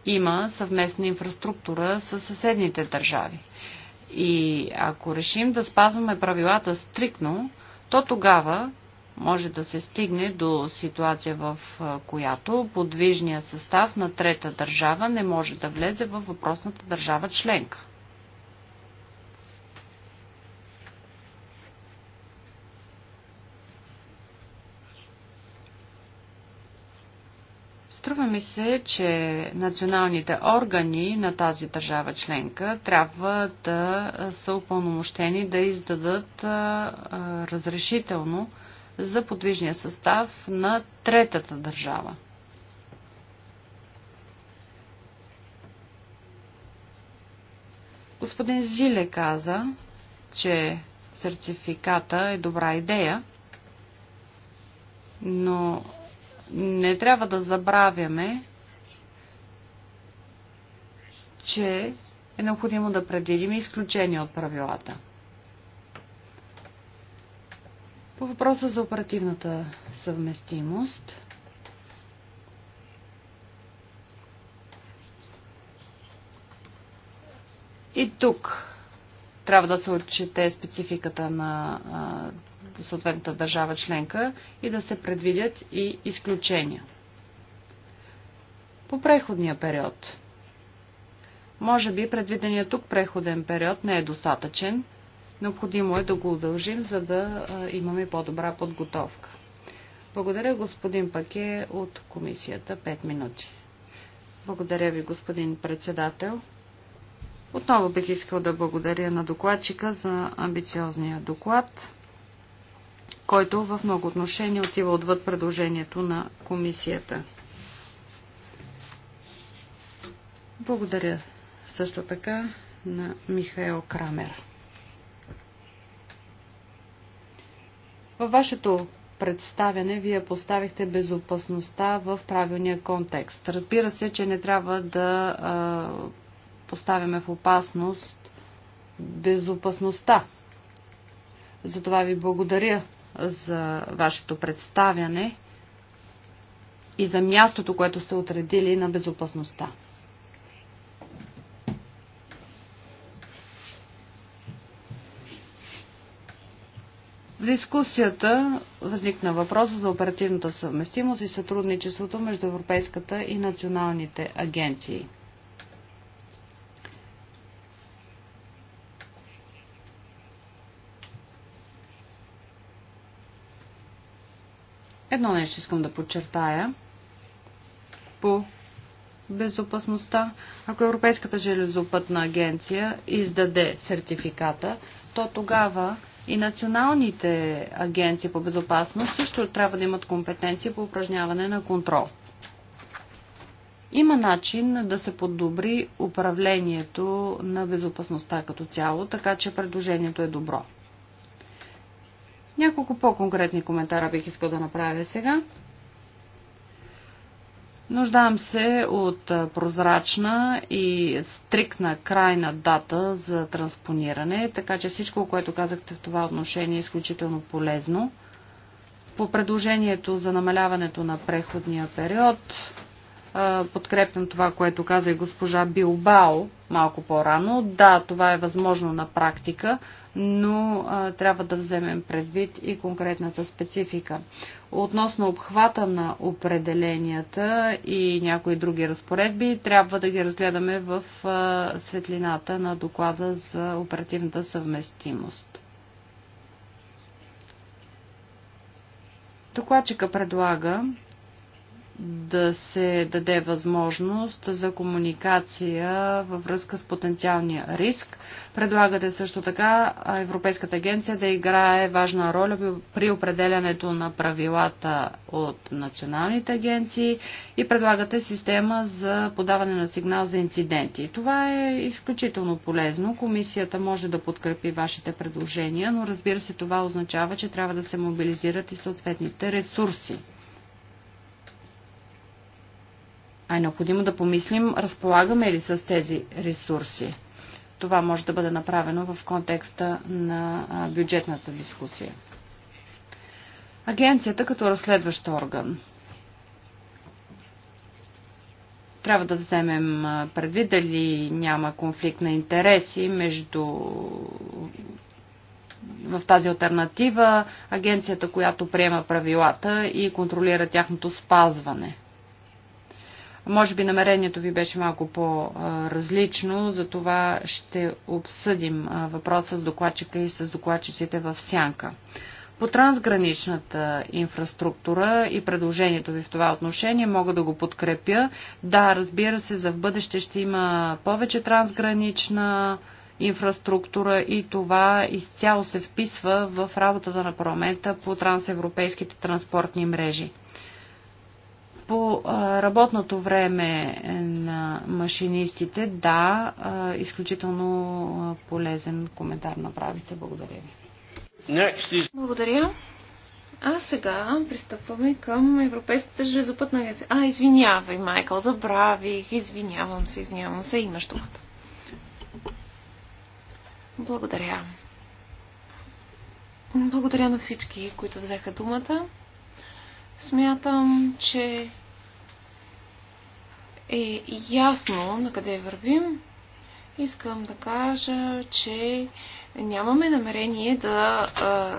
B: има съвместна инфраструктура с съседните държави. И ако решим да спазваме правилата стрикно, то тогава може да се стигне до ситуация, в която подвижния състав на трета държава не може да влезе във въпросната държава членка. Струва ми се, че националните органи на тази държава членка трябва да са упълномощени да издадат разрешително за подвижния състав на третата държава. Господин Зиле каза, че сертификата е добра идея, но не трябва да забравяме, че е необходимо да предвидим изключение от правилата. По въпроса за оперативната съвместимост, и тук трябва да се отчете спецификата на а, съответната държава членка и да се предвидят и изключения. По преходния период. Може би предвидения тук преходен период не е достатъчен Необходимо е да го удължим, за да имаме по-добра подготовка. Благодаря господин Паке от комисията. 5 минути. Благодаря ви, господин председател. Отново бих искал да благодаря на докладчика за амбициозния доклад, който в много отношения отива отвъд предложението на комисията. Благодаря също така на Михаил Крамер. Във вашето представяне вие поставихте безопасността в правилния контекст. Разбира се, че не трябва да а, поставяме в опасност безопасността. Затова ви благодаря за вашето представяне и за мястото, което сте отредили на безопасността. В дискусията възникна въпроса за оперативната съвместимост и сътрудничеството между Европейската и националните агенции. Едно нещо искам да подчертая по безопасността. Ако Европейската железопътна агенция издаде сертификата, то тогава и националните агенции по безопасност също трябва да имат компетенции по упражняване на контрол. Има начин да се подобри управлението на безопасността като цяло, така че предложението е добро. Няколко по-конкретни коментара бих искал да направя сега. Нуждаем се от прозрачна и стриктна крайна дата за транспониране, така че всичко, което казахте в това отношение е изключително полезно. По предложението за намаляването на преходния период Подкрепям това, което каза и госпожа Билбао малко по-рано. Да, това е възможно на практика, но а, трябва да вземем предвид и конкретната специфика. Относно обхвата на определенията и някои други разпоредби, трябва да ги разгледаме в а, светлината на доклада за оперативната съвместимост. Докладчика предлага да се даде възможност за комуникация във връзка с потенциалния риск. Предлагате също така Европейската агенция да играе важна роля при определянето на правилата от националните агенции и предлагате система за подаване на сигнал за инциденти. Това е изключително полезно. Комисията може да подкрепи вашите предложения, но разбира се това означава, че трябва да се мобилизират и съответните ресурси. а е необходимо да помислим, разполагаме ли с тези ресурси. Това може да бъде направено в контекста на бюджетната дискусия. Агенцията като разследващ орган. Трябва да вземем предвид дали няма конфликт на интереси между в тази альтернатива агенцията, която приема правилата и контролира тяхното спазване – може би намерението ви беше малко по-различно, за това ще обсъдим въпроса с докладчика и с докладчиците в сянка. По трансграничната инфраструктура и предложението ви в това отношение мога да го подкрепя. Да, разбира се, за в бъдеще ще има повече трансгранична инфраструктура и това изцяло се вписва в работата на парламента по трансевропейските транспортни мрежи. По работното време на машинистите, да, изключително полезен коментар направите. Благодаря ви. Is...
C: Благодаря. А сега пристъпваме към Европейската железопътна агенция. А, извинявай, Майкъл, забравих. Извинявам се, извинявам се. Имаш думата. Благодаря. Благодаря на всички, които взеха думата. Смятам, че е ясно на къде вървим. Искам да кажа, че нямаме намерение да а,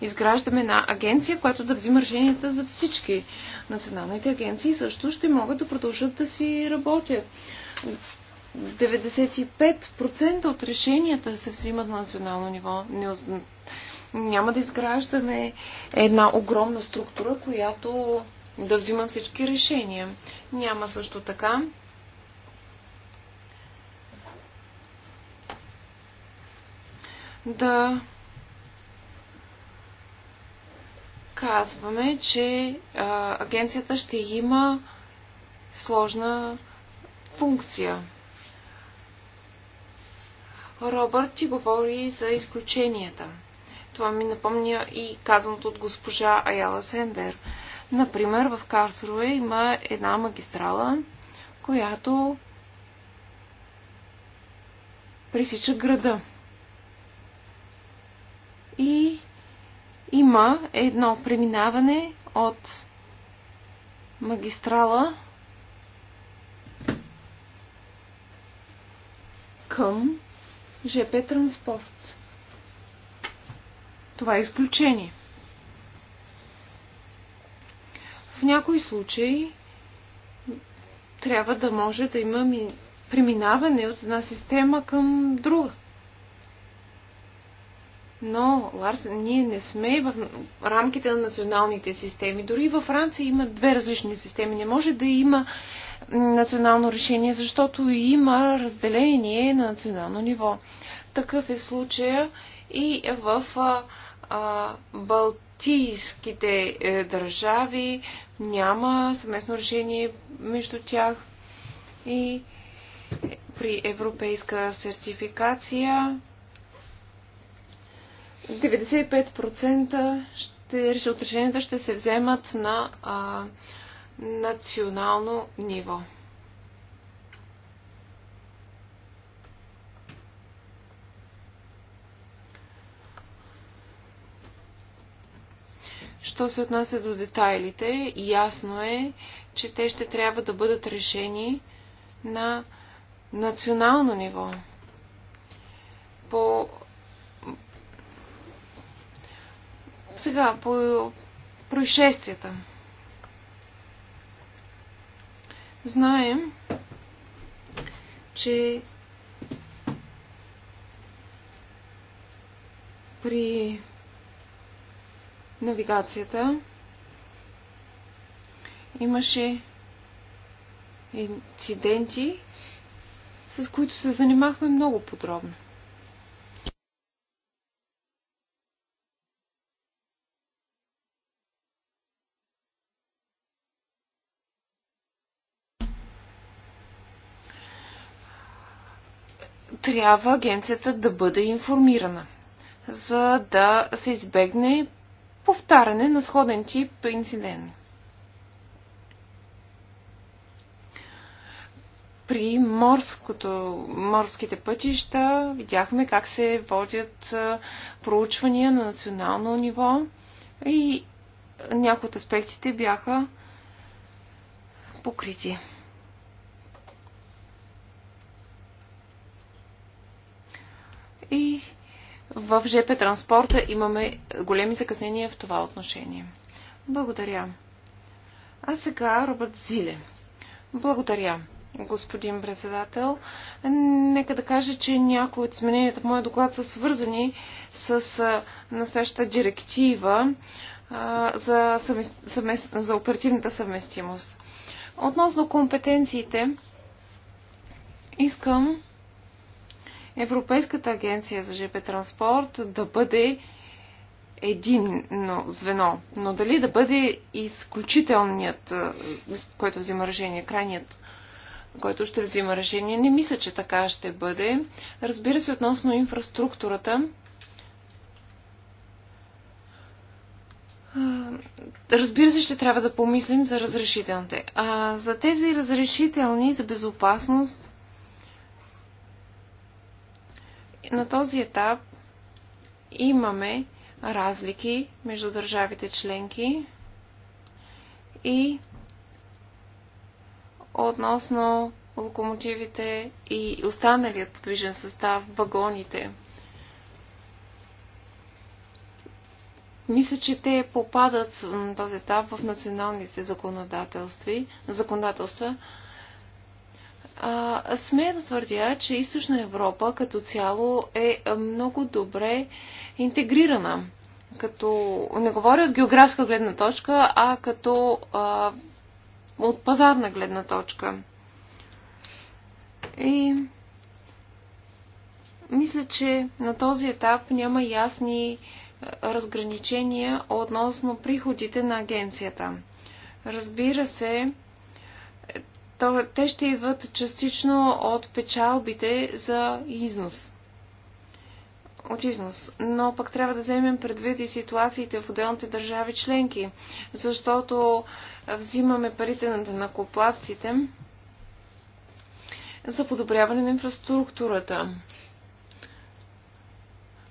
C: изграждаме една агенция, която да взима решенията за всички. Националните агенции също ще могат да продължат да си работят. 95% от решенията се взимат на национално ниво. Не няма да изграждаме една огромна структура, която да взима всички решения. Няма също така да казваме, че а, агенцията ще има сложна функция. Робърт ти говори за изключенията. Това ми напомня и казаното от госпожа Аяла Сендер. Например, в Карсруе има една магистрала, която пресича града. И има едно преминаване от магистрала към ЖП транспорт. Това е изключение. В някои случаи трябва да може да има преминаване от една система към друга. Но, Ларс, ние не сме в рамките на националните системи. Дори във Франция има две различни системи. Не може да има национално решение, защото има разделение на национално ниво. Такъв е случая и в а, балтийските е, държави, няма съместно решение между тях и при европейска сертификация 95% ще, решенията ще се вземат на а, национално ниво. Що се отнася до детайлите, ясно е, че те ще трябва да бъдат решени на национално ниво. По... Сега, по происшествията. Знаем, че при навигацията имаше инциденти, с които се занимахме много подробно. Трябва агенцията да бъде информирана, за да се избегне повтаряне на сходен тип инцидент. При морското, морските пътища видяхме как се водят проучвания на национално ниво и някои от аспектите бяха покрити. в ЖП транспорта имаме големи закъснения в това отношение. Благодаря. А сега Робърт Зиле. Благодаря, господин председател. Нека да кажа, че някои от измененията в моя доклад са свързани с настоящата директива за, съвмест... Съвмест... за оперативната съвместимост. Относно компетенциите, искам Европейската агенция за ЖП транспорт да бъде единно звено, но дали да бъде изключителният, който взима решение, крайният, който ще взима решение, не мисля, че така ще бъде. Разбира се, относно инфраструктурата, Разбира се, ще трябва да помислим за разрешителните. А за тези разрешителни за безопасност, на този етап имаме разлики между държавите членки и относно локомотивите и останалият подвижен състав, вагоните. Мисля, че те попадат на този етап в националните законодателства, а, смея да твърдя, че Източна Европа като цяло е много добре интегрирана. Като, не говоря от географска гледна точка, а като а, от пазарна гледна точка. И мисля, че на този етап няма ясни разграничения относно приходите на агенцията. Разбира се, то, те ще идват частично от печалбите за износ. От износ. Но пък трябва да вземем предвид и ситуациите в отделните държави членки, защото взимаме парите на накоплаците за подобряване на инфраструктурата.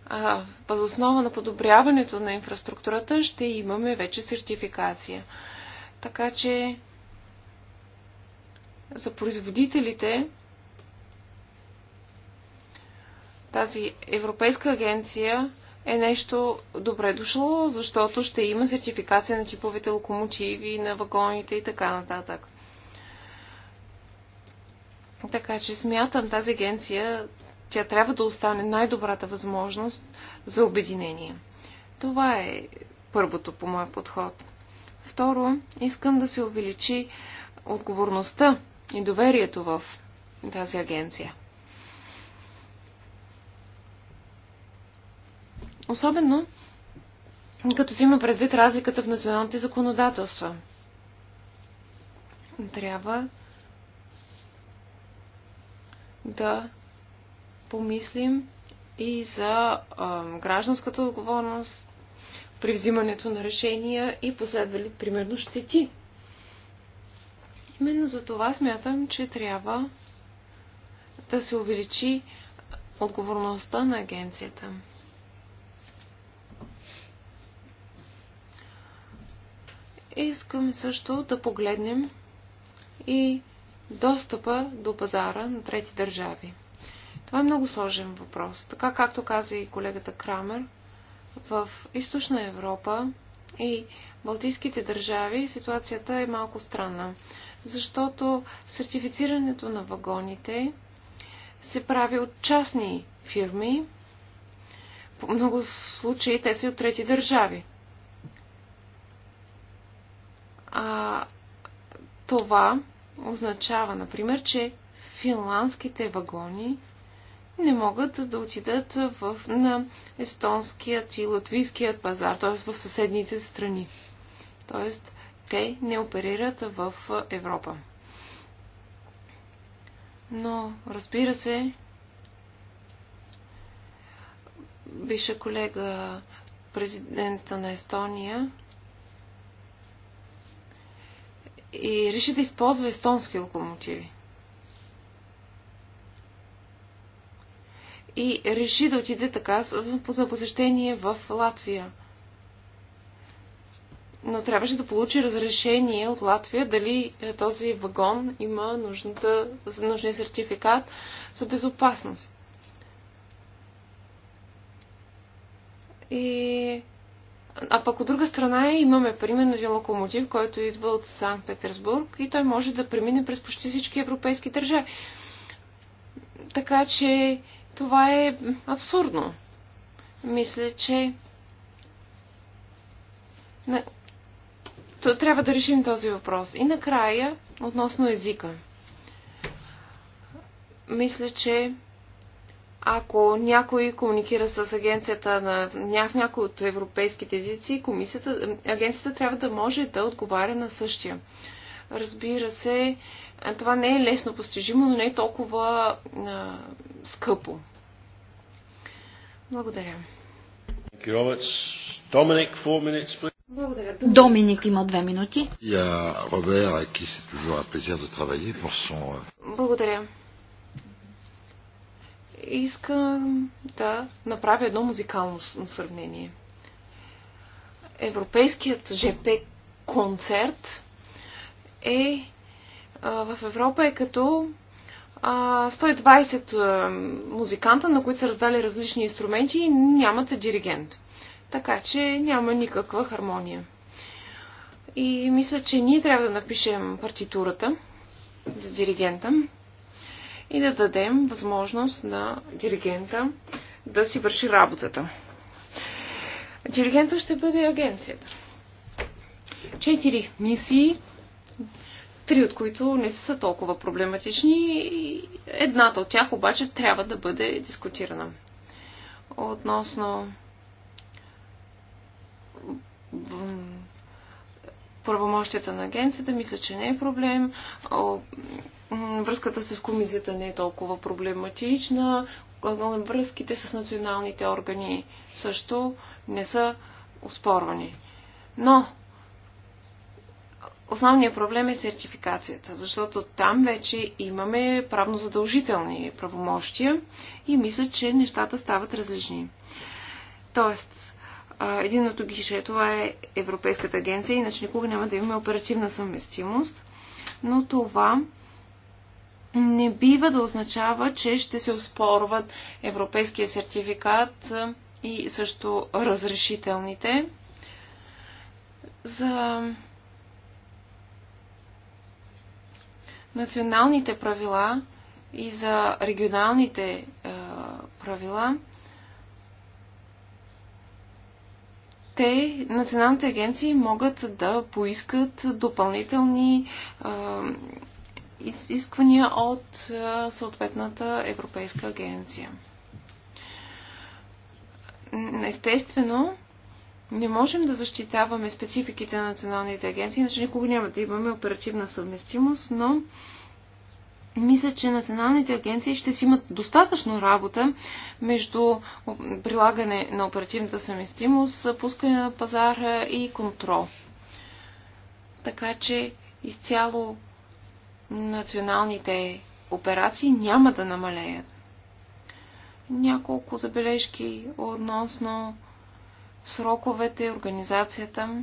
C: А, основа на подобряването на инфраструктурата ще имаме вече сертификация. Така че за производителите тази Европейска агенция е нещо добре дошло, защото ще има сертификация на типовете локомотиви, на вагоните и така нататък. Така че смятам тази агенция, тя трябва да остане най-добрата възможност за обединение. Това е първото по моя подход. Второ, искам да се увеличи отговорността и доверието в тази агенция. Особено като си има предвид разликата в националните законодателства. Трябва да помислим и за а, гражданската отговорност при взимането на решения и последвали, примерно, щети. Именно за това смятам, че трябва да се увеличи отговорността на агенцията. Искам също да погледнем и достъпа до пазара на трети държави. Това е много сложен въпрос. Така както каза и колегата Крамер, в Източна Европа и Балтийските държави ситуацията е малко странна защото сертифицирането на вагоните се прави от частни фирми. По много случаи те са и от трети държави. А, това означава, например, че финландските вагони не могат да отидат в, на естонският и латвийският пазар, т.е. в съседните страни. Тоест, те не оперират в Европа. Но, разбира се, бивша колега президента на Естония и реши да използва естонски локомотиви. И реши да отиде така за посещение в Латвия но трябваше да получи разрешение от Латвия дали е, този вагон има нужната, нужния сертификат за безопасност. И... А пък от друга страна имаме примерно един локомотив, който идва от Санкт Петербург и той може да премине през почти всички европейски държави. Така че това е абсурдно. Мисля, че то, трябва да решим този въпрос. И накрая, относно езика. Мисля, че ако някой комуникира с агенцията на ня, някой от европейските езици, комисията, агенцията трябва да може да отговаря на същия. Разбира се, това не е лесно постижимо, но не е толкова а, скъпо. Благодаря.
A: four minutes, благодаря. Доминик има две минути. Euh, Благодаря. Искам
C: да направя едно музикално сравнение. Европейският ЖП концерт е в Европа е като 120 музиканта, на които са раздали различни инструменти и нямат диригент. Така че няма никаква хармония. И мисля, че ние трябва да напишем партитурата за диригента и да дадем възможност на диригента да си върши работата. Диригента ще бъде агенцията. Четири мисии, три от които не са толкова проблематични. Едната от тях обаче трябва да бъде дискутирана. Относно правомощията на агенцията, мисля, че не е проблем. Връзката с комисията не е толкова проблематична. Връзките с националните органи също не са успорвани. Но основният проблем е сертификацията, защото там вече имаме правно задължителни правомощия и мисля, че нещата стават различни. Тоест, единното гише. Това е Европейската агенция, иначе никога няма да имаме оперативна съвместимост. Но това не бива да означава, че ще се оспорват европейския сертификат и също разрешителните. За националните правила и за регионалните правила – те, националните агенции, могат да поискат допълнителни а, изисквания от а, съответната европейска агенция. Естествено, не можем да защитаваме спецификите на националните агенции, иначе никога няма да имаме оперативна съвместимост, но мисля, че националните агенции ще си имат достатъчно работа между прилагане на оперативната съвместимост, пускане на пазара и контрол. Така че изцяло националните операции няма да намалеят. Няколко забележки относно сроковете, организацията.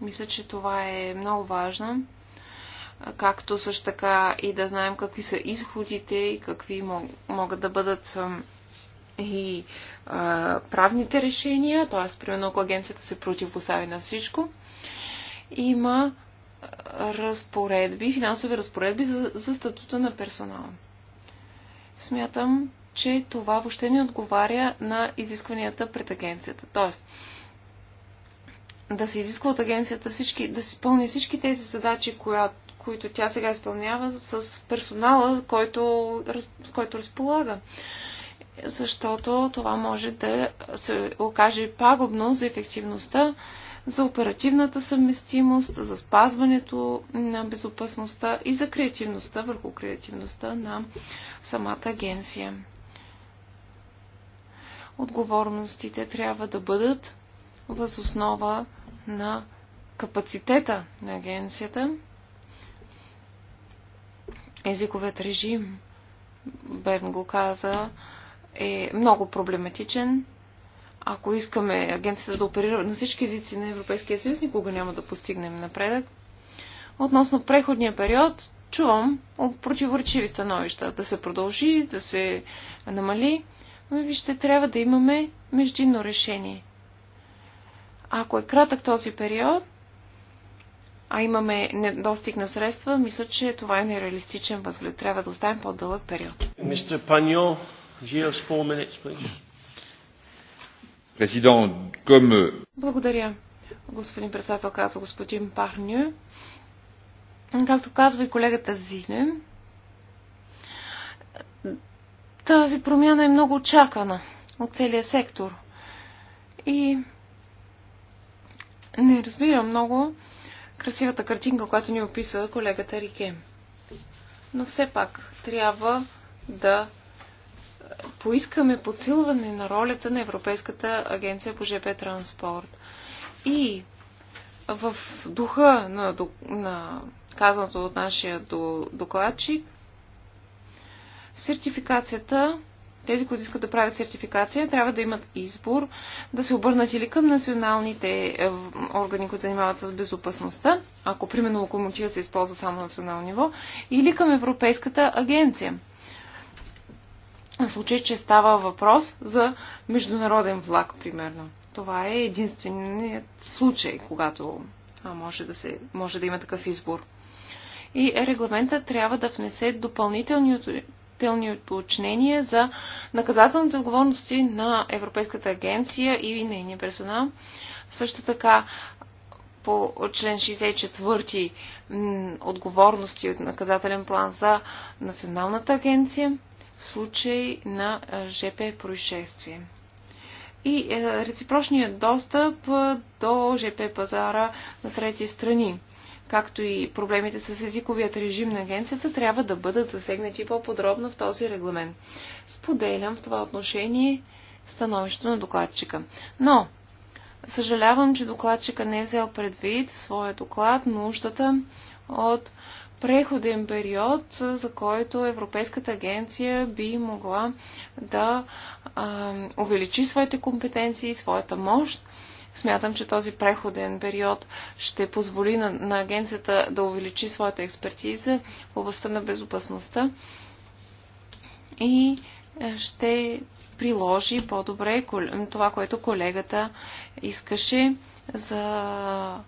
C: Мисля, че това е много важно както също така и да знаем какви са изходите и какви могат да бъдат и а, правните решения, т.е. примерно ако агенцията се противопостави на всичко, има разпоредби, финансови разпоредби за, за статута на персонала. Смятам, че това въобще не отговаря на изискванията пред агенцията. Тоест, да се изисква от агенцията всички, да се изпълни всички тези задачи, която които тя сега изпълнява с персонала, който, с който разполага. Защото това може да се окаже пагубно за ефективността, за оперативната съвместимост, за спазването на безопасността и за креативността върху креативността на самата агенция. Отговорностите трябва да бъдат възоснова на капацитета на агенцията езиковият режим, Берн го каза, е много проблематичен. Ако искаме агенцията да оперира на всички езици на Европейския съюз, никога няма да постигнем напредък. Относно преходния период, чувам противоречиви становища. Да се продължи, да се намали. вижте, трябва да имаме междинно решение. Ако е кратък този период, а имаме недостиг на средства, мисля, че това е нереалистичен възглед. Трябва да оставим по-дълъг период. Мистер Паньо, Благодаря, господин председател, каза господин Парню. Както казва и колегата Зине, тази промяна е много очаквана от целия сектор. И не разбира много красивата картинка, която ни описа колегата Рике. Но все пак трябва да поискаме подсилване на ролята на Европейската агенция по ЖП транспорт. И в духа на, на казаното от нашия докладчик, сертификацията тези, които искат да правят сертификация, трябва да имат избор да се обърнат или към националните е, органи, които занимават с безопасността, ако примерно локомотива се използва само на национално ниво, или към Европейската агенция. В случай, че става въпрос за международен влак, примерно. Това е единственият случай, когато може да, се, може да има такъв избор. И регламента трябва да внесе допълнителни допълнителни уточнения за наказателните отговорности на Европейската агенция и нейния персонал. Също така по член 64 отговорности от наказателен план за Националната агенция в случай на ЖП происшествие. И е, реципрочният достъп до ЖП пазара на трети страни както и проблемите с езиковият режим на агенцията, трябва да бъдат засегнати по-подробно в този регламент. Споделям в това отношение становището на докладчика. Но, съжалявам, че докладчика не е взел предвид в своя доклад нуждата от преходен период, за който Европейската агенция би могла да а, увеличи своите компетенции, своята мощ Смятам, че този преходен период ще позволи на, на агенцията да увеличи своята експертиза в областта на безопасността и е, ще приложи по-добре това, което колегата искаше за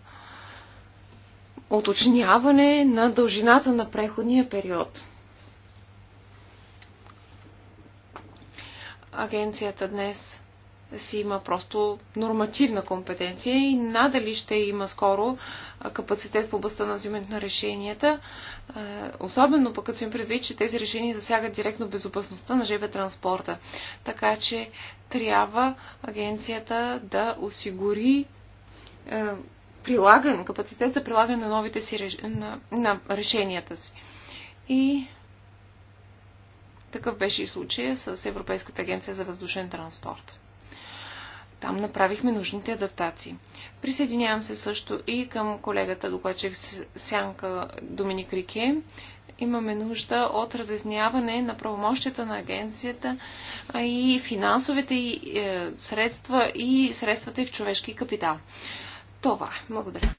C: уточняване на дължината на преходния период. Агенцията днес си има просто нормативна компетенция и надали ще има скоро капацитет в областта на взимането на решенията. Особено пък като си предвид, че тези решения засягат директно безопасността на ЖБ транспорта. Така че трябва агенцията да осигури прилаган, капацитет за прилагане на новите си на, на решенията си. И такъв беше и случая с Европейската агенция за въздушен транспорт. Там направихме нужните адаптации. Присъединявам се също и към колегата докладчик Сянка Доминик Рике. Имаме нужда от разясняване на правомощията на агенцията и финансовите и, е, средства и средствата и в човешки капитал. Това е.
A: Благодаря.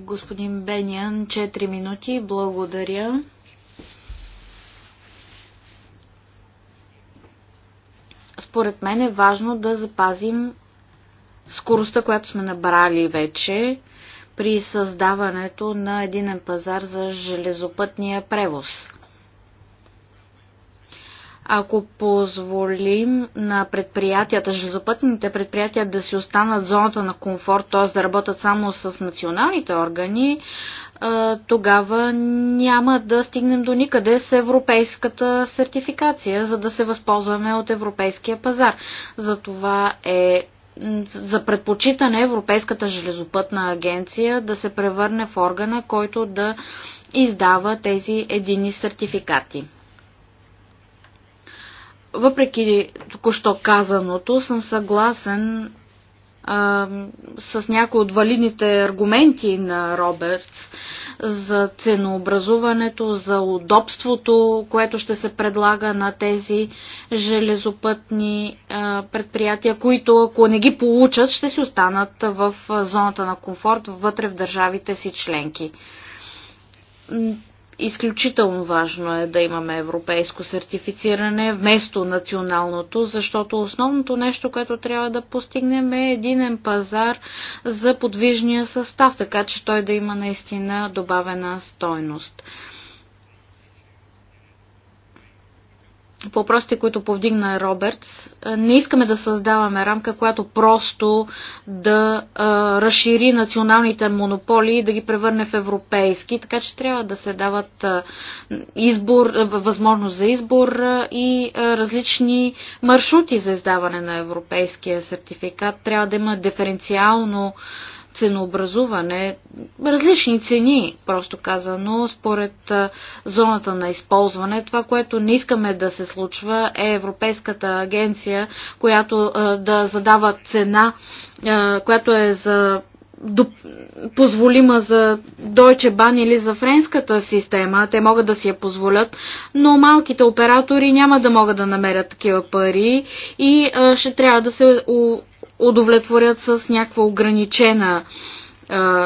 A: Господин Бениан, 4 минути. Благодаря. според мен е важно да запазим скоростта, която сме набрали вече при създаването на единен пазар за железопътния превоз. Ако позволим на предприятията, железопътните предприятия да си останат в зоната на комфорт, т.е. да работят само с националните органи, тогава няма да стигнем до никъде с европейската сертификация, за да се възползваме от европейския пазар. Затова е за предпочитане Европейската железопътна агенция да се превърне в органа, който да издава тези едини сертификати. Въпреки току-що казаното, съм съгласен а, с някои от валидните аргументи на Робертс за ценообразуването, за удобството, което ще се предлага на тези железопътни а, предприятия, които ако не ги получат, ще си останат в зоната на комфорт вътре в държавите си членки Изключително важно е да имаме европейско сертифициране вместо националното, защото основното нещо, което трябва да постигнем е единен пазар за подвижния състав, така че той да има наистина добавена стойност. по въпросите, които повдигна Робертс, не искаме да създаваме рамка, която просто да а, разшири националните монополи и да ги превърне в европейски, така че трябва да се дават а, избор, а, възможност за избор а, и а, различни маршрути за издаване на европейския сертификат. Трябва да има диференциално ценообразуване, различни цени, просто казано, според зоната на използване. Това, което не искаме да се случва е Европейската агенция, която да задава цена, която е за позволима за Deutsche Bahn или за френската система. Те могат да си я позволят, но малките оператори няма да могат да намерят такива пари и ще трябва да се удовлетворят с някаква ограничена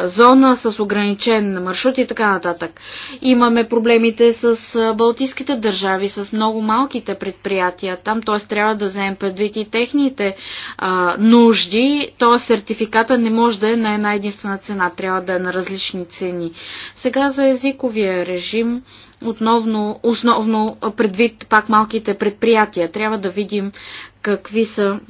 A: зона с ограничен маршрут и така нататък. Имаме проблемите с балтийските държави, с много малките предприятия там, т.е. трябва да вземем предвид и техните а, нужди, т.е. сертификата не може да е на една единствена цена, трябва да е на различни цени. Сега за езиковия режим отновно, основно предвид пак малките предприятия. Трябва да видим какви са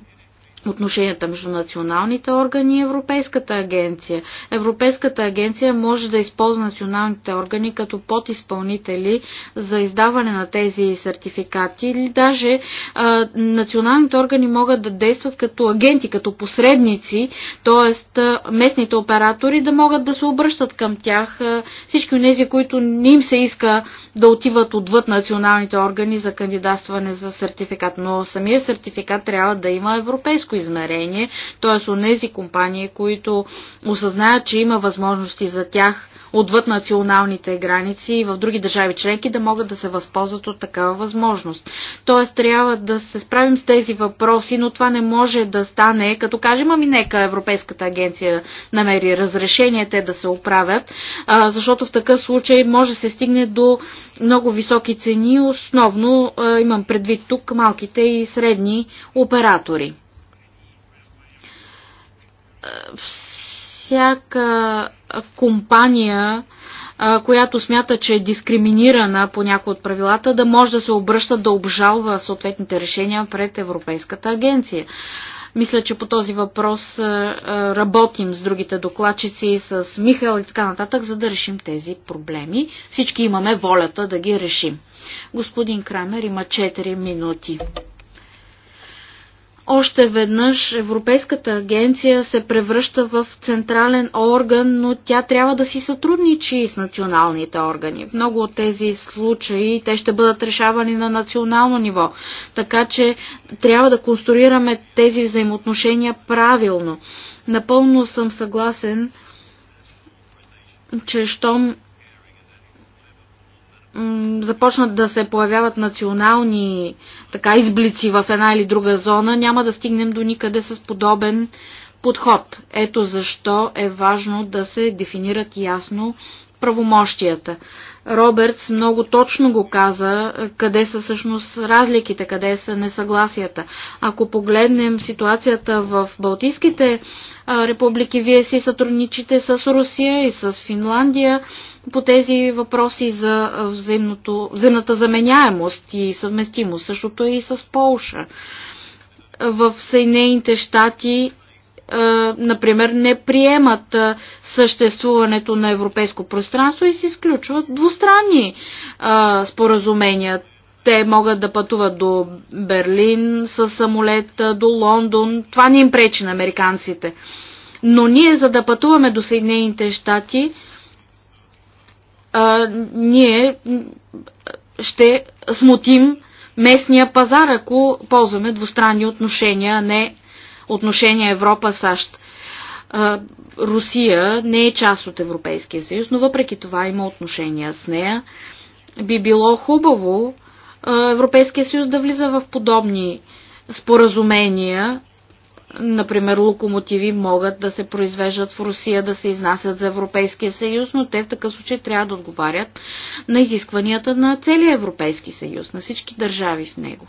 A: отношенията между националните органи и Европейската агенция. Европейската агенция може да използва националните органи като подизпълнители за издаване на тези сертификати или даже а, националните органи могат да действат като агенти, като посредници, т.е. местните оператори да могат да се обръщат към тях а, всички от тези, които не им се иска да отиват отвъд националните органи за кандидатстване за сертификат. Но самия сертификат трябва да има европейско европейско измерение, т.е. у нези компании, които осъзнаят, че има възможности за тях отвъд националните граници и в други държави членки да могат да се възползват от такава възможност. Тоест трябва да се справим с тези въпроси, но това не може да стане, като кажем, ами нека Европейската агенция намери разрешение те да се оправят, защото в такъв случай може да се стигне до много високи цени, основно имам предвид тук малките и средни оператори всяка компания, която смята, че е дискриминирана по някои от правилата, да може да се обръща да обжалва съответните решения пред Европейската агенция. Мисля, че по този въпрос работим с другите докладчици, с Михаил и така нататък, за да решим тези проблеми. Всички имаме волята да ги решим. Господин Крамер има 4 минути. Още веднъж Европейската агенция се превръща в централен орган, но тя трябва да си сътрудничи с националните органи. В много от тези случаи те ще бъдат решавани на национално ниво, така че трябва да конструираме тези взаимоотношения правилно. Напълно съм съгласен, че щом започнат да се появяват национални така изблици в една или друга зона, няма да стигнем до никъде с подобен подход. Ето защо е важно да се дефинират ясно правомощията. Робертс много точно го каза, къде са всъщност разликите, къде са несъгласията. Ако погледнем ситуацията в Балтийските републики, вие си сътрудничите с Русия и с Финландия по тези въпроси за взаимното, взаимната заменяемост и съвместимост. Същото е и с Полша. В Съединените щати е, например, не приемат е, съществуването на европейско пространство и се изключват двустранни споразумения. Те могат да пътуват до Берлин с самолет, до Лондон. Това не им пречи на американците. Но ние, за да пътуваме до Съединените щати, а, ние ще смутим местния пазар, ако ползваме двустранни отношения, а не отношения Европа-САЩ. Русия не е част от Европейския съюз, но въпреки това има отношения с нея. Би било хубаво Европейския съюз да влиза в подобни споразумения Например, локомотиви могат да се произвеждат в Русия, да се изнасят за Европейския съюз, но те в такъв случай трябва да отговарят на изискванията на целия Европейски съюз, на всички държави в него.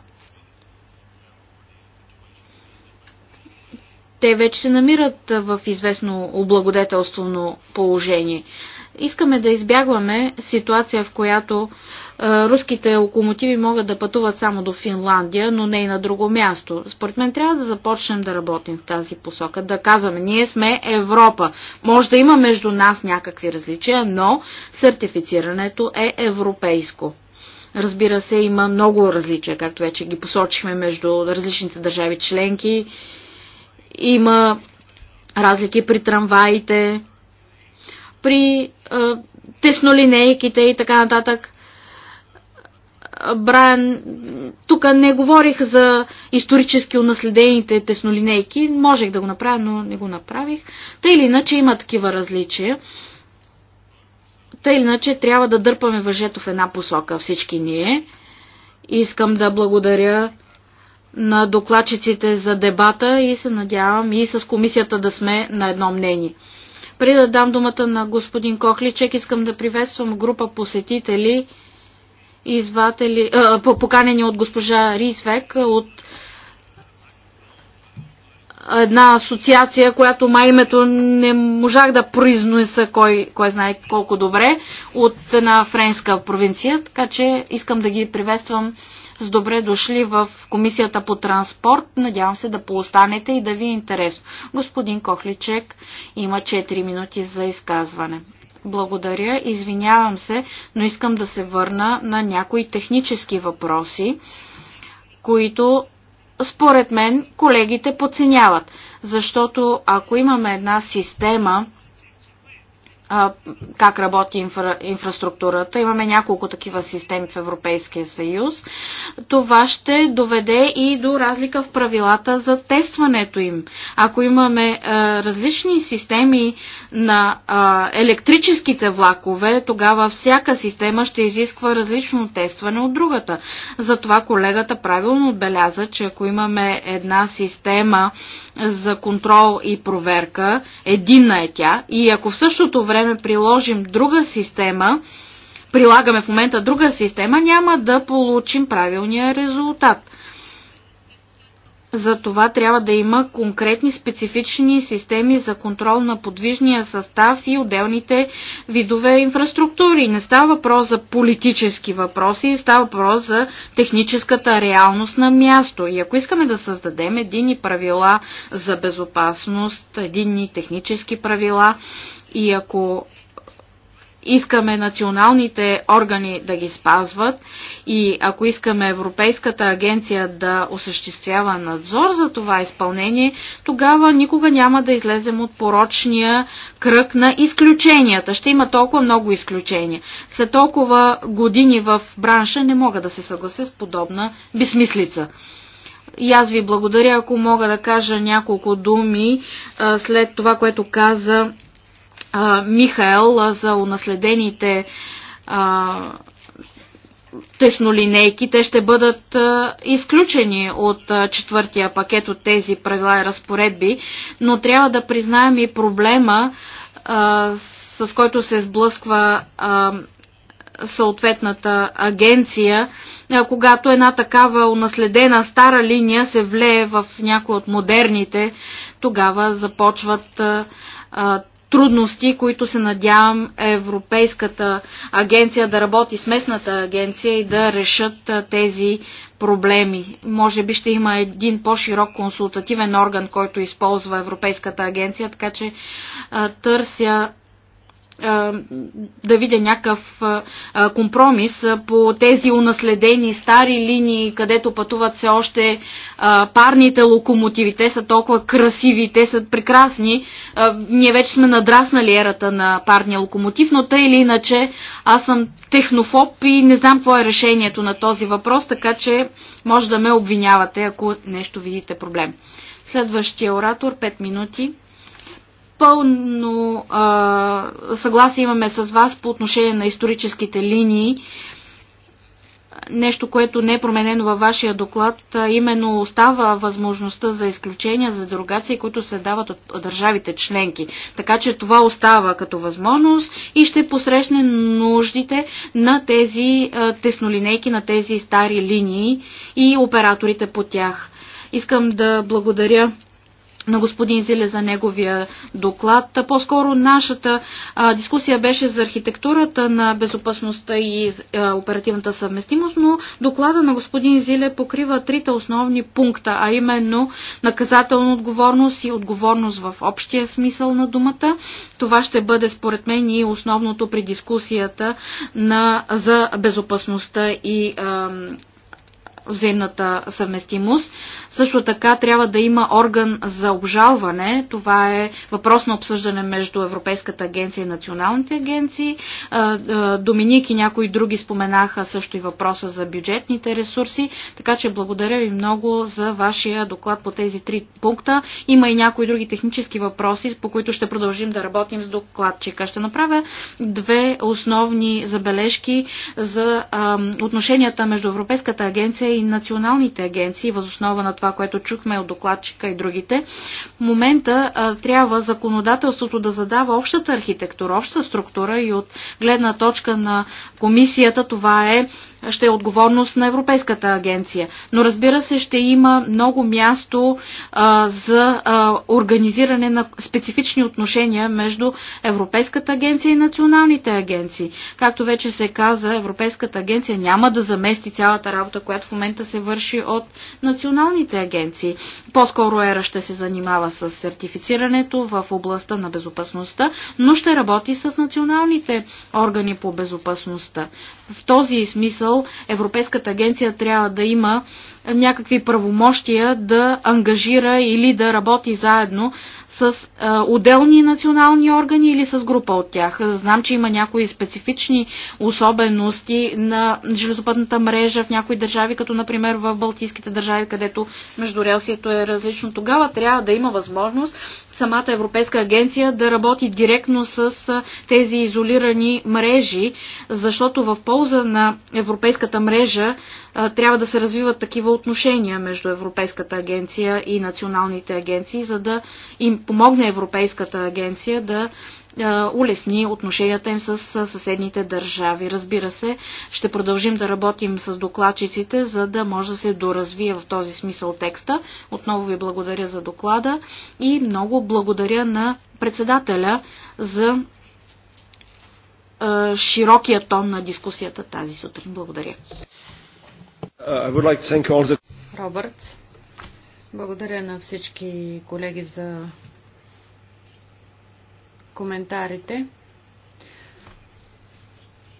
A: те вече се намират в известно облагодетелствено положение. Искаме да избягваме ситуация, в която е, руските локомотиви могат да пътуват само до Финландия, но не и на друго място. Според мен трябва да започнем да работим в тази посока, да казваме, ние сме Европа. Може да има между нас някакви различия, но сертифицирането е европейско. Разбира се, има много различия, както вече ги посочихме между различните държави членки. Има разлики при трамваите, при а, теснолинейките и така нататък. Брайан, тук не говорих за исторически унаследените теснолинейки. Можех да го направя, но не го направих. Та или иначе има такива различия. Та или иначе трябва да дърпаме въжето в една посока всички ние. Искам да благодаря на докладчиците за дебата и се надявам и с комисията да сме на едно мнение. Преди да дам думата на господин Кохличек, искам да приветствам група посетители, изватели, а, поканени от госпожа Ризвек от една асоциация, която май името не можах да произнеса кой, кой знае колко добре, от една френска провинция, така че искам да ги приветствам с добре дошли в Комисията по транспорт. Надявам се да поостанете и да ви е интересно. Господин Кохличек има 4 минути за изказване. Благодаря, извинявам се, но искам да се върна на някои технически въпроси, които според мен колегите подценяват. Защото ако имаме една система, как работи инфра, инфраструктурата. Имаме няколко такива системи в Европейския съюз. Това ще доведе и до разлика в правилата за тестването им. Ако имаме а, е, различни системи на а, електрическите влакове, тогава всяка система ще изисква различно тестване от другата. Затова колегата правилно отбеляза, че ако имаме една система за контрол и проверка, единна е тя, и ако в същото време време приложим друга система, прилагаме в момента друга система, няма да получим правилния резултат. За това трябва да има конкретни специфични системи за контрол на подвижния състав и отделните видове инфраструктури. Не става въпрос за политически въпроси, става въпрос за техническата реалност на място. И ако искаме да създадем едини правила за безопасност, едини технически правила, и ако искаме националните органи да ги спазват и ако искаме Европейската агенция да осъществява надзор за това изпълнение, тогава никога няма да излезем от порочния кръг на изключенията. Ще има толкова много изключения. След толкова години в бранша не мога да се съглася с подобна безсмислица. И аз ви благодаря, ако мога да кажа няколко думи след това, което каза а, Михаел за унаследените а, теснолинейки, те ще бъдат а, изключени от а, четвъртия пакет от тези правила и разпоредби, но трябва да признаем и проблема, а, с който се сблъсква а, съответната агенция, когато една такава унаследена стара линия се влее в някои от модерните, тогава започват а, трудности, които се надявам Европейската агенция да работи с местната агенция и да решат тези проблеми. Може би ще има един по-широк консултативен орган, който използва Европейската агенция, така че търся да видя някакъв компромис по тези унаследени стари линии, където пътуват все още парните локомотиви. Те са толкова красиви, те са прекрасни. Ние вече сме надраснали ерата на парния локомотив, но тъй или иначе аз съм технофоб и не знам какво е решението на този въпрос, така че може да ме обвинявате, ако нещо видите проблем. Следващия оратор, 5 минути. Пълно а, съгласие имаме с вас по отношение на историческите линии. Нещо, което не е променено във вашия доклад, а именно остава възможността за изключения, за дерогации, които се дават от, държавите членки. Така че това остава като възможност и ще посрещне нуждите на тези а, теснолинейки, на тези стари линии и операторите по тях. Искам да благодаря на господин Зиле за неговия доклад. По-скоро нашата а, дискусия беше за архитектурата на безопасността и а, оперативната съвместимост, но доклада на господин Зиле покрива трите основни пункта, а именно наказателна отговорност и отговорност в общия смисъл на думата. Това ще бъде според мен и основното при дискусията на, за безопасността и а, взаимната съвместимост. Също така трябва да има орган за обжалване. Това е въпрос на обсъждане между Европейската агенция и националните агенции. Доминик и някои други споменаха също и въпроса за бюджетните ресурси. Така че благодаря ви много за вашия доклад по тези три пункта. Има и някои други технически въпроси, по които ще продължим да работим с докладчика. Ще направя две основни забележки за отношенията между Европейската агенция и и националните агенции, възоснова на това, което чухме от докладчика и другите. В момента а, трябва законодателството да задава общата архитектура, обща структура и от гледна точка на комисията това е ще е отговорност на Европейската агенция. Но разбира се, ще има много място а, за а, организиране на специфични отношения между Европейската агенция и националните агенции. Както вече се каза, Европейската агенция няма да замести цялата работа, която в момента момента се върши от националните агенции. По-скоро ЕРА ще се занимава с сертифицирането в областта на безопасността, но ще работи с националните органи по безопасността. В този смисъл Европейската агенция трябва да има някакви правомощия да ангажира или да работи заедно с а, отделни национални органи или с група от тях? Знам, че има някои специфични особености на железопътната мрежа в някои държави, като например в Балтийските държави, където междурелсието е различно. Тогава трябва да има възможност самата Европейска агенция да работи директно с тези изолирани мрежи, защото в полза на Европейската мрежа трябва да се развиват такива отношения между Европейската агенция и националните агенции, за да им им помогне Европейската агенция да улесни отношенията им с съседните държави. Разбира се, ще продължим да работим с докладчиците, за да може да се доразвие в този смисъл текста. Отново ви благодаря за доклада и много благодаря на председателя за широкия тон на дискусията тази сутрин. Благодаря.
C: Uh,
A: Робъртс.
B: Благодаря на всички колеги за коментарите.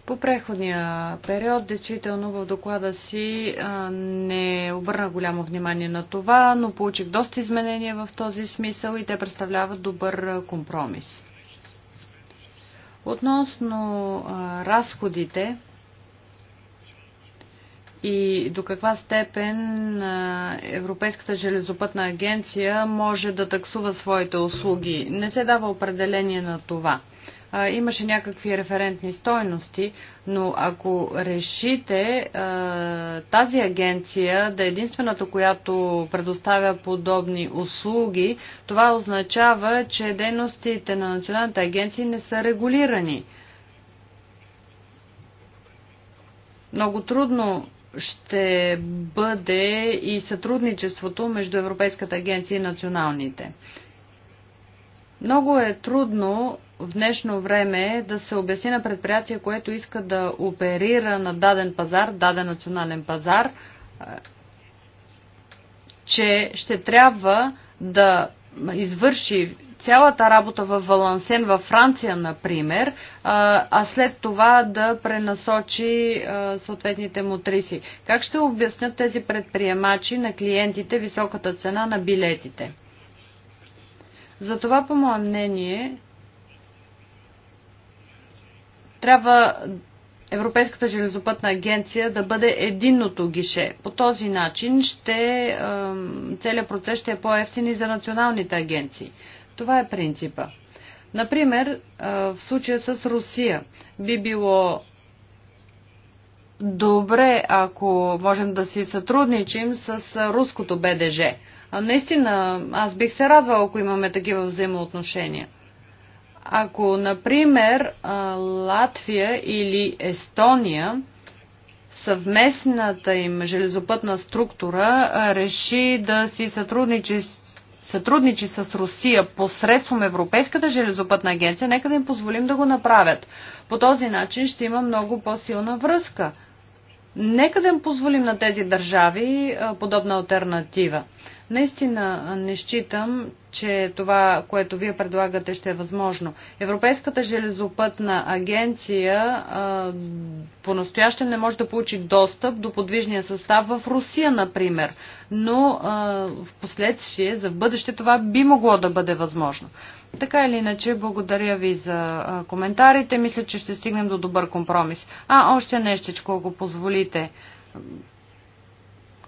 B: По преходния период, действително в доклада си не обърна голямо внимание на това, но получих доста изменения в този смисъл и те представляват добър компромис. Относно разходите, и до каква степен Европейската железопътна агенция може да таксува своите услуги. Не се дава определение на това. Имаше някакви референтни стойности, но ако решите тази агенция да е единствената, която предоставя подобни услуги, това означава, че дейностите на националните агенции не са регулирани. Много трудно ще бъде и сътрудничеството между Европейската агенция и националните. Много е трудно в днешно време да се обясни на предприятие, което иска да оперира на даден пазар, даден национален пазар, че ще трябва да извърши цялата работа в Валансен във Франция, например, а след това да пренасочи съответните мутриси. Как ще обяснят тези предприемачи на клиентите високата цена на билетите? За това, по мое мнение, трябва Европейската железопътна агенция да бъде единното гише. По този начин ще, целият процес ще е по-ефтин и за националните агенции. Това е принципа. Например, в случая с Русия би било добре, ако можем да си сътрудничим с руското БДЖ. Наистина, аз бих се радвала, ако имаме такива взаимоотношения. Ако, например, Латвия или Естония съвместната им железопътна структура реши да си сътрудничи сътрудничи с Русия посредством Европейската железопътна агенция, нека да им позволим да го направят. По този начин ще има много по-силна връзка. Нека да им позволим на тези държави подобна альтернатива. Наистина не считам, че това, което вие предлагате, ще е възможно. Европейската железопътна агенция по настояще не може да получи достъп до подвижния състав в Русия, например. Но в последствие, за бъдеще, това би могло да бъде възможно. Така или иначе, благодаря ви за коментарите. Мисля, че ще стигнем до добър компромис. А, още нещичко, ако позволите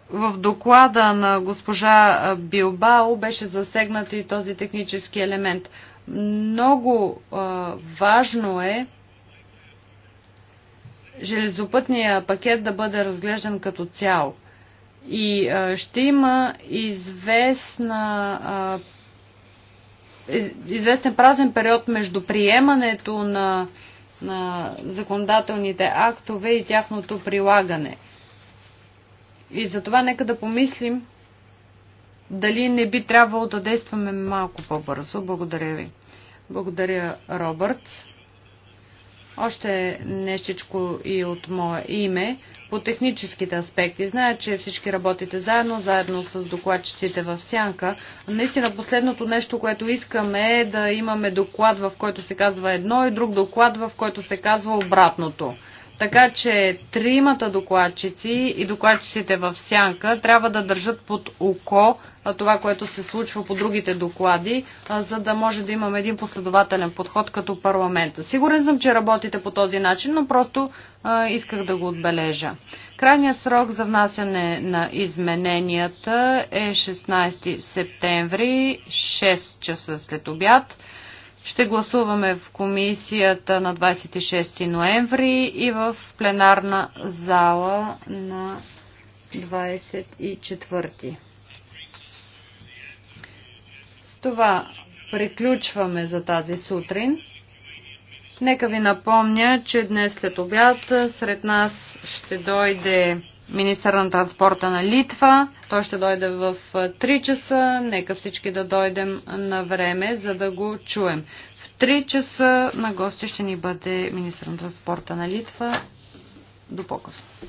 B: в доклада на госпожа Билбао беше засегнат и този технически елемент. Много а, важно е железопътния пакет да бъде разглеждан като цяло. И а, ще има известна, а, из, известен празен период между приемането на, на законодателните актове и тяхното прилагане – и затова нека да помислим дали не би трябвало да действаме малко по-бързо. Благодаря ви. Благодаря, Робърт. Още нещичко и от мое име по техническите аспекти. Зная, че всички работите заедно, заедно с докладчиците в сянка. Наистина последното нещо, което искаме е да имаме доклад, в който се казва едно и друг доклад, в който се казва обратното. Така че тримата докладчици и докладчиците в сянка трябва да държат под око това, което се случва по другите доклади, за да може да имаме един последователен подход като парламента. Сигурен съм, че работите по този начин, но просто а, исках да го отбележа. Крайният срок за внасяне на измененията е 16 септември, 6 часа след обяд. Ще гласуваме в комисията на 26 ноември и в пленарна зала на 24. С това приключваме за тази сутрин. Нека ви напомня, че днес след обяд сред нас ще дойде министър на транспорта на Литва. Той ще дойде в 3 часа. Нека всички да дойдем на време, за да го чуем. В 3 часа на гости ще ни бъде министър на транспорта на Литва. До по-късно.